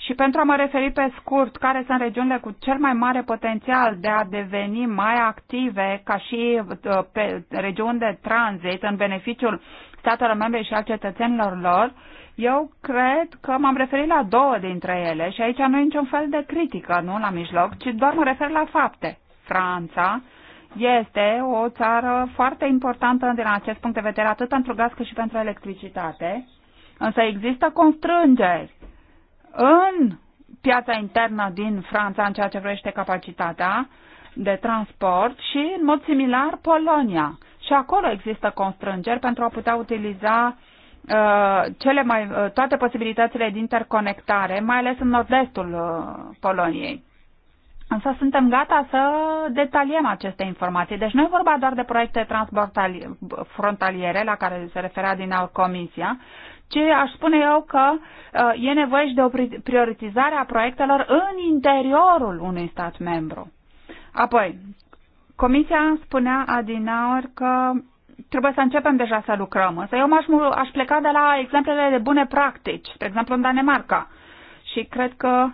Și pentru a mă referi pe scurt, care sunt regiunile cu cel mai mare potențial de a deveni mai active ca și uh, pe regiuni de tranzit în beneficiul statelor membre și al cetățenilor lor, eu cred că m-am referit la două dintre ele și aici nu e niciun fel de critică, nu la mijloc, ci doar mă refer la fapte. Franța este o țară foarte importantă din acest punct de vedere, atât pentru gaz cât și pentru electricitate, însă există constrângeri în piața internă din Franța în ceea ce vrește capacitatea de transport și, în mod similar, Polonia. Și acolo există constrângeri pentru a putea utiliza uh, cele mai, uh, toate posibilitățile de interconectare, mai ales în nord-estul uh, Poloniei. Însă suntem gata să detaliem aceste informații. Deci nu e vorba doar de proiecte frontaliere la care se referea din nou Comisia, ce aș spune eu că uh, e nevoie și de o prioritizare a proiectelor în interiorul unui stat membru. Apoi, Comisia spunea adinaori că trebuie să începem deja să lucrăm. Însă eu m-aș, aș pleca de la exemplele de bune practici, de exemplu în Danemarca. Și cred că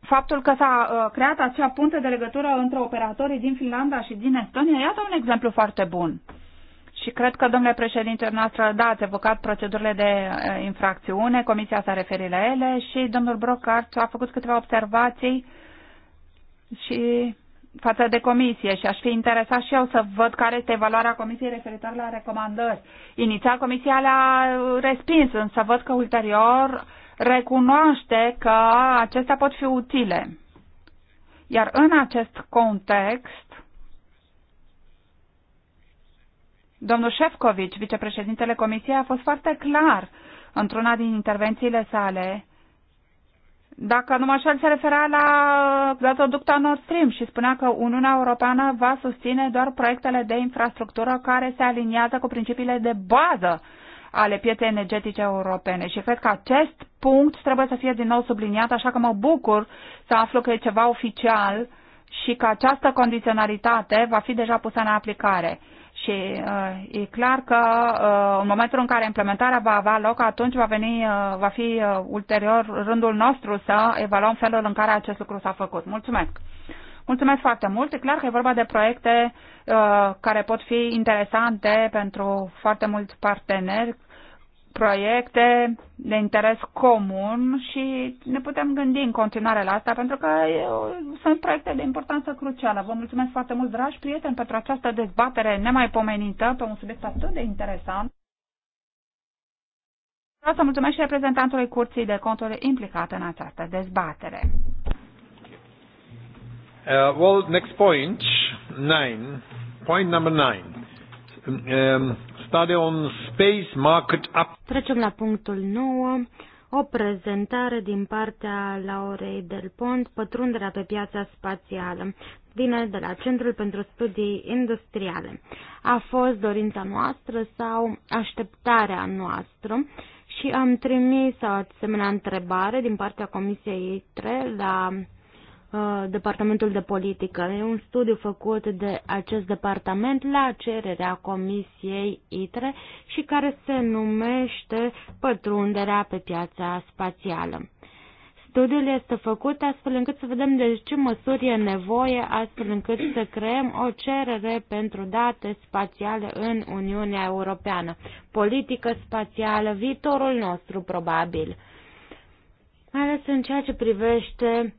faptul că s-a uh, creat acea punte de legătură între operatorii din Finlanda și din Estonia, iată un exemplu foarte bun. Și cred că, domnule președinte, noastră, da, ați evocat procedurile de eh, infracțiune, comisia s-a referit la ele și domnul Brocart a făcut câteva observații și față de comisie și aș fi interesat și eu să văd care este evaluarea comisiei referitor la recomandări. Inițial comisia le-a eh, respins, însă văd că ulterior recunoaște că acestea pot fi utile. Iar în acest context, Domnul Șefcovici, vicepreședintele Comisiei, a fost foarte clar într-una din intervențiile sale. Dacă nu așa se referea la gazoducta Nord Stream și spunea că Uniunea Europeană va susține doar proiectele de infrastructură care se aliniază cu principiile de bază ale pieței energetice europene și cred că acest punct trebuie să fie din nou subliniat, așa că mă bucur să aflu că e ceva oficial și că această condiționalitate va fi deja pusă în aplicare. Și uh, e clar că uh, în momentul în care implementarea va avea loc, atunci va, veni, uh, va fi uh, ulterior rândul nostru să evaluăm felul în care acest lucru s-a făcut. Mulțumesc! Mulțumesc foarte mult! E clar că e vorba de proiecte uh, care pot fi interesante pentru foarte mulți parteneri proiecte de interes comun și ne putem gândi în continuare la asta pentru că sunt proiecte de importanță crucială. Vă mulțumesc foarte mult, dragi prieteni, pentru această dezbatere nemaipomenită pe un subiect atât de interesant. Vreau să mulțumesc și reprezentantului Curții de Conturi implicat în această dezbatere. Uh, well, next point, nine. Point number nine. Um, study space market up. Trecem la punctul 9. O prezentare din partea Laurei Del Pont, pătrunderea pe piața spațială. Vine de la Centrul pentru Studii Industriale. A fost dorința noastră sau așteptarea noastră și am trimis o asemenea întrebare din partea Comisiei 3 la Uh, Departamentul de Politică. E un studiu făcut de acest departament la cererea Comisiei ITRE și care se numește Pătrunderea pe piața spațială. Studiul este făcut astfel încât să vedem de ce măsuri e nevoie astfel încât să creăm o cerere pentru date spațiale în Uniunea Europeană. Politică spațială, viitorul nostru probabil. Mai ales în ceea ce privește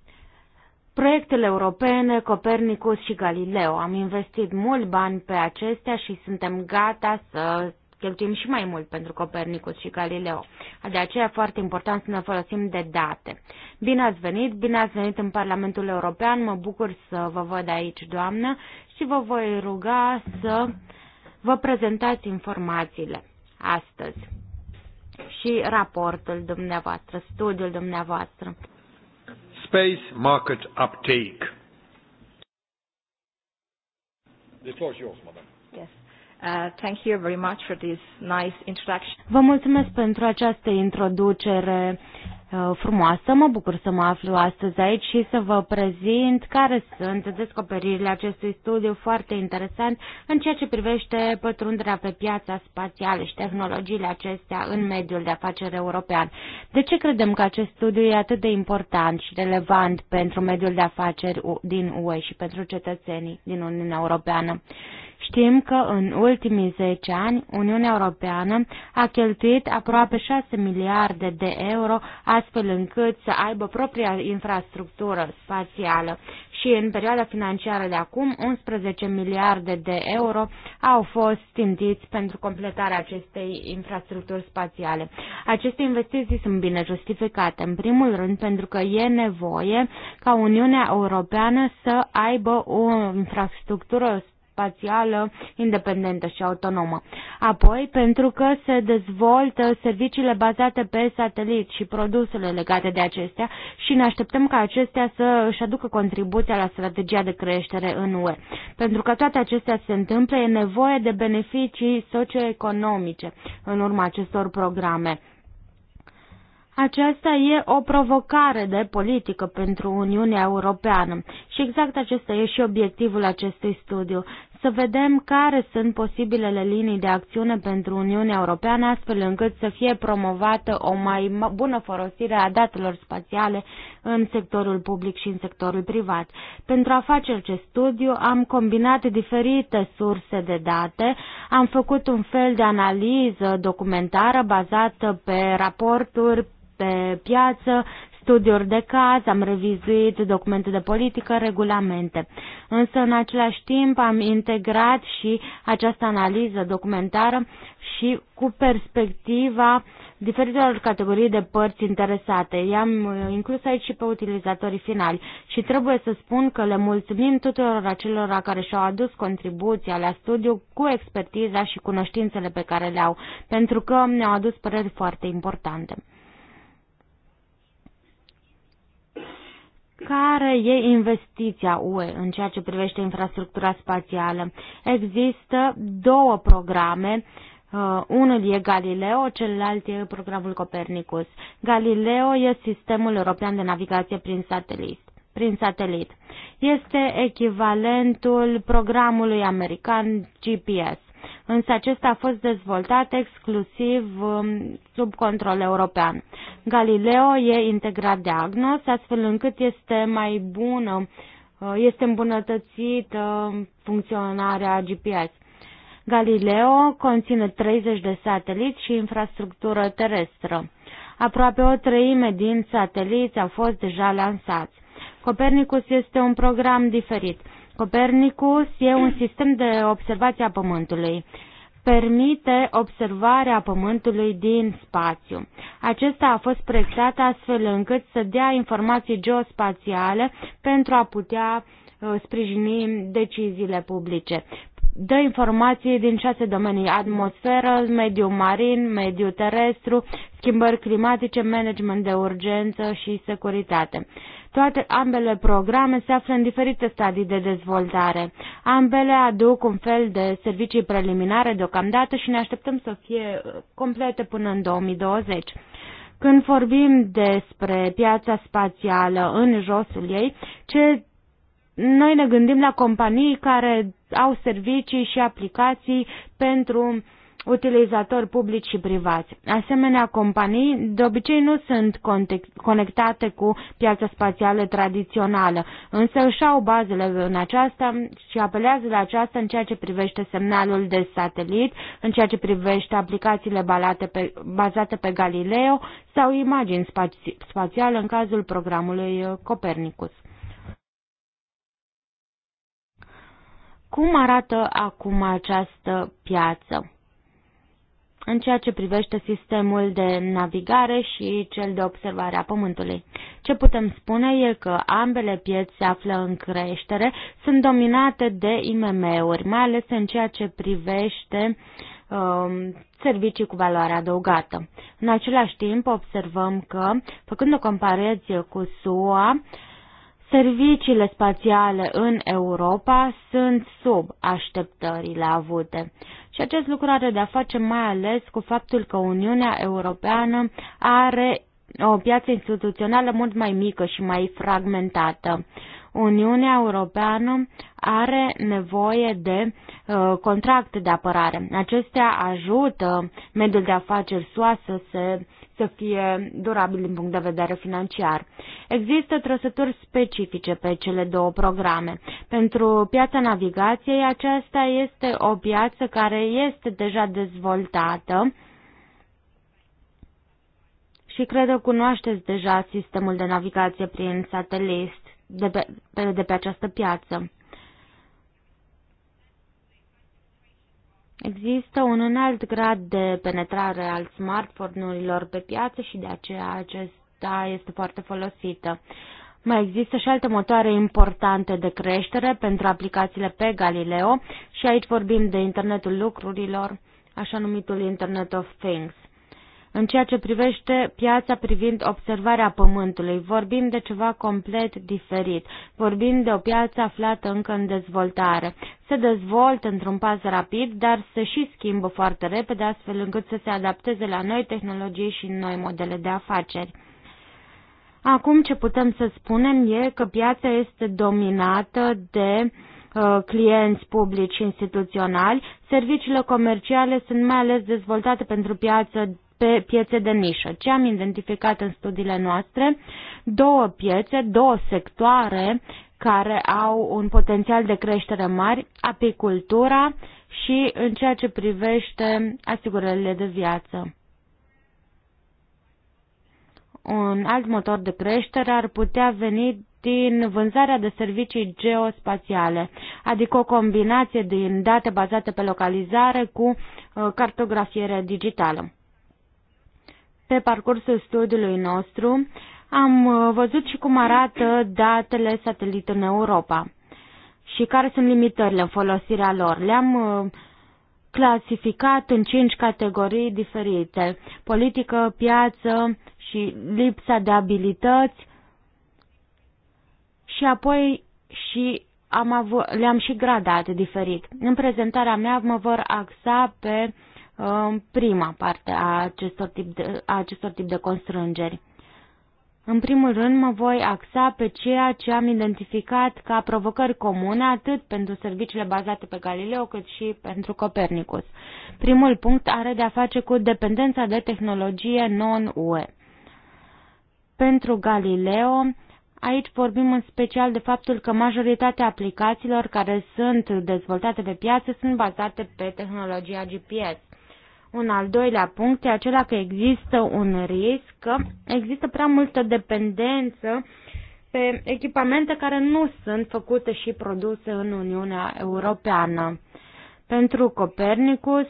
Proiectele europene, Copernicus și Galileo. Am investit mult bani pe acestea și suntem gata să cheltuim și mai mult pentru Copernicus și Galileo. De aceea e foarte important să ne folosim de date. Bine ați venit, bine ați venit în Parlamentul European, mă bucur să vă văd aici, doamnă, și vă voi ruga să vă prezentați informațiile astăzi și raportul dumneavoastră, studiul dumneavoastră space market uptake. The floor is yours, madam. Yes. Uh, thank you very much for this nice introduction. Vă mulțumesc pentru această introducere Uh, frumoasă. Mă bucur să mă aflu astăzi aici și să vă prezint care sunt descoperirile acestui studiu foarte interesant în ceea ce privește pătrunderea pe piața spațială și tehnologiile acestea în mediul de afaceri european. De ce credem că acest studiu e atât de important și relevant pentru mediul de afaceri din UE și pentru cetățenii din Uniunea Europeană? Știm că în ultimii 10 ani Uniunea Europeană a cheltuit aproape 6 miliarde de euro astfel încât să aibă propria infrastructură spațială și în perioada financiară de acum 11 miliarde de euro au fost țintiți pentru completarea acestei infrastructuri spațiale. Aceste investiții sunt bine justificate, în primul rând pentru că e nevoie ca Uniunea Europeană să aibă o infrastructură spațială independentă și autonomă. Apoi, pentru că se dezvoltă serviciile bazate pe satelit și produsele legate de acestea și ne așteptăm ca acestea să își aducă contribuția la strategia de creștere în UE. Pentru că toate acestea se întâmplă, e nevoie de beneficii socioeconomice în urma acestor programe. Aceasta e o provocare de politică pentru Uniunea Europeană și exact acesta e și obiectivul acestui studiu, să vedem care sunt posibilele linii de acțiune pentru Uniunea Europeană astfel încât să fie promovată o mai bună folosire a datelor spațiale în sectorul public și în sectorul privat. Pentru a face acest studiu am combinat diferite surse de date, am făcut un fel de analiză documentară bazată pe raporturi pe piață, studiuri de caz, am revizuit documente de politică, regulamente. Însă, în același timp, am integrat și această analiză documentară și cu perspectiva diferitelor categorii de părți interesate. I-am uh, inclus aici și pe utilizatorii finali și trebuie să spun că le mulțumim tuturor acelora care și-au adus contribuția la studiu cu expertiza și cunoștințele pe care le au, pentru că ne-au adus păreri foarte importante. care e investiția UE în ceea ce privește infrastructura spațială? Există două programe Uh, unul e Galileo, celălalt e programul Copernicus. Galileo e sistemul european de navigație prin satelit. Prin satelit. Este echivalentul programului american GPS însă acesta a fost dezvoltat exclusiv um, sub control european. Galileo e integrat de Agnos, astfel încât este mai bună, uh, este îmbunătățită um, funcționarea GPS. Galileo conține 30 de sateliți și infrastructură terestră. Aproape o treime din sateliți au fost deja lansați. Copernicus este un program diferit. Copernicus e un sistem de observație a Pământului. Permite observarea Pământului din spațiu. Acesta a fost proiectat astfel încât să dea informații geospațiale pentru a putea uh, sprijini deciziile publice dă informații din șase domenii, atmosferă, mediu marin, mediu terestru, schimbări climatice, management de urgență și securitate. Toate ambele programe se află în diferite stadii de dezvoltare. Ambele aduc un fel de servicii preliminare deocamdată și ne așteptăm să fie uh, complete până în 2020. Când vorbim despre piața spațială în josul ei, ce noi ne gândim la companii care au servicii și aplicații pentru utilizatori publici și privați. Asemenea, companii de obicei nu sunt conectate cu piața spațială tradițională, însă își au bazele în aceasta și apelează la aceasta în ceea ce privește semnalul de satelit, în ceea ce privește aplicațiile balate pe, bazate pe Galileo sau imagini spați, spațiale în cazul programului uh, Copernicus. Cum arată acum această piață? în ceea ce privește sistemul de navigare și cel de observare a Pământului. Ce putem spune e că ambele pieți se află în creștere, sunt dominate de IMM-uri, mai ales în ceea ce privește um, servicii cu valoare adăugată. În același timp observăm că, făcând o comparație cu SUA, uh, Serviciile spațiale în Europa sunt sub așteptările avute și acest lucru are de-a face mai ales cu faptul că Uniunea Europeană are o piață instituțională mult mai mică și mai fragmentată. Uniunea Europeană are nevoie de uh, contracte de apărare. Acestea ajută mediul de afaceri SUA să, se, să fie durabil din punct de vedere financiar. Există trăsături specifice pe cele două programe. Pentru piața navigației, aceasta este o piață care este deja dezvoltată și cred că cunoașteți deja sistemul de navigație prin satelit de pe, de pe această piață. Există un înalt grad de penetrare al smartphone-urilor pe piață și de aceea acesta este foarte folosită. Mai există și alte motoare importante de creștere pentru aplicațiile pe Galileo și aici vorbim de internetul lucrurilor, așa numitul Internet of Things în ceea ce privește piața privind observarea Pământului. Vorbim de ceva complet diferit. Vorbim de o piață aflată încă în dezvoltare. Se dezvoltă într-un pas rapid, dar se și schimbă foarte repede, astfel încât să se adapteze la noi tehnologii și noi modele de afaceri. Acum ce putem să spunem e că piața este dominată de uh, clienți publici instituționali. Serviciile comerciale sunt mai ales dezvoltate pentru piață pe piețe de nișă. Ce am identificat în studiile noastre? Două piețe, două sectoare care au un potențial de creștere mari, apicultura și în ceea ce privește asigurările de viață. Un alt motor de creștere ar putea veni din vânzarea de servicii geospațiale, adică o combinație din date bazate pe localizare cu uh, cartografiere digitală. Pe parcursul studiului nostru am uh, văzut și cum arată datele satelit în Europa și care sunt limitările în folosirea lor. Le-am uh, clasificat în cinci categorii diferite. Politică, piață și lipsa de abilități și apoi și am avut, le-am și gradat diferit. În prezentarea mea mă vor axa pe uh, în prima parte a acestor tip de, a acestor tip de constrângeri. În primul rând, mă voi axa pe ceea ce am identificat ca provocări comune atât pentru serviciile bazate pe Galileo cât și pentru Copernicus. Primul punct are de a face cu dependența de tehnologie non-UE. Pentru Galileo, aici vorbim în special de faptul că majoritatea aplicațiilor care sunt dezvoltate pe piață sunt bazate pe tehnologia GPS. Un al doilea punct e acela că există un risc, că există prea multă dependență pe echipamente care nu sunt făcute și produse în Uniunea Europeană. Pentru Copernicus,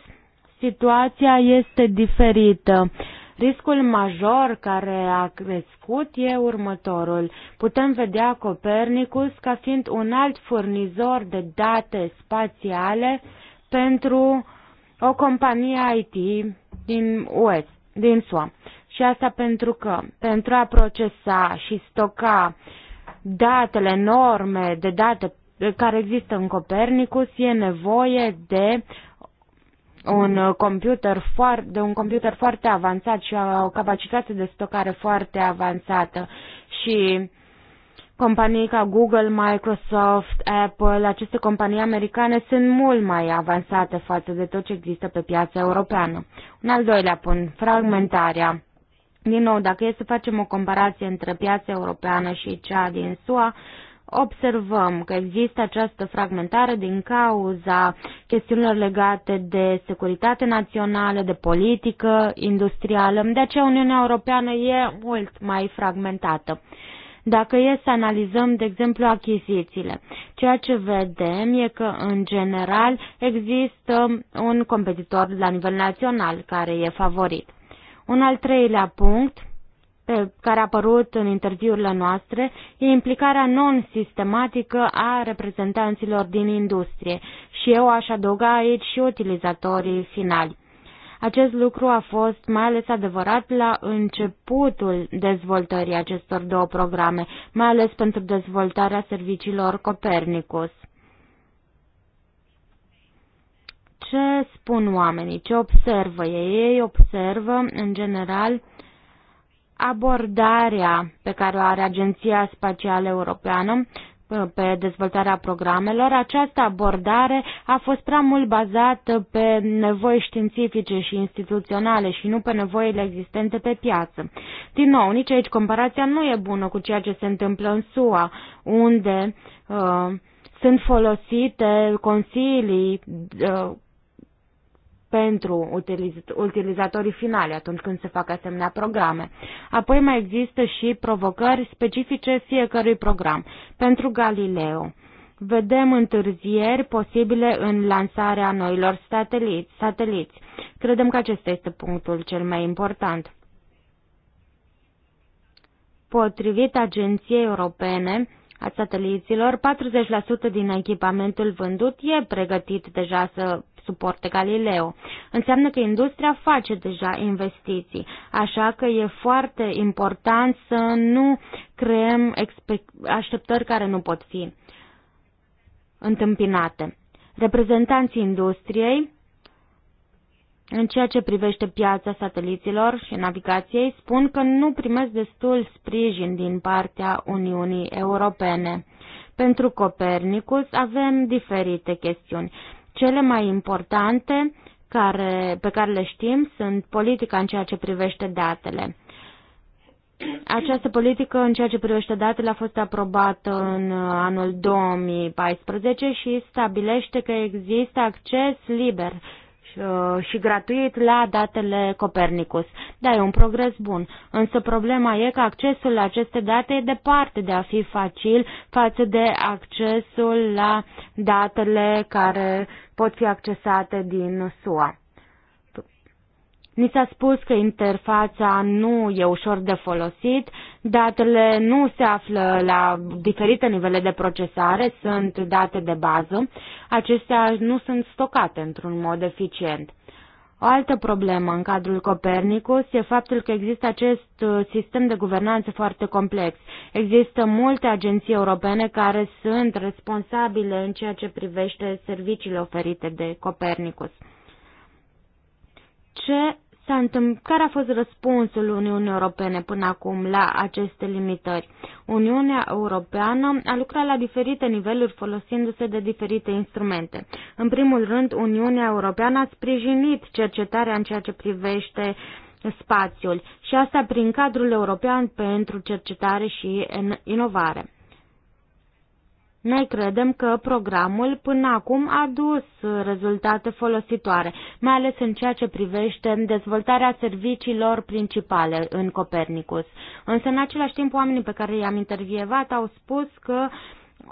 situația este diferită. Riscul major care a crescut e următorul. Putem vedea Copernicus ca fiind un alt furnizor de date spațiale pentru o companie IT din US, din SUA. Și asta pentru că pentru a procesa și stoca datele, norme de date care există în Copernicus, e nevoie de un computer foarte, de un computer foarte avansat și o capacitate de stocare foarte avansată. Și Companii ca Google, Microsoft, Apple, aceste companii americane sunt mult mai avansate față de tot ce există pe piața europeană. Un al doilea punct, fragmentarea. Din nou, dacă e să facem o comparație între piața europeană și cea din SUA, observăm că există această fragmentare din cauza chestiunilor legate de securitate națională, de politică industrială. De aceea Uniunea Europeană e mult mai fragmentată. Dacă e să analizăm, de exemplu, achizițiile, ceea ce vedem e că, în general, există un competitor la nivel național care e favorit. Un al treilea punct pe care a apărut în interviurile noastre e implicarea non-sistematică a reprezentanților din industrie și eu aș adăuga aici și utilizatorii finali. Acest lucru a fost mai ales adevărat la începutul dezvoltării acestor două programe, mai ales pentru dezvoltarea serviciilor Copernicus. Ce spun oamenii? Ce observă ei? Ei observă, în general, abordarea pe care o are Agenția Spațială Europeană pe dezvoltarea programelor, această abordare a fost prea mult bazată pe nevoi științifice și instituționale și nu pe nevoile existente pe piață. Din nou, nici aici comparația nu e bună cu ceea ce se întâmplă în SUA, unde uh, sunt folosite consilii uh, pentru utiliz- utilizatorii finali atunci când se fac asemenea programe. Apoi mai există și provocări specifice fiecărui program. Pentru Galileo, vedem întârzieri posibile în lansarea noilor sateliți. sateliți. Credem că acesta este punctul cel mai important. Potrivit Agenției Europene a sateliților, 40% din echipamentul vândut e pregătit deja să suporte Galileo. Înseamnă că industria face deja investiții, așa că e foarte important să nu creăm așteptări care nu pot fi întâmpinate. Reprezentanții industriei în ceea ce privește piața sateliților și navigației, spun că nu primesc destul sprijin din partea Uniunii Europene. Pentru Copernicus avem diferite chestiuni. Cele mai importante care, pe care le știm sunt politica în ceea ce privește datele. Această politică în ceea ce privește datele a fost aprobată în anul 2014 și stabilește că există acces liber Uh, și gratuit la datele Copernicus. Da, e un progres bun, însă problema e că accesul la aceste date e departe de a fi facil față de accesul la datele care pot fi accesate din SUA. Ni s-a spus că interfața nu e ușor de folosit, datele nu se află la diferite nivele de procesare, sunt date de bază, acestea nu sunt stocate într-un mod eficient. O altă problemă în cadrul Copernicus e faptul că există acest uh, sistem de guvernanță foarte complex. Există multe agenții europene care sunt responsabile în ceea ce privește serviciile oferite de Copernicus ce s-a întâmplat, care a fost răspunsul Uniunii Europene până acum la aceste limitări. Uniunea Europeană a lucrat la diferite niveluri folosindu-se de diferite instrumente. În primul rând, Uniunea Europeană a sprijinit cercetarea în ceea ce privește spațiul și asta prin cadrul european pentru cercetare și inovare. Noi credem că programul până acum a dus rezultate folositoare, mai ales în ceea ce privește dezvoltarea serviciilor principale în Copernicus. Însă, în același timp, oamenii pe care i-am intervievat au spus că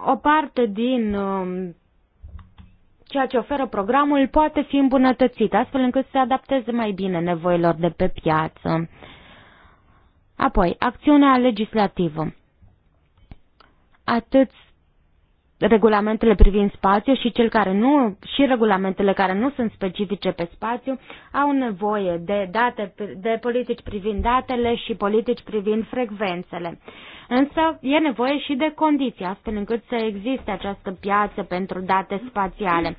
o parte din um, ceea ce oferă programul poate fi îmbunătățit, astfel încât să se adapteze mai bine nevoilor de pe piață. Apoi, acțiunea legislativă. Atât regulamentele privind spațiu și cel care nu și regulamentele care nu sunt specifice pe spațiu au nevoie de date de politici privind datele și politici privind frecvențele. Însă e nevoie și de condiții astfel încât să existe această piață pentru date spațiale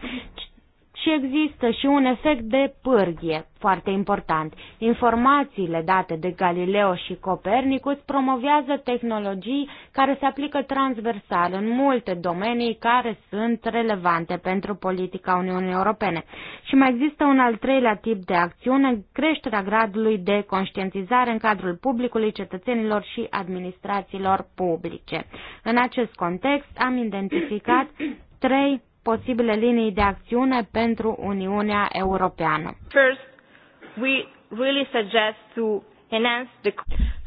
și există și un efect de pârghie foarte important. Informațiile date de Galileo și Copernicus promovează tehnologii care se aplică transversal în multe domenii care sunt relevante pentru politica Uniunii Europene. Și mai există un al treilea tip de acțiune, creșterea gradului de conștientizare în cadrul publicului, cetățenilor și administrațiilor publice. În acest context am identificat trei posibile linii de acțiune pentru Uniunea Europeană. First, we really suggest to enhance the...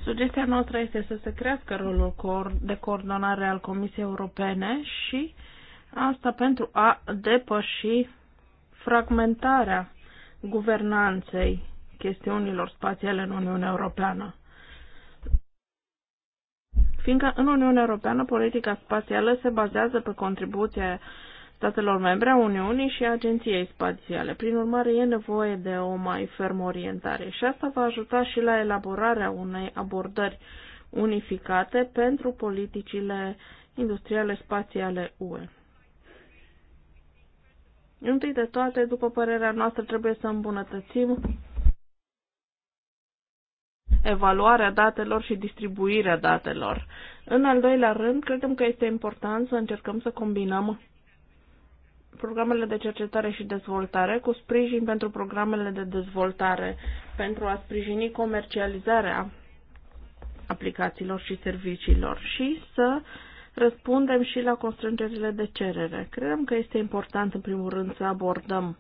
Sugestia noastră este să se crească rolul de coordonare al Comisiei Europene și asta pentru a depăși fragmentarea guvernanței chestiunilor spațiale în Uniunea Europeană. Fiindcă în Uniunea Europeană politica spațială se bazează pe contribuția statelor membre a Uniunii și a Agenției Spațiale. Prin urmare, e nevoie de o mai fermă orientare și asta va ajuta și la elaborarea unei abordări unificate pentru politicile industriale spațiale UE. Întâi de toate, după părerea noastră, trebuie să îmbunătățim evaluarea datelor și distribuirea datelor. În al doilea rând, credem că este important să încercăm să combinăm programele de cercetare și dezvoltare cu sprijin pentru programele de dezvoltare pentru a sprijini comercializarea aplicațiilor și serviciilor și să răspundem și la constrângerile de cerere. Credem că este important, în primul rând, să abordăm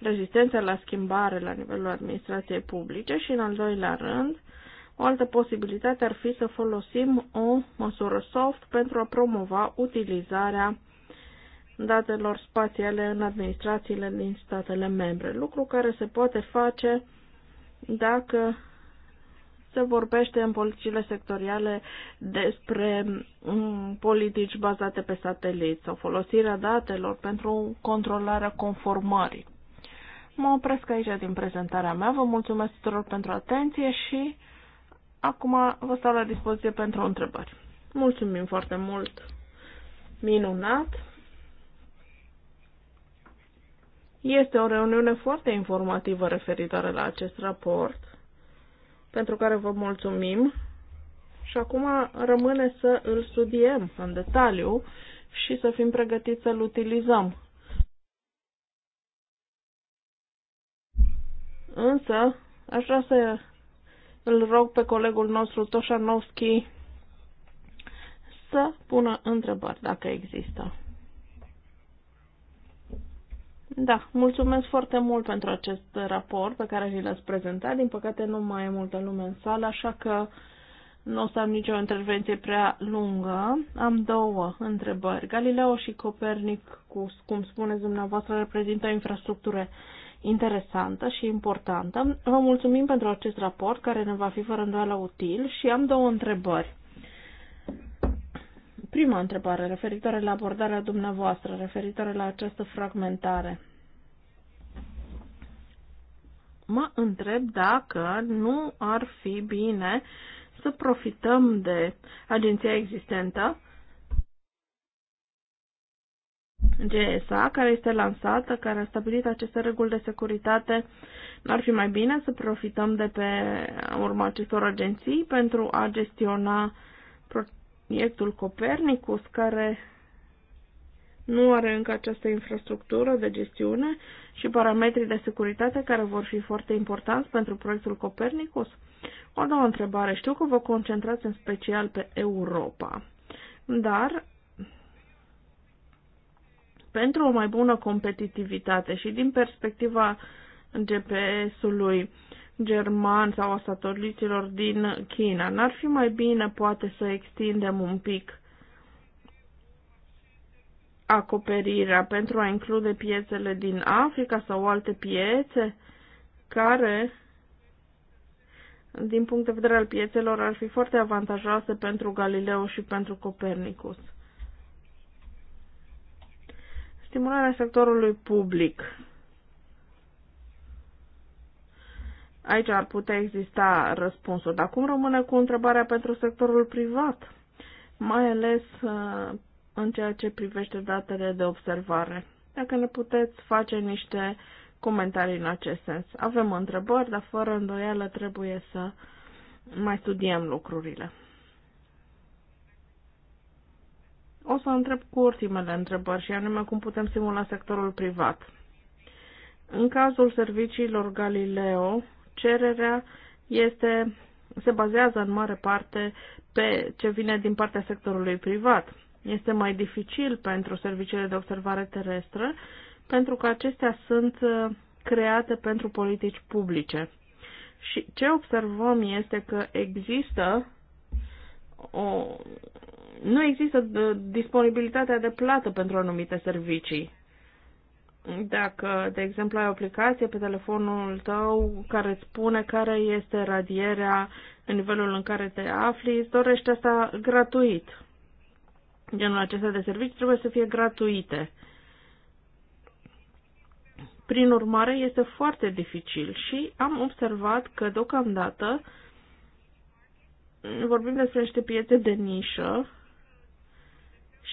rezistența la schimbare la nivelul administrației publice și, în al doilea rând, o altă posibilitate ar fi să folosim o măsură soft pentru a promova utilizarea datelor spațiale în administrațiile din statele membre, lucru care se poate face dacă se vorbește în politicile sectoriale despre mm, politici bazate pe satelit sau folosirea datelor pentru controlarea conformării. Mă opresc aici din prezentarea mea, vă mulțumesc tuturor pentru atenție și acum vă stau la dispoziție pentru întrebări. Mulțumim foarte mult! Minunat! Este o reuniune foarte informativă referitoare la acest raport, pentru care vă mulțumim. Și acum rămâne să îl studiem în detaliu și să fim pregătiți să-l utilizăm. Însă, aș vrea să îl rog pe colegul nostru Toșanovski să pună întrebări dacă există. Da, mulțumesc foarte mult pentru acest raport pe care vi l-ați prezentat. Din păcate nu mai e multă lume în sală, așa că nu o să am nicio intervenție prea lungă. Am două întrebări. Galileo și Copernic, cu, cum spuneți dumneavoastră, reprezintă o infrastructură interesantă și importantă. Vă mulțumim pentru acest raport care ne va fi fără îndoială util și am două întrebări. Prima întrebare, referitoare la abordarea dumneavoastră, referitoare la această fragmentare. Mă întreb dacă nu ar fi bine să profităm de agenția existentă, GSA, care este lansată, care a stabilit aceste reguli de securitate, ar fi mai bine să profităm de pe urma acestor agenții pentru a gestiona proiectul Copernicus, care nu are încă această infrastructură de gestiune și parametrii de securitate care vor fi foarte importanți pentru proiectul Copernicus? O nouă întrebare. Știu că vă concentrați în special pe Europa, dar pentru o mai bună competitivitate și din perspectiva GPS-ului, germani sau a sateliților din China. N-ar fi mai bine poate să extindem un pic acoperirea pentru a include piețele din Africa sau alte piețe care, din punct de vedere al piețelor, ar fi foarte avantajoase pentru Galileo și pentru Copernicus. Stimularea sectorului public Aici ar putea exista răspunsul. Dar cum rămâne cu întrebarea pentru sectorul privat? Mai ales uh, în ceea ce privește datele de observare. Dacă ne puteți face niște comentarii în acest sens. Avem întrebări, dar fără îndoială trebuie să mai studiem lucrurile. O să întreb cu ultimele întrebări și anume cum putem simula sectorul privat. În cazul serviciilor Galileo, Cererea este, se bazează în mare parte pe ce vine din partea sectorului privat. Este mai dificil pentru serviciile de observare terestră, pentru că acestea sunt uh, create pentru politici publice. Și ce observăm este că există o, nu există uh, disponibilitatea de plată pentru anumite servicii. Dacă, de exemplu, ai o aplicație pe telefonul tău care îți spune care este radierea în nivelul în care te afli, îți dorești asta gratuit. Genul acesta de servicii trebuie să fie gratuite. Prin urmare, este foarte dificil și am observat că deocamdată vorbim despre niște piețe de nișă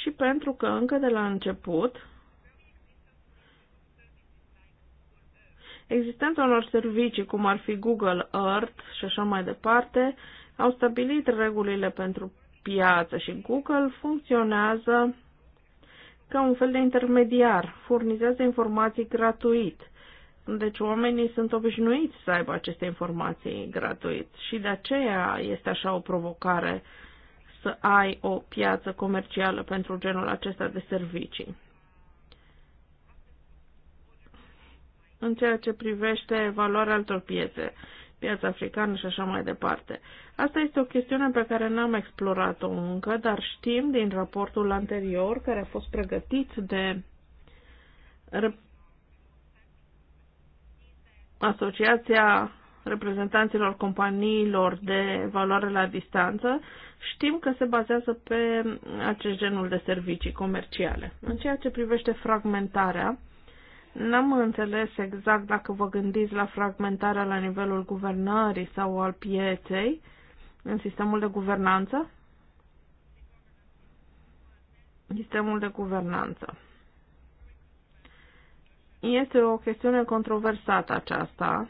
și pentru că încă de la început existența unor servicii, cum ar fi Google Earth și așa mai departe, au stabilit regulile pentru piață și Google funcționează ca un fel de intermediar, furnizează informații gratuit. Deci oamenii sunt obișnuiți să aibă aceste informații gratuit și de aceea este așa o provocare să ai o piață comercială pentru genul acesta de servicii. în ceea ce privește valoarea altor piețe, piața africană și așa mai departe. Asta este o chestiune pe care n-am explorat-o încă, dar știm din raportul anterior care a fost pregătit de Asociația reprezentanților companiilor de valoare la distanță, știm că se bazează pe acest genul de servicii comerciale. În ceea ce privește fragmentarea, N-am înțeles exact dacă vă gândiți la fragmentarea la nivelul guvernării sau al pieței în sistemul de guvernanță. Sistemul de guvernanță. Este o chestiune controversată aceasta.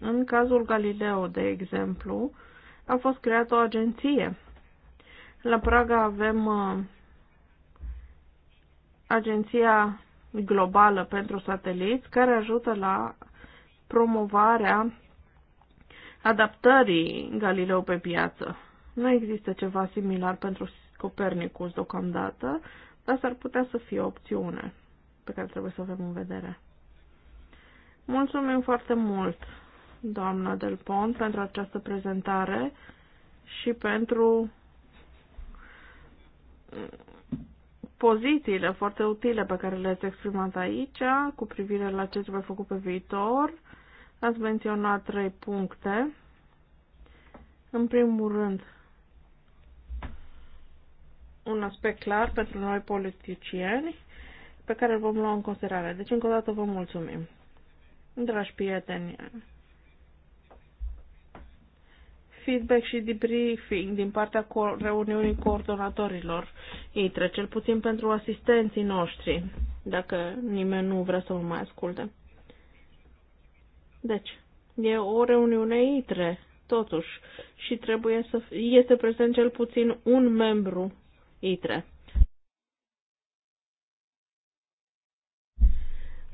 În cazul Galileo, de exemplu, a fost creată o agenție. La Praga avem uh, agenția globală pentru sateliți care ajută la promovarea adaptării Galileo pe piață. Nu există ceva similar pentru Copernicus deocamdată, dar s-ar putea să fie o opțiune pe care trebuie să o avem în vedere. Mulțumim foarte mult, doamna Del Pont, pentru această prezentare și pentru pozițiile foarte utile pe care le-ați exprimat aici cu privire la ce trebuie făcut pe viitor. Ați menționat trei puncte. În primul rând, un aspect clar pentru noi politicieni pe care îl vom lua în considerare. Deci, încă o dată, vă mulțumim. Dragi prieteni, feedback și debriefing din partea reuniunii coordonatorilor ITRE, cel puțin pentru asistenții noștri, dacă nimeni nu vrea să-l mai asculte. Deci, e o reuniune ITRE, totuși, și trebuie să este prezent cel puțin un membru ITRE.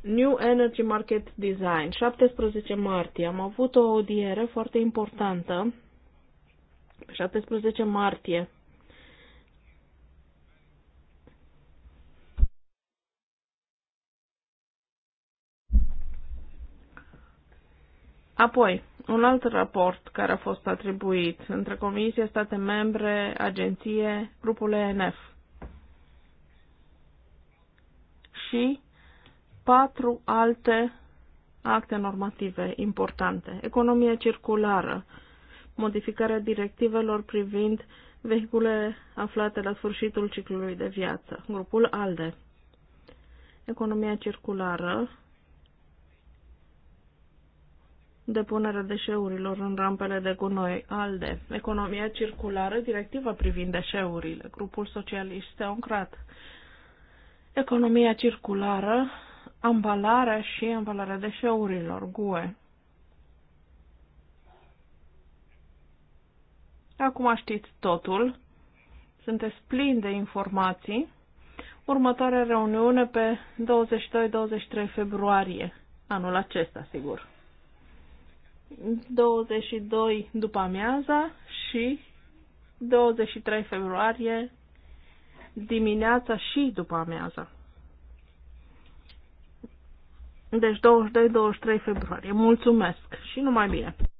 New Energy Market Design, 17 martie. Am avut o audiere foarte importantă 17 martie. Apoi, un alt raport care a fost atribuit între Comisie, state membre, agenție, grupul ENF. Și patru alte acte normative importante. Economia circulară, modificarea directivelor privind vehicule aflate la sfârșitul ciclului de viață, grupul ALDE. Economia circulară, depunerea deșeurilor în rampele de gunoi, ALDE. Economia circulară, directiva privind deșeurile, grupul socialist teocrat. Economia circulară, ambalarea și ambalarea deșeurilor, GUE. Acum știți totul. Sunteți plini de informații. Următoarea reuniune pe 22-23 februarie, anul acesta, sigur. 22 după amiaza și 23 februarie dimineața și după amiaza. Deci 22-23 februarie. Mulțumesc și numai bine!